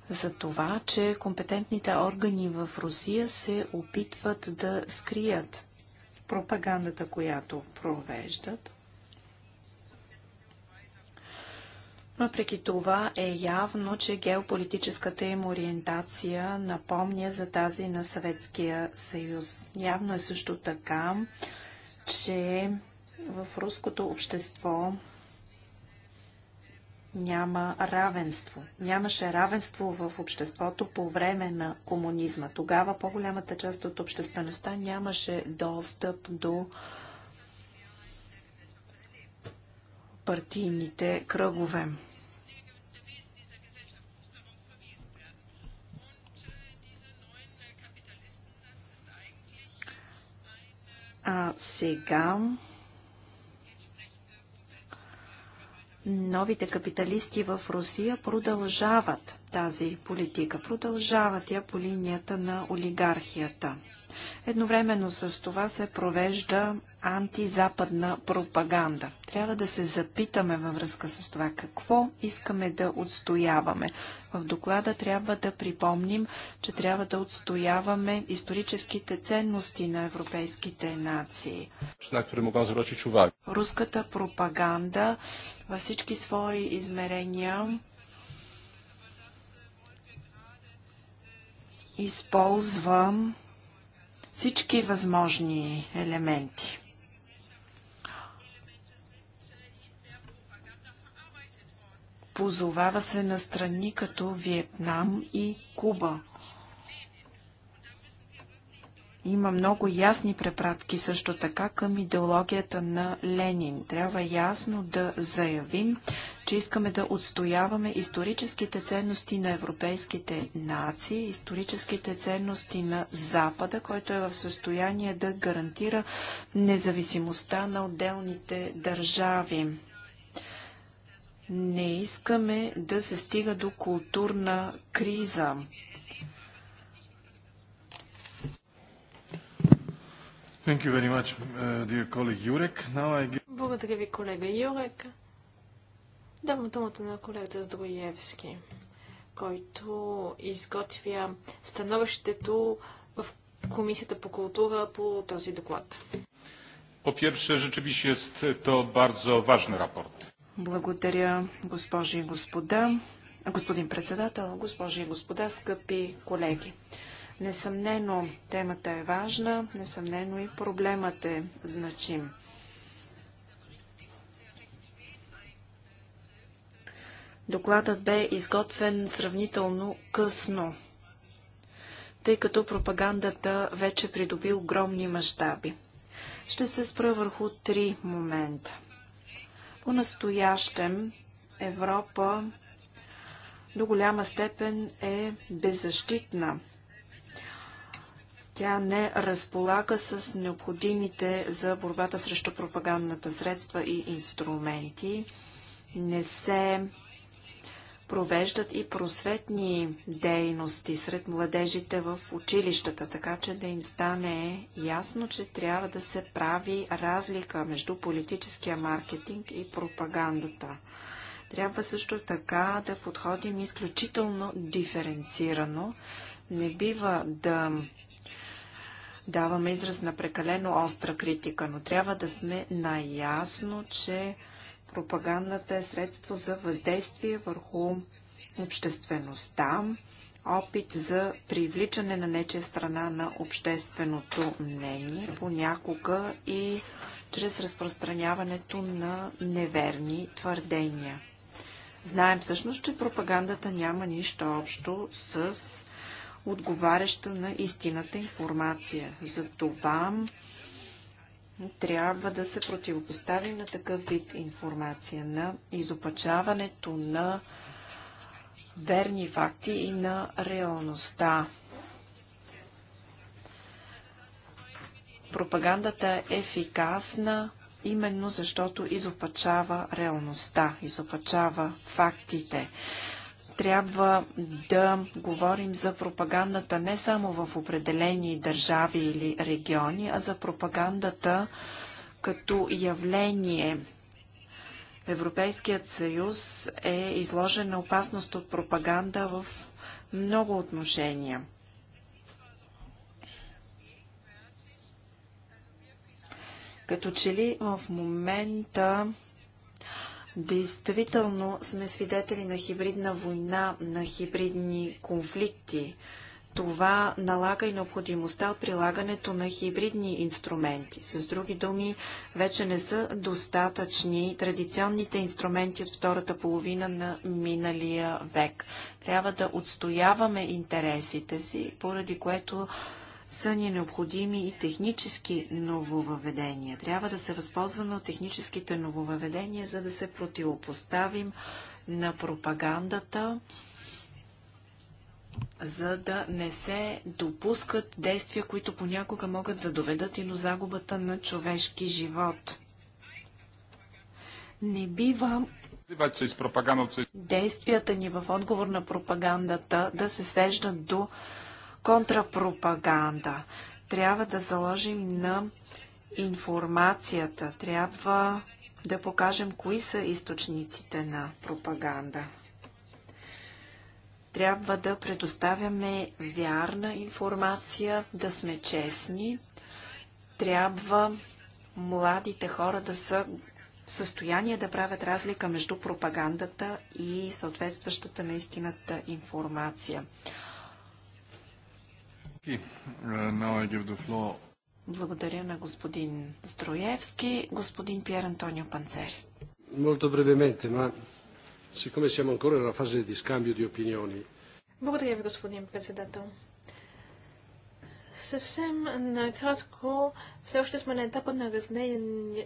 за това, че компетентните органи в Русия се опитват да скрият пропагандата, която провеждат. Въпреки това е явно, че геополитическата им ориентация напомня за тази на Съветския съюз. Явно е също така, че в руското общество няма равенство. Нямаше равенство в обществото по време на комунизма. Тогава по-голямата част от обществеността нямаше достъп до партийните кръгове. А сега новите капиталисти в Русия продължават тази политика. Продължават я по линията на олигархията. Едновременно с това се провежда антизападна пропаганда. Трябва да се запитаме във връзка с това какво искаме да отстояваме. В доклада трябва да припомним, че трябва да отстояваме историческите ценности на европейските нации. Руската пропаганда във всички свои измерения използва всички възможни елементи. Позовава се на страни като Виетнам и Куба. Има много ясни препратки също така към идеологията на Ленин. Трябва ясно да заявим, че искаме да отстояваме историческите ценности на европейските нации, историческите ценности на Запада, който е в състояние да гарантира независимостта на отделните държави. Не искаме да се стига до културна криза. Uh, Благодаря ви, колега Юрек. Давам думата на колегата Здроевски, който изготвя становището в Комисията по култура по този доклад. Po pierwsze, rzeczywiście е то bardzo ważny благодаря, госпожи и господа, господин председател, госпожи и господа, скъпи колеги. Несъмнено темата е важна, несъмнено и проблемът е значим. Докладът бе изготвен сравнително късно, тъй като пропагандата вече придоби огромни мащаби. Ще се спра върху три момента. По-настоящем Европа до голяма степен е беззащитна. Тя не разполага с необходимите за борбата срещу пропагандната средства и инструменти, не се провеждат и просветни дейности сред младежите в училищата, така че да им стане ясно, че трябва да се прави разлика между политическия маркетинг и пропагандата. Трябва също така да подходим изключително диференцирано. Не бива да даваме израз на прекалено остра критика, но трябва да сме наясно, че Пропагандата е средство за въздействие върху обществеността, опит за привличане на нечия страна на общественото мнение, понякога и чрез разпространяването на неверни твърдения. Знаем всъщност, че пропагандата няма нищо общо с отговаряща на истината информация. Затова трябва да се противопоставим на такъв вид информация, на изопачаването на верни факти и на реалността. Пропагандата е ефикасна именно защото изопачава реалността, изопачава фактите трябва да говорим за пропагандата не само в определени държави или региони, а за пропагандата като явление. Европейският съюз е изложен на опасност от пропаганда в много отношения. Като че ли в момента Действително сме свидетели на хибридна война, на хибридни конфликти. Това налага и необходимостта от прилагането на хибридни инструменти. С други думи, вече не са достатъчни традиционните инструменти от втората половина на миналия век. Трябва да отстояваме интересите си, поради което са ни необходими и технически нововъведения. Трябва да се възползваме от техническите нововъведения, за да се противопоставим на пропагандата, за да не се допускат действия, които понякога могат да доведат и до загубата на човешки живот. Не бива действията ни в отговор на пропагандата да се свеждат до контрапропаганда. Трябва да заложим на информацията. Трябва да покажем кои са източниците на пропаганда. Трябва да предоставяме вярна информация, да сме честни. Трябва младите хора да са в състояние да правят разлика между пропагандата и съответстващата наистината информация. Благодаря на господин Строевски, господин Пьер Антонио Панцери. Molto brevemente, ma siccome siamo ancora nella fase di scambio di opinioni. Благодаря ви, господин председател. Съвсем накратко, все още сме на етапа на, разне...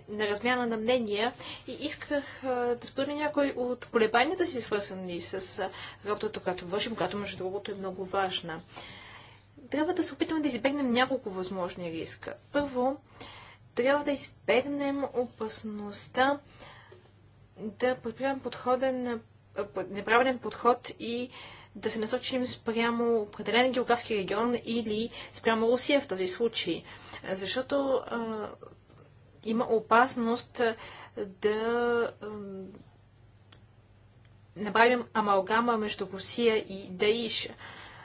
на размяна на мнения и исках да споделя някой от колебанията си, свързани с работата, която вършим, която между другото е много важна трябва да се опитаме да избегнем няколко възможни риска. Първо, трябва да избегнем опасността да предприемем подходен, неправилен подход и да се насочим спрямо определен географски регион или спрямо Русия в този случай. Защото а, има опасност да направим амалгама между Русия и Даиша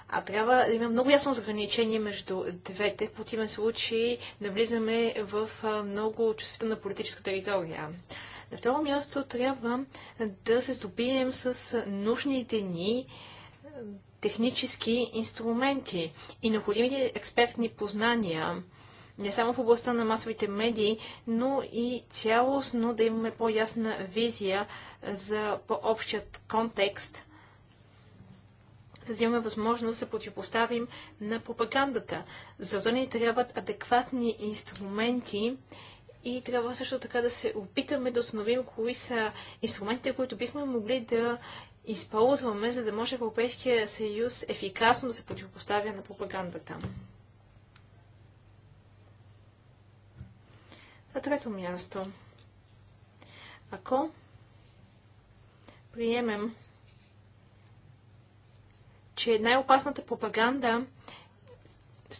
а трябва да има много ясно заграничение между двете. В противен случай навлизаме в много чувствителна политическа територия. На второ място трябва да се здобием с нужните ни технически инструменти и необходимите експертни познания, не само в областта на масовите медии, но и цялостно да имаме по-ясна визия за по-общият контекст за да имаме възможност да се противопоставим на пропагандата. За да ни трябват адекватни инструменти и трябва също така да се опитаме да установим кои са инструментите, които бихме могли да използваме, за да може Европейския съюз ефикасно да се противопоставя на пропагандата. На трето място. Ако приемем че най-опасната пропаганда,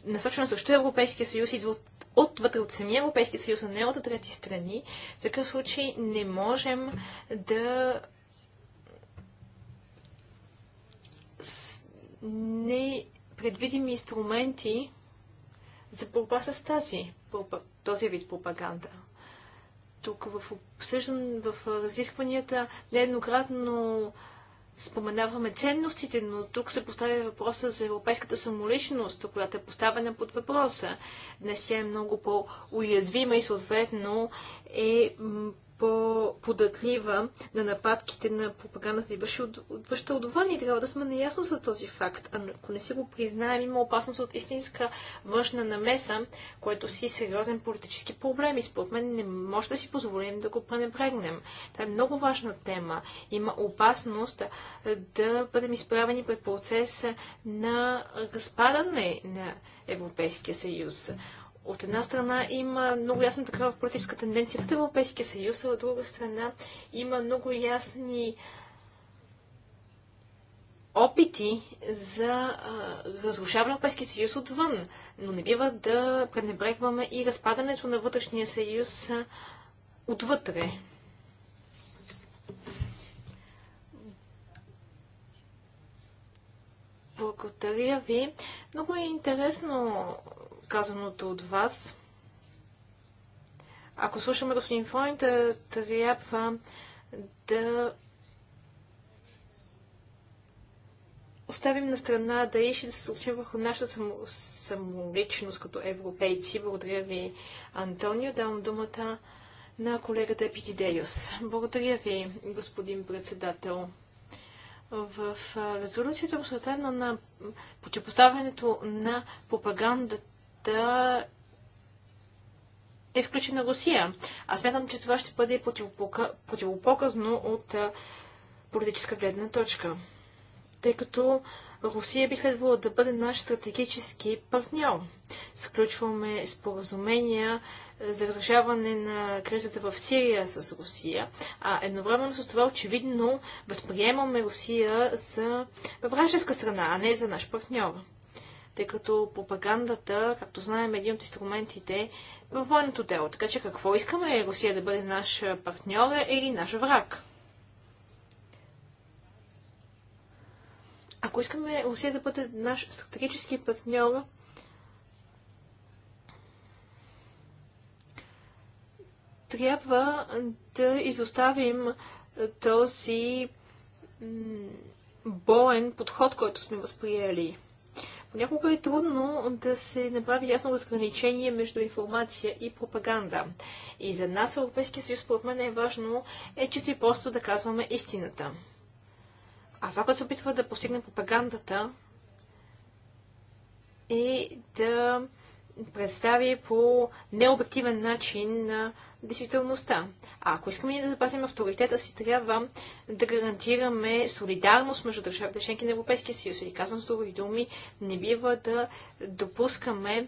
насочена срещу Европейския съюз, идва от, от вътре от самия Европейския съюз, а не от трети страни. В такъв случай не можем да не предвидим инструменти за борба с тази, този вид пропаганда тук в обсъждан в разискванията нееднократно споменаваме ценностите, но тук се поставя въпроса за европейската самоличност, която е поставена под въпроса. Днес тя е много по-уязвима и съответно е по-податлива на нападките на пропагандата и върши от, връща отвън и трябва да сме наясно за този факт. А ако не си го признаем, има опасност от истинска външна намеса, което си сериозен политически проблем и според мен не може да си позволим да го пренебрегнем. Това е много важна тема. Има опасност да бъдем изправени пред процеса на разпадане на Европейския съюз. От една страна има много ясна такава политическа тенденция в Европейския съюз, а от друга страна има много ясни опити за а, разрушаване на Европейския съюз отвън. Но не бива да пренебрегваме и разпадането на вътрешния съюз а, отвътре. Благодаря ви. Много е интересно казаното от вас. Ако слушаме господин да е, трябва да оставим на страна да и да се случим върху нашата само, самоличност като европейци. Благодаря ви, Антонио. Давам думата на колегата Епитидеус. Благодаря ви, господин председател. В резолюцията, е посветена на противопоставянето на пропагандата да е включена Русия. Аз смятам, че това ще бъде противопоказно от политическа гледна точка. Тъй като Русия би следвало да бъде наш стратегически партньор. Сключваме споразумения за разрешаване на кризата в Сирия с Русия, а едновременно с това очевидно възприемаме Русия за вражеска страна, а не за наш партньор тъй като пропагандата, както знаем, е един от инструментите в военното дело. Така че какво искаме? Русия да бъде наш партньор или наш враг? Ако искаме Русия да бъде наш стратегически партньор, трябва да изоставим този боен подход, който сме възприели. Понякога е трудно да се направи ясно разграничение между информация и пропаганда. И за нас в Европейския съюз, според мен, е важно е чисто и просто да казваме истината. А това, което се опитва да постигне пропагандата, е да представи по необективен начин действителността. А ако искаме ние да запазим авторитета си, трябва да гарантираме солидарност между държавите членки на Европейския съюз. Или казвам с други думи, не бива да допускаме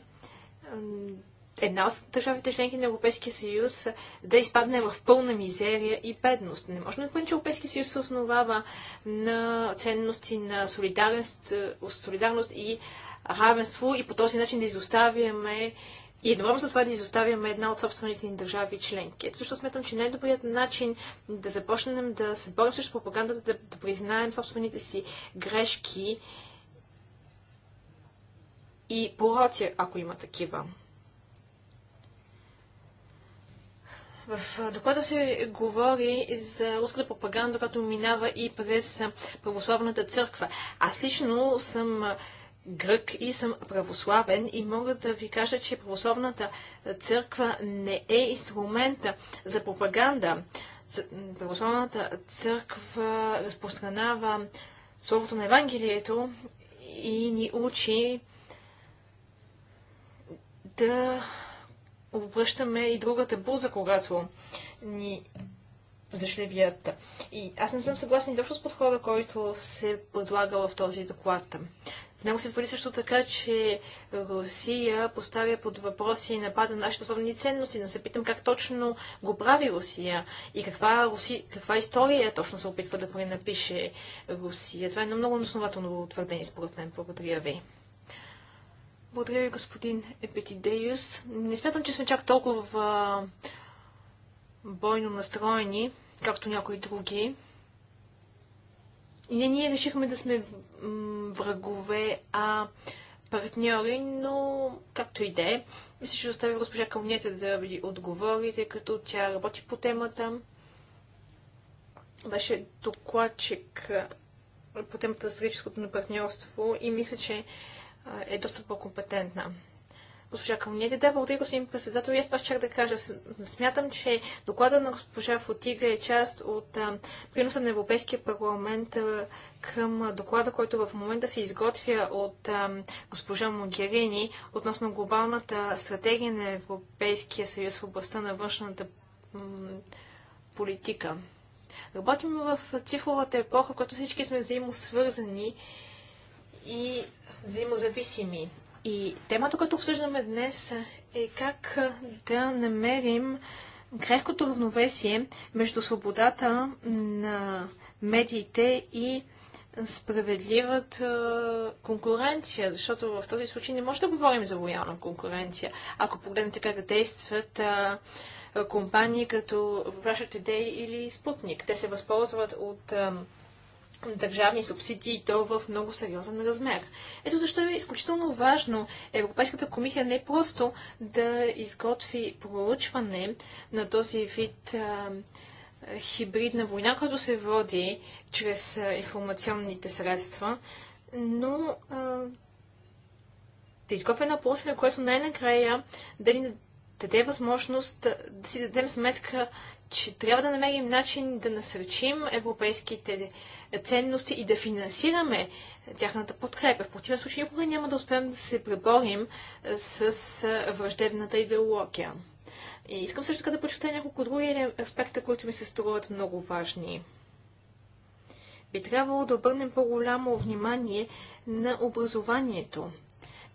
една от държавите членки на Европейския съюз да изпадне в пълна мизерия и бедност. Не може да че Европейския съюз се основава на ценности на солидарност, солидарност и равенство и по този начин да изоставяме и едновременно с това да изоставяме една от собствените ни държави членки. Ето смятам, че най-добрият начин да започнем да се борим срещу пропагандата, да, да признаем собствените си грешки и пороци, ако има такива. В доклада се говори за руската пропаганда, която минава и през православната църква. Аз лично съм грък и съм православен и мога да ви кажа, че православната църква не е инструмента за пропаганда. Православната църква разпространява Словото на Евангелието и ни учи да обръщаме и другата буза, когато ни шлевията. И аз не съм съгласен изобщо с подхода, който се предлага в този доклад. В него се твърди също така, че Русия поставя под въпроси и напада на нашите основни ценности, но се питам как точно го прави Русия и каква, Руси... каква история точно се опитва да пренапише Русия. Това е едно много основателно твърдение, според мен. Благодаря ви. Благодаря ви, господин Епитидеюс. Не смятам, че сме чак толкова бойно настроени, както някои други. И не ние решихме да сме врагове, а партньори, но както и да е. Мисля, ще оставя госпожа Кълнета да ви отговори, тъй като тя работи по темата. Беше докладчик по темата за стратегическото на партньорство и мисля, че е доста по-компетентна госпожа Калнете. Да, благодаря, господин председател. И аз пак чак да кажа. Смятам, че доклада на госпожа Фотига е част от приноса на Европейския парламент към доклада, който в момента се изготвя от госпожа Могерини относно глобалната стратегия на Европейския съюз в областта на външната политика. Работим в цифровата епоха, в която всички сме взаимосвързани и взаимозависими. И темата, която обсъждаме днес е как да намерим крехкото равновесие между свободата на медиите и справедливата конкуренция, защото в този случай не може да говорим за лоялна конкуренция. Ако погледнете как действат а, компании като Russia Today или Спутник, те се възползват от а, държавни субсидии и то в много сериозен размер. Ето защо е изключително важно Европейската комисия не просто да изготви проучване на този вид а, хибридна война, която се води чрез а, информационните средства, но а, да изготви едно проучване, което най-накрая да ни даде възможност да си дадем сметка че трябва да намерим начин да насърчим европейските ценности и да финансираме тяхната подкрепа. В противен случай никога няма да успеем да се преборим с враждебната идеология. И искам също така да почета няколко други аспекта, които ми се струват много важни. Би трябвало да обърнем по-голямо внимание на образованието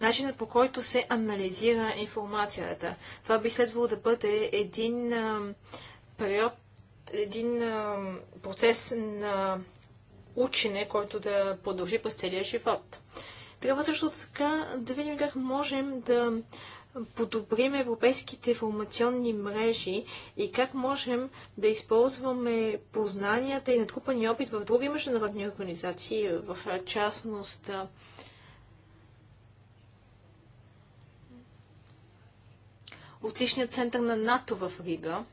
начинът по който се анализира информацията. Това би следвало да бъде един а, период, един а, процес на учене, който да продължи през целия живот. Трябва също така да видим как можем да подобрим европейските информационни мрежи и как можем да използваме познанията и натрупани опит в други международни организации, в частност отличният център на НАТО в Рига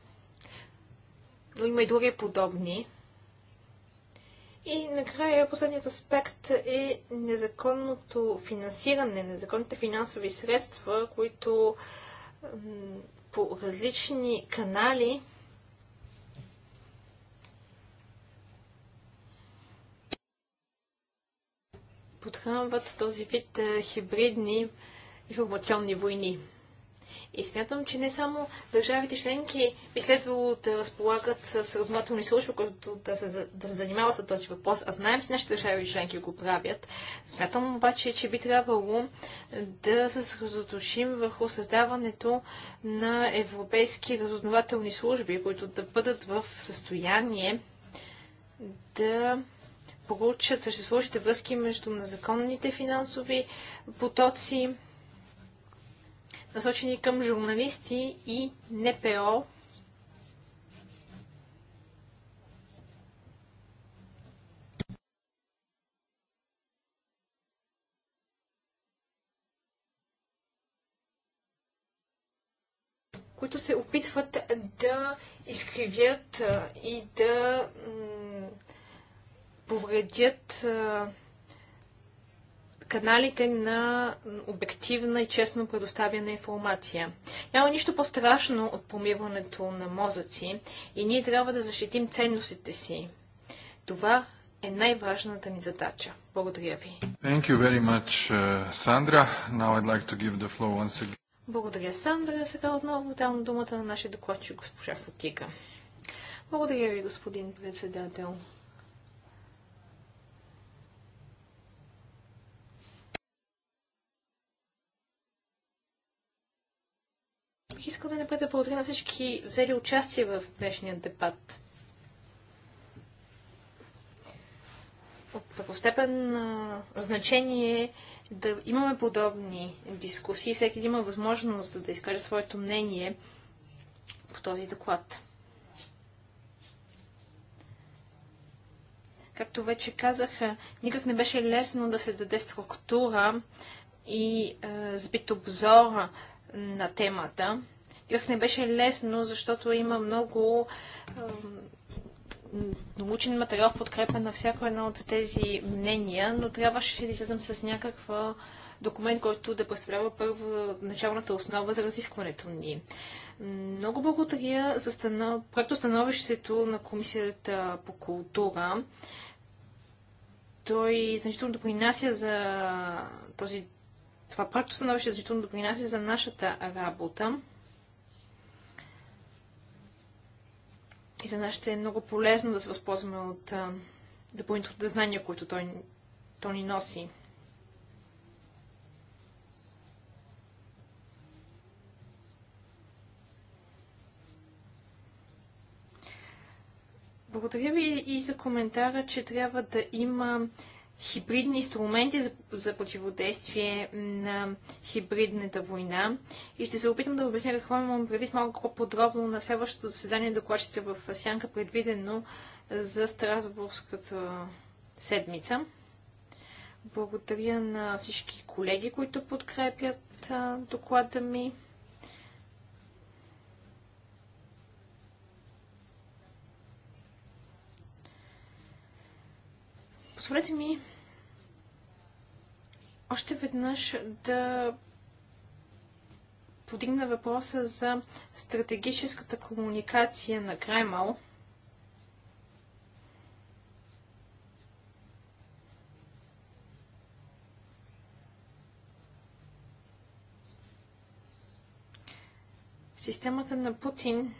но има и други подобни. И накрая последният аспект е незаконното финансиране, незаконните финансови средства, които по различни канали подхранват този вид е, хибридни информационни войни. И смятам, че не само държавите членки би следвало да разполагат с разумателни служби, които да се, да се занимават с този въпрос, а знаем, че нашите държави членки го правят. Смятам обаче, че би трябвало да се съсредоточим върху създаването на европейски разузнавателни служби, които да бъдат в състояние да получат съществуващите връзки между незаконните финансови потоци, насочени към журналисти и НПО, които се опитват да изкривят и да повредят каналите на обективна и честно предоставяна информация. Няма нищо по-страшно от помиването на мозъци и ние трябва да защитим ценностите си. Това е най-важната ни задача. Благодаря ви. Much, like Благодаря, Сандра. Сега отново давам думата на нашия докладчик госпожа Фотика. Благодаря ви, господин председател. бих искал да напред да благодаря на всички взели участие в днешния дебат. От първостепен значение е да имаме подобни дискусии, всеки да има възможност да изкаже своето мнение по този доклад. Както вече казах, никак не беше лесно да се даде структура и е, сбит обзора на темата. Как не беше лесно, защото има много научен материал в подкрепа на всяко едно от тези мнения, но трябваше да излезам с някакъв документ, който да представлява първо началната основа за разискването ни. Много благодаря за стана... становището на Комисията по култура. Той значително допринася за този това проекто становище значително допринася за нашата работа и за нас ще е много полезно да се възползваме от допълнителните знания, които той, той ни носи. Благодаря ви и за коментара, че трябва да има хибридни инструменти за, за противодействие на хибридната война. И ще се опитам да обясня какво имам предвид малко по-подробно на следващото заседание, докладчите в Сянка, предвидено за Страсбургската седмица. Благодаря на всички колеги, които подкрепят а, доклада ми. Позволете ми още веднъж да подигна въпроса за стратегическата комуникация на Кремъл. Системата на Путин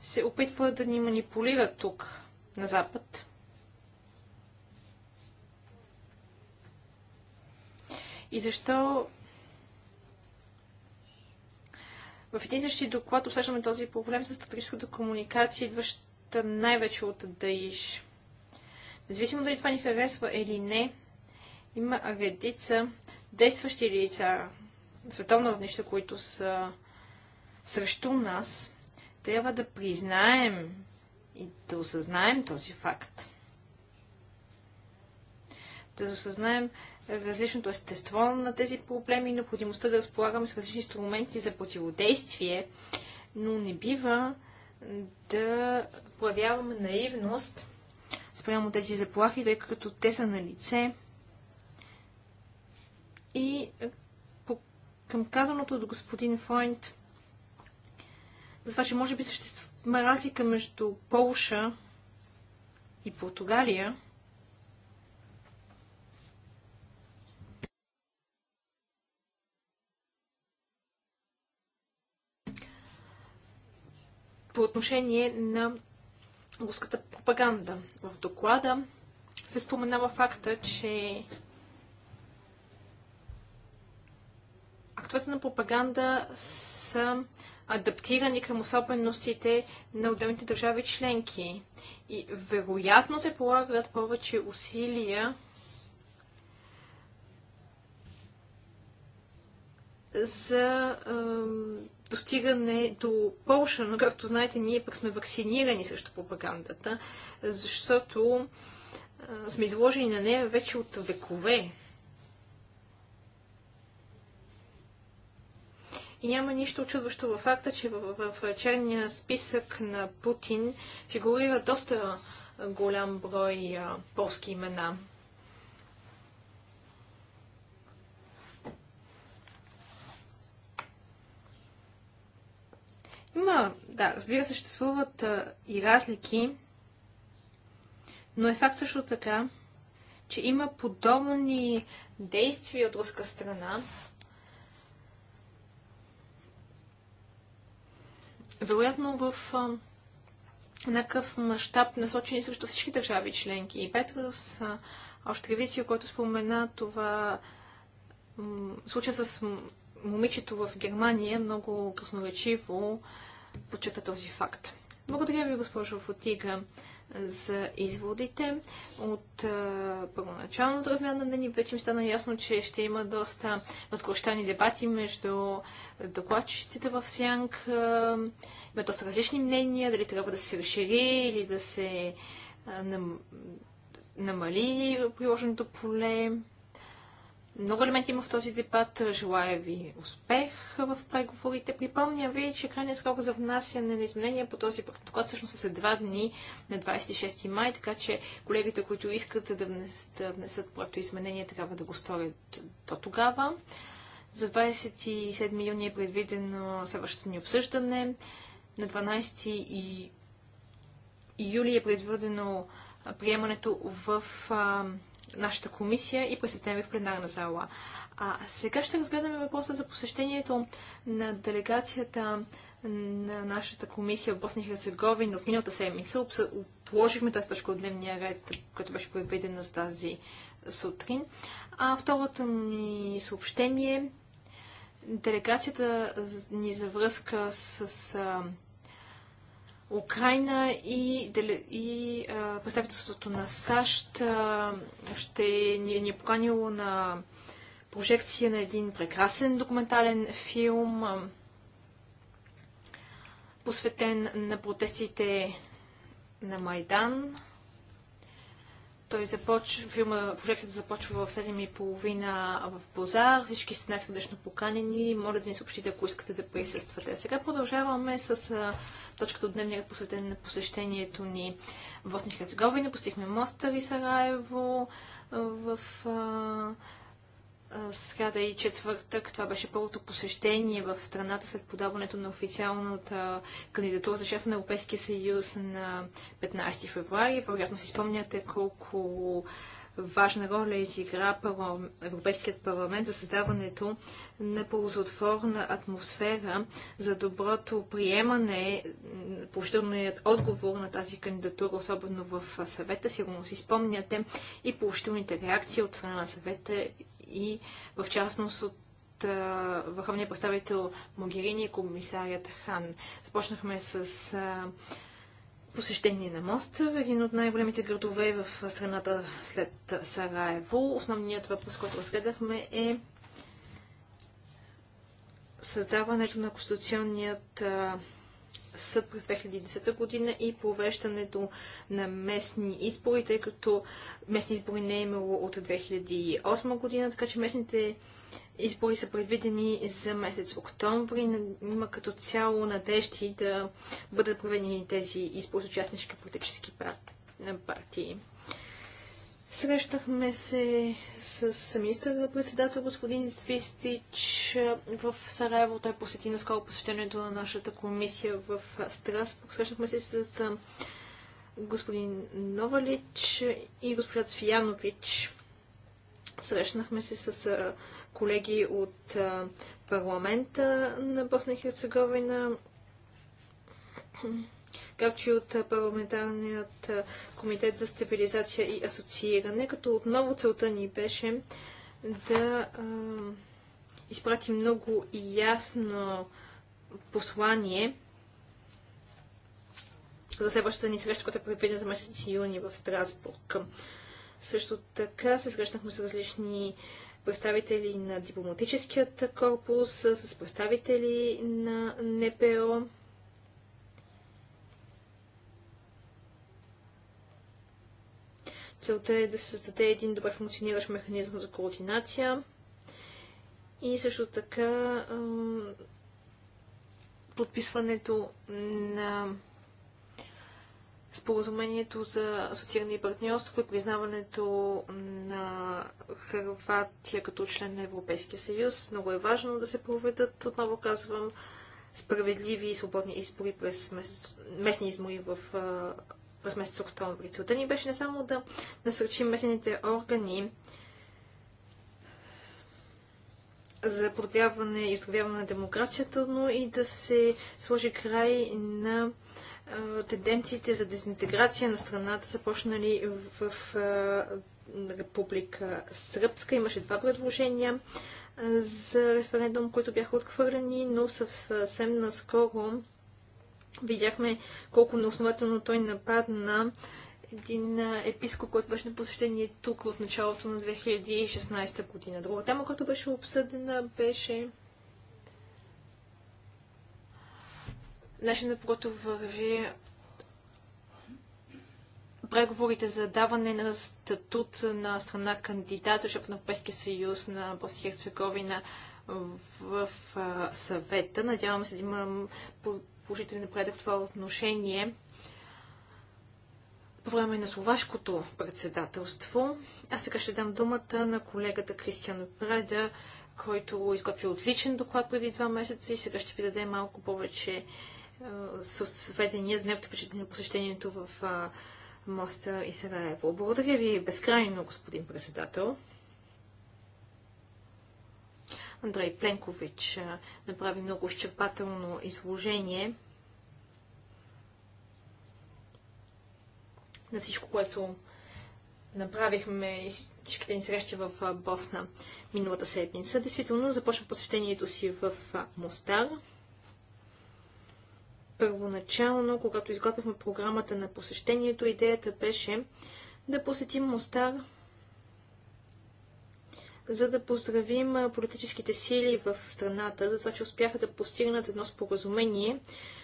се опитва да ни манипулира тук, на Запад. и защо в един същи доклад обсъждаме този проблем с стратегическата комуникация, идваща най-вече от ДАИШ. Независимо дали това ни харесва или не, има редица действащи лица, световно равнище, които са срещу нас. Трябва да признаем и да осъзнаем този факт. Да осъзнаем, различното естество на тези проблеми, необходимостта да разполагаме с различни инструменти за противодействие, но не бива да проявяваме наивност спрямо тези заплахи, тъй като те са на лице. И по, към казаното от господин Фойнт, за това, че може би съществува разлика между Полша и Португалия, по отношение на руската пропаганда. В доклада се споменава факта, че актовете на пропаганда са адаптирани към особеностите на отделните държави членки. И вероятно се полагат повече усилия за достигане до Полша, но както знаете, ние пък сме вакцинирани срещу пропагандата, защото сме изложени на нея вече от векове. И няма нищо очудващо във факта, че в, в, в черния списък на Путин фигурира доста голям брой а, полски имена. Има, да, разбира съществуват а, и разлики, но е факт също така, че има подобни действия от руска страна. Вероятно в някакъв мащаб насочени срещу всички държави членки. И Петрос Остревицио, който спомена това случая с момичето в Германия много красноречиво почета този факт. Благодаря ви, госпожо Фотига, за изводите. От първоначалното размяна на дни вече ми стана ясно, че ще има доста възгорщани дебати между докладчиците в Сянг. Има доста различни мнения, дали трябва да се разшири или да се а, нам, намали приложеното поле. Много елементи има в този дебат. Желая ви успех в преговорите. Припомня, ви, че крайният срок за внасяне на изменения по този протокол всъщност са два дни на 26 май, така че колегите, които искат да внесат, да внесат проекто изменения, трябва да го сторят до тогава. За 27 юни е предвидено следващото ни обсъждане. На 12 и... юли е предвидено приемането в нашата комисия и през септември в пленарна зала. А сега ще разгледаме въпроса за посещението на делегацията на нашата комисия в Босния и Херцеговина от миналата седмица. Отложихме тази точка от дневния ред, който беше предвидена за тази сутрин. А второто ми съобщение делегацията ни за връзка с Украина и, и а, представителството на САЩ а, ще ни, ни е поканило на прожекция на един прекрасен документален филм, а, посветен на протестите на Майдан. Той започва, филма, проекцията започва в 7.30 в Бозар. Всички сте най съдъчно поканени. Моля да ни съобщите, ако искате да присъствате. Сега продължаваме с а, точката от дневния посветен на посещението ни в Босния Херцеговина. Постихме моста и Сараево в а, сряда е и четвъртък. Това беше първото посещение в страната след подаването на официалната кандидатура за шеф на Европейския съюз на 15 февруари. Вероятно си спомняте колко важна роля изигра Европейският парламент за създаването на ползотворна атмосфера за доброто приемане, положителният отговор на тази кандидатура, особено в съвета. Сигурно си спомняте и положителните реакции от страна на съвета и в частност от върховния представител Могерини и комисарият Хан. Започнахме с посещение на мост, един от най-големите градове в страната след Сараево. Основният въпрос, който разгледахме е създаването на конституционният съд през 2010 година и провеждането на местни избори, тъй като местни избори не е имало от 2008 година, така че местните избори са предвидени за месец октомври. Има като цяло надежди да бъдат проведени тези избори с участнички политически партии. Срещахме се с министър-председател господин Свистич в Сараево. Той посети наскоро посещението на нашата комисия в Страсбург. Срещахме се с господин Новалич и госпожа Цвиянович. Срещнахме се с колеги от парламента на Босна и Херцеговина както и от парламентарният комитет за стабилизация и асоцииране, като отново целта ни беше да а, изпрати много ясно послание за следващата ни среща, която е предвидена за месец юни в Страсбург. Също така се срещнахме с различни представители на дипломатическият корпус, с представители на НПО. Целта е да се създаде един добре функциониращ механизъм за координация и също така подписването на споразумението за асоцииране и партньорство и признаването на Харватия като член на Европейския съюз. Много е важно да се проведат, отново казвам, справедливи и свободни избори през местни избори в през месец октомври. Целта ни беше не само да насърчим местните органи за продяване и отравяване на демокрацията, но и да се сложи край на а, тенденциите за дезинтеграция на страната, започнали в, в Република Сръбска. Имаше два предложения за референдум, които бяха отхвърлени, но съвсем наскоро Видяхме колко неоснователно той нападна един епископ, който беше на посещение тук в началото на 2016 година. Друга тема, която беше обсъдена, беше начинът, по който върви преговорите за даване на статут на страна кандидат за шеф на Европейския съюз на Босния и Херцеговина в, в, в съвета. Надявам се да имам положителен напредък в това отношение по време на словашкото председателство. Аз сега ще дам думата на колегата Кристиан Преда, който изготви отличен доклад преди два месеца и сега ще ви даде малко повече е, сведения за неговото впечатление посещението в е, моста Исараево. Благодаря ви безкрайно, господин председател. Андрей Пленкович направи много изчерпателно изложение на всичко, което направихме всичките ни срещи в Босна миналата седмица. Действително започна посещението си в Мостар. Първоначално, когато изготвихме програмата на посещението, идеята беше да посетим Мостар за да поздравим политическите сили в страната за това, че успяха да постигнат едно споразумение,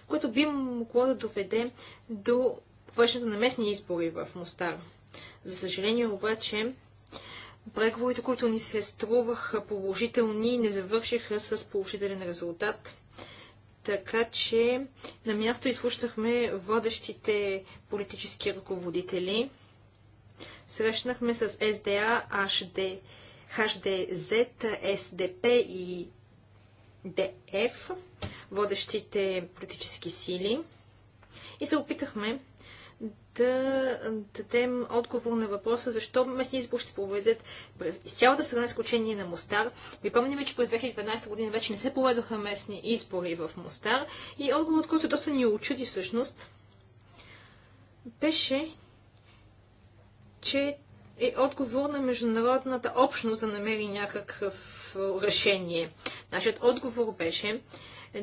което би могло да доведе до външното на местни избори в Мостар. За съжаление обаче, преговорите, които ни се струваха положителни, не завършиха с положителен резултат. Така че на място изслушахме водещите политически ръководители. Срещнахме с СДА, HD, ХДЗ, СДП и ДФ, водещите политически сили. И се опитахме да дадем отговор на въпроса защо местни избори ще се проведат с цялата страна, изключение на Мостар. помним, че през 2012 година вече не се проведоха местни избори в Мостар и отговорът, който доста ни очуди всъщност, беше, че е отговор на международната общност да намери някакъв е, решение. Нашият отговор беше,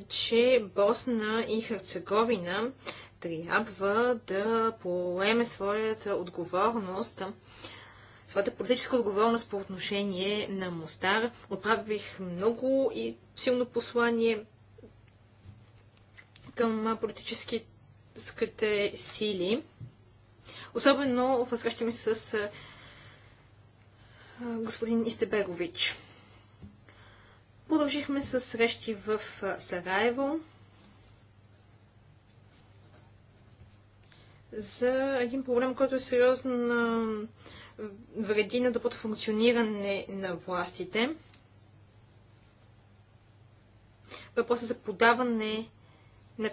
че Босна и Херцеговина трябва да поеме своята отговорност, своята политическа отговорност по отношение на Мостар. Отправих много и силно послание към политическите сили. Особено възкръщаме с е, господин Истебегович. Продължихме с срещи в Сараево за един проблем, който е сериозна вреди на доброто функциониране на властите. Въпросът за подаване на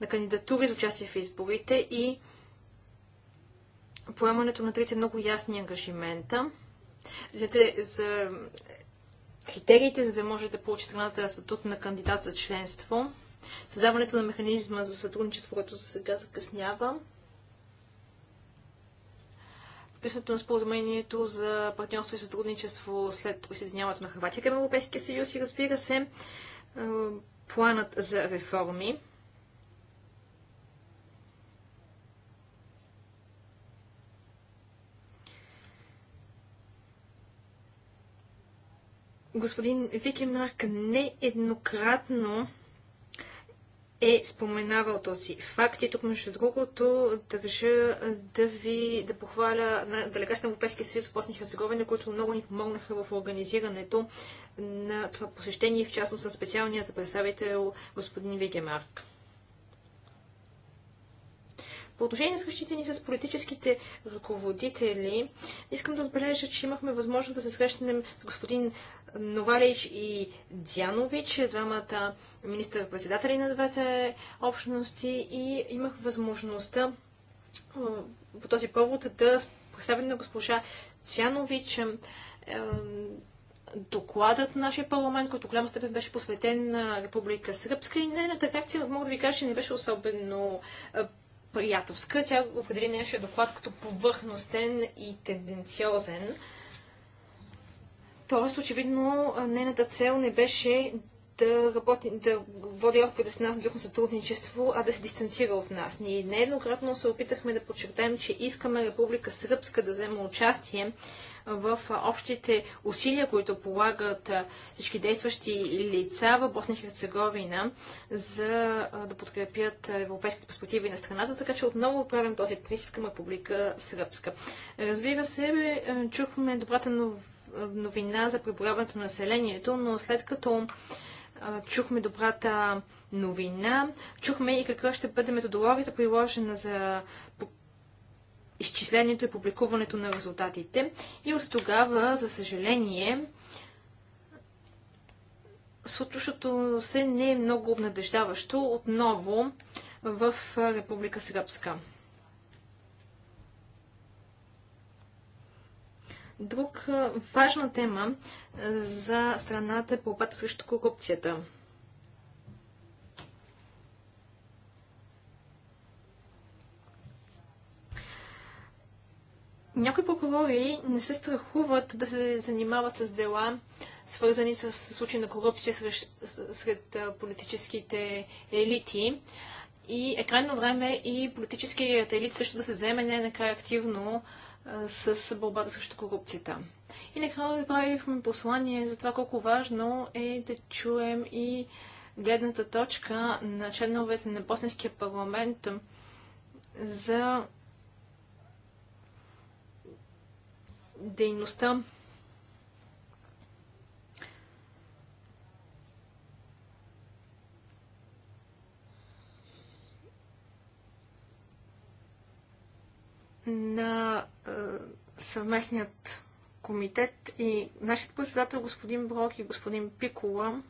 на кандидатури за участие в изборите и поемането на трите много ясни ангажимента. Знаете, за критериите, за да може да получи страната статут на кандидат за членство, създаването на механизма за сътрудничество, което за сега закъснява, подписването на споразумението за партньорство и сътрудничество след присъединяването на Хрватия към Европейския съюз и разбира се, е, планът за реформи. господин Вики Марк нееднократно е споменавал този факт. И тук, между другото, държа да ви да похваля на делегацията на Европейския съюз в Босния Херцеговина, които много ни помогнаха в организирането на това посещение, в частност на специалният представител господин Вигемарк. По отношение на срещите ни с политическите ръководители, искам да отбележа, че имахме възможност да се срещнем с господин Новалич и Дзянович, двамата министър-председатели на двете общности и имах възможността по този повод да представя на госпожа Цвянович е, докладът на нашия парламент, който голяма степен беше посветен на Република Сръбска и нейната реакция, мога да ви кажа, че не беше особено приятелска. Тя определи нашия доклад като повърхностен и тенденциозен. Тоест, очевидно, нейната цел не беше да, работи, да води разговори с нас в духно сътрудничество, а да се дистанцира от нас. Ние нееднократно се опитахме да подчертаем, че искаме Република Сръбска да вземе участие в общите усилия, които полагат всички действащи лица в Босна и Херцеговина, за да подкрепят европейските перспективи на страната, така че отново правим този призив към Република Сръбска. Разбира се, чухме добрата новина за преброяването на населението, но след като чухме добрата новина, чухме и каква ще бъде методологията приложена за изчислението и публикуването на резултатите. И от тогава, за съжаление, случващото се не е много обнадеждаващо отново в Република Сръбска. Друг важна тема за страната е по срещу корупцията. Някои прокурори не се страхуват да се занимават с дела, свързани с случаи на корупция сред, сред политическите елити. И е крайно време и политическият елит също да се вземе не накрая активно а, с борбата срещу корупцията. И накрая да правим послание за това колко важно е да чуем и гледната точка на членовете на Босненския парламент за дейността на е, съвместният комитет и нашият председател господин Брок и господин Пикола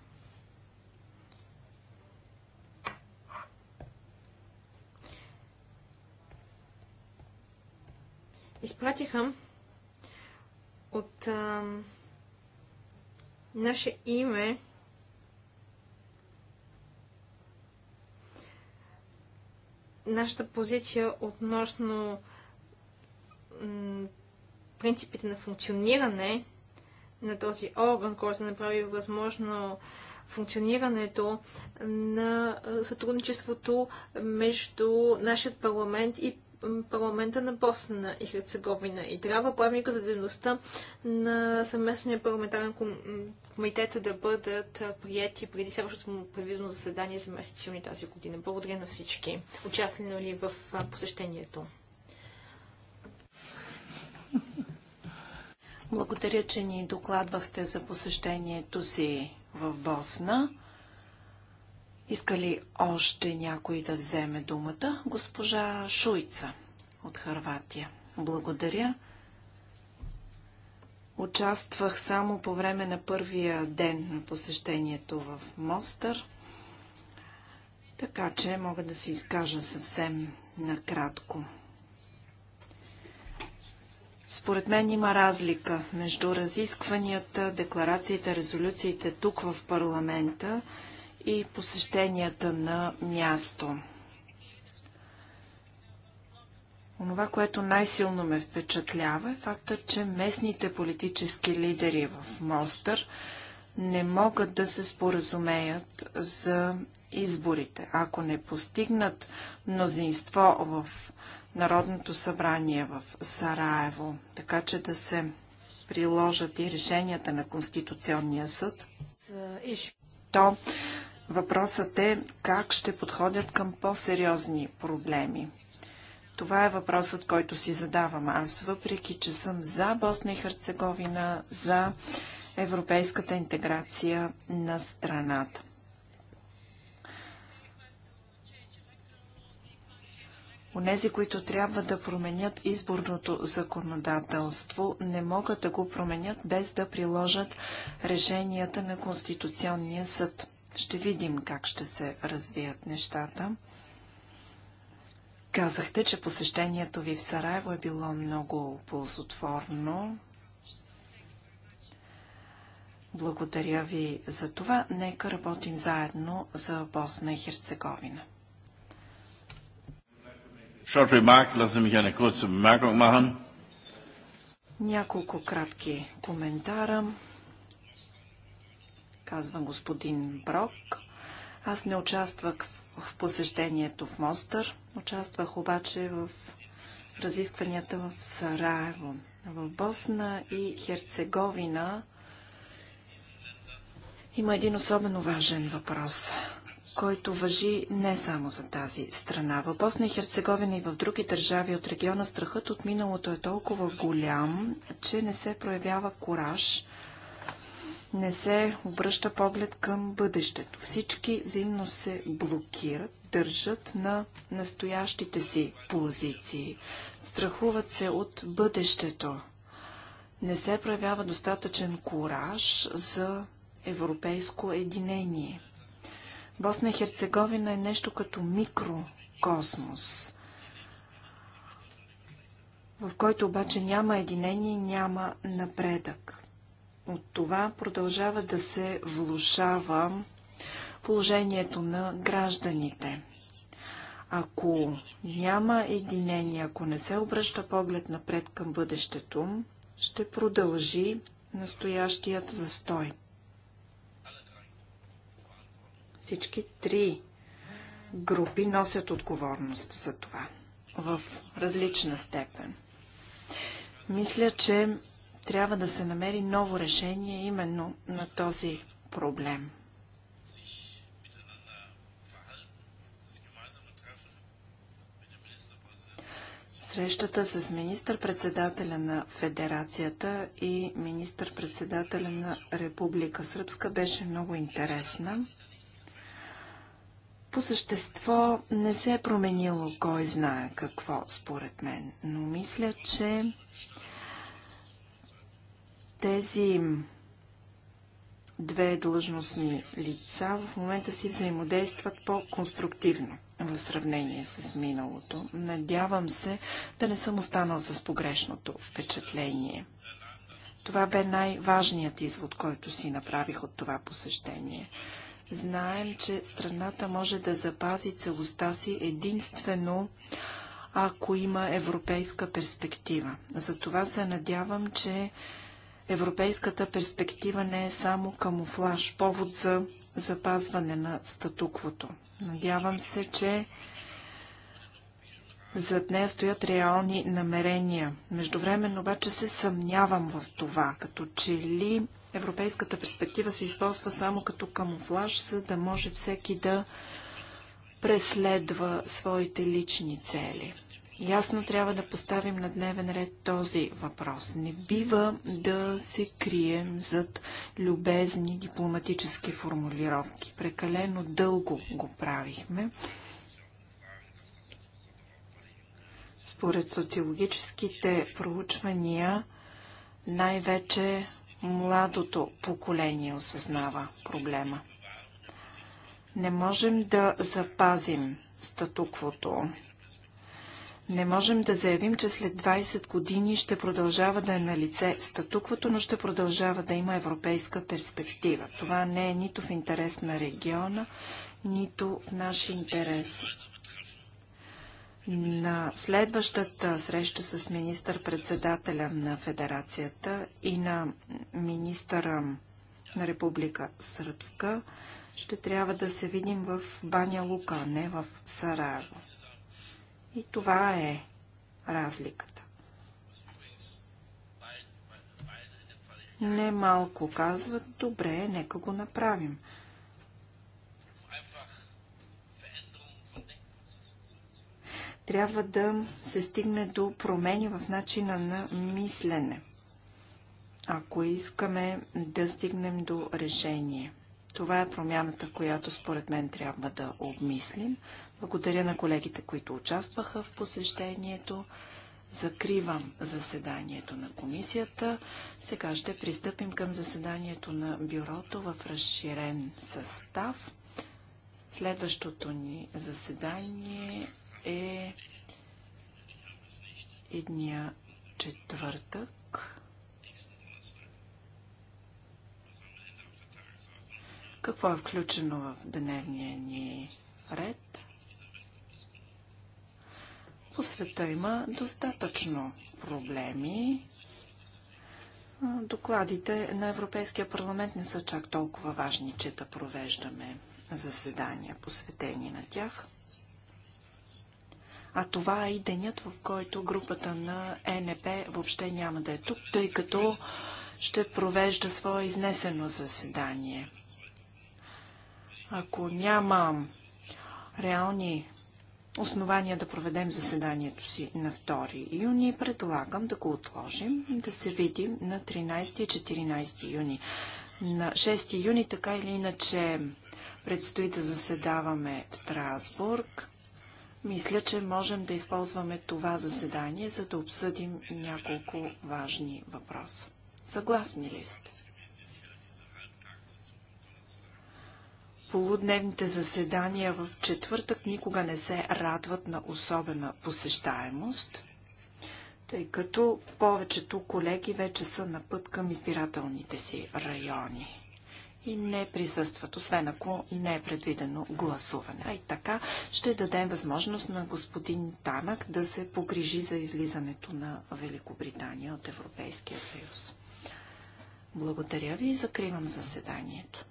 изпратиха от а, наше име нашата позиция относно принципите на функциониране на този орган, който направи възможно функционирането на сътрудничеството между нашия парламент и парламента на Босна и Херцеговина и трябва правилника за дейността на съвместния парламентарен комитет да бъдат прияти преди следващото му превизно заседание за месец юни тази година. Благодаря на всички, участвали в посещението. Благодаря, че ни докладвахте за посещението си в Босна. Иска ли още някой да вземе думата? Госпожа Шуйца от Харватия. Благодаря. Участвах само по време на първия ден на посещението в Мостър, така че мога да се изкажа съвсем накратко. Според мен има разлика между разискванията, декларациите, резолюциите тук в парламента и посещенията на място. Онова, което най-силно ме впечатлява е факта, че местните политически лидери в Мостър не могат да се споразумеят за изборите. Ако не постигнат мнозинство в Народното събрание в Сараево, така че да се приложат и решенията на Конституционния съд, то Въпросът е как ще подходят към по-сериозни проблеми. Това е въпросът, който си задавам аз, въпреки че съм за Босна и Херцеговина, за европейската интеграция на страната. Онези, които трябва да променят изборното законодателство, не могат да го променят без да приложат решенията на Конституционния съд. Ще видим как ще се развият нещата. Казахте, че посещението ви в Сараево е било много ползотворно. Благодаря ви за това. Нека работим заедно за Босна и Херцеговина. Няколко кратки коментара казва господин Брок. Аз не участвах в посещението в Мостър, участвах обаче в разискванията в Сараево. В Босна и Херцеговина има един особено важен въпрос, който въжи не само за тази страна. В Босна и Херцеговина и в други държави от региона страхът от миналото е толкова голям, че не се проявява кураж не се обръща поглед към бъдещето. Всички взаимно се блокират, държат на настоящите си позиции, страхуват се от бъдещето. Не се проявява достатъчен кураж за европейско единение. Босна и Херцеговина е нещо като микрокосмос, в който обаче няма единение, няма напредък. От това продължава да се влушава положението на гражданите. Ако няма единение, ако не се обръща поглед напред към бъдещето, ще продължи настоящият застой. Всички три групи носят отговорност за това в различна степен. Мисля, че трябва да се намери ново решение именно на този проблем. срещата с министър-председателя на Федерацията и министър-председателя на Република Сръбска беше много интересна. По същество не се е променило кой знае какво, според мен, но мисля, че тези две длъжностни лица в момента си взаимодействат по-конструктивно в сравнение с миналото. Надявам се да не съм останал с погрешното впечатление. Това бе най-важният извод, който си направих от това посещение. Знаем, че страната може да запази целостта си единствено ако има европейска перспектива. Затова се надявам, че Европейската перспектива не е само камуфлаж, повод за запазване на статуквото. Надявам се, че зад нея стоят реални намерения. Междувременно обаче се съмнявам в това, като че ли европейската перспектива се използва само като камуфлаж, за да може всеки да преследва своите лични цели. Ясно трябва да поставим на дневен ред този въпрос. Не бива да се крием зад любезни дипломатически формулировки. Прекалено дълго го правихме. Според социологическите проучвания, най-вече младото поколение осъзнава проблема. Не можем да запазим статуквото не можем да заявим, че след 20 години ще продължава да е на лице статуквото, но ще продължава да има европейска перспектива. Това не е нито в интерес на региона, нито в наш интерес. На следващата среща с министър-председателя на Федерацията и на министъра на Република Сръбска ще трябва да се видим в Баня Лука, не в Сараево. И това е разликата. Не малко казват, добре, нека го направим. Трябва да се стигне до промени в начина на мислене, ако искаме да стигнем до решение. Това е промяната, която според мен трябва да обмислим. Благодаря на колегите, които участваха в посещението. Закривам заседанието на комисията. Сега ще пристъпим към заседанието на бюрото в разширен състав. Следващото ни заседание е едния четвъртък. Какво е включено в дневния ни ред? По света има достатъчно проблеми. Докладите на Европейския парламент не са чак толкова важни, че да провеждаме заседания, посветени на тях. А това е и денят, в който групата на ЕНП въобще няма да е тук, тъй като ще провежда свое изнесено заседание. Ако няма реални основания да проведем заседанието си на 2 юни, предлагам да го отложим, да се видим на 13 и 14 юни. На 6 юни, така или иначе, предстои да заседаваме в Страсбург. Мисля, че можем да използваме това заседание, за да обсъдим няколко важни въпроса. Съгласни ли сте? полудневните заседания в четвъртък никога не се радват на особена посещаемост, тъй като повечето колеги вече са на път към избирателните си райони и не присъстват, освен ако не е предвидено гласуване. А и така ще дадем възможност на господин Танък да се погрижи за излизането на Великобритания от Европейския съюз. Благодаря ви и закривам заседанието.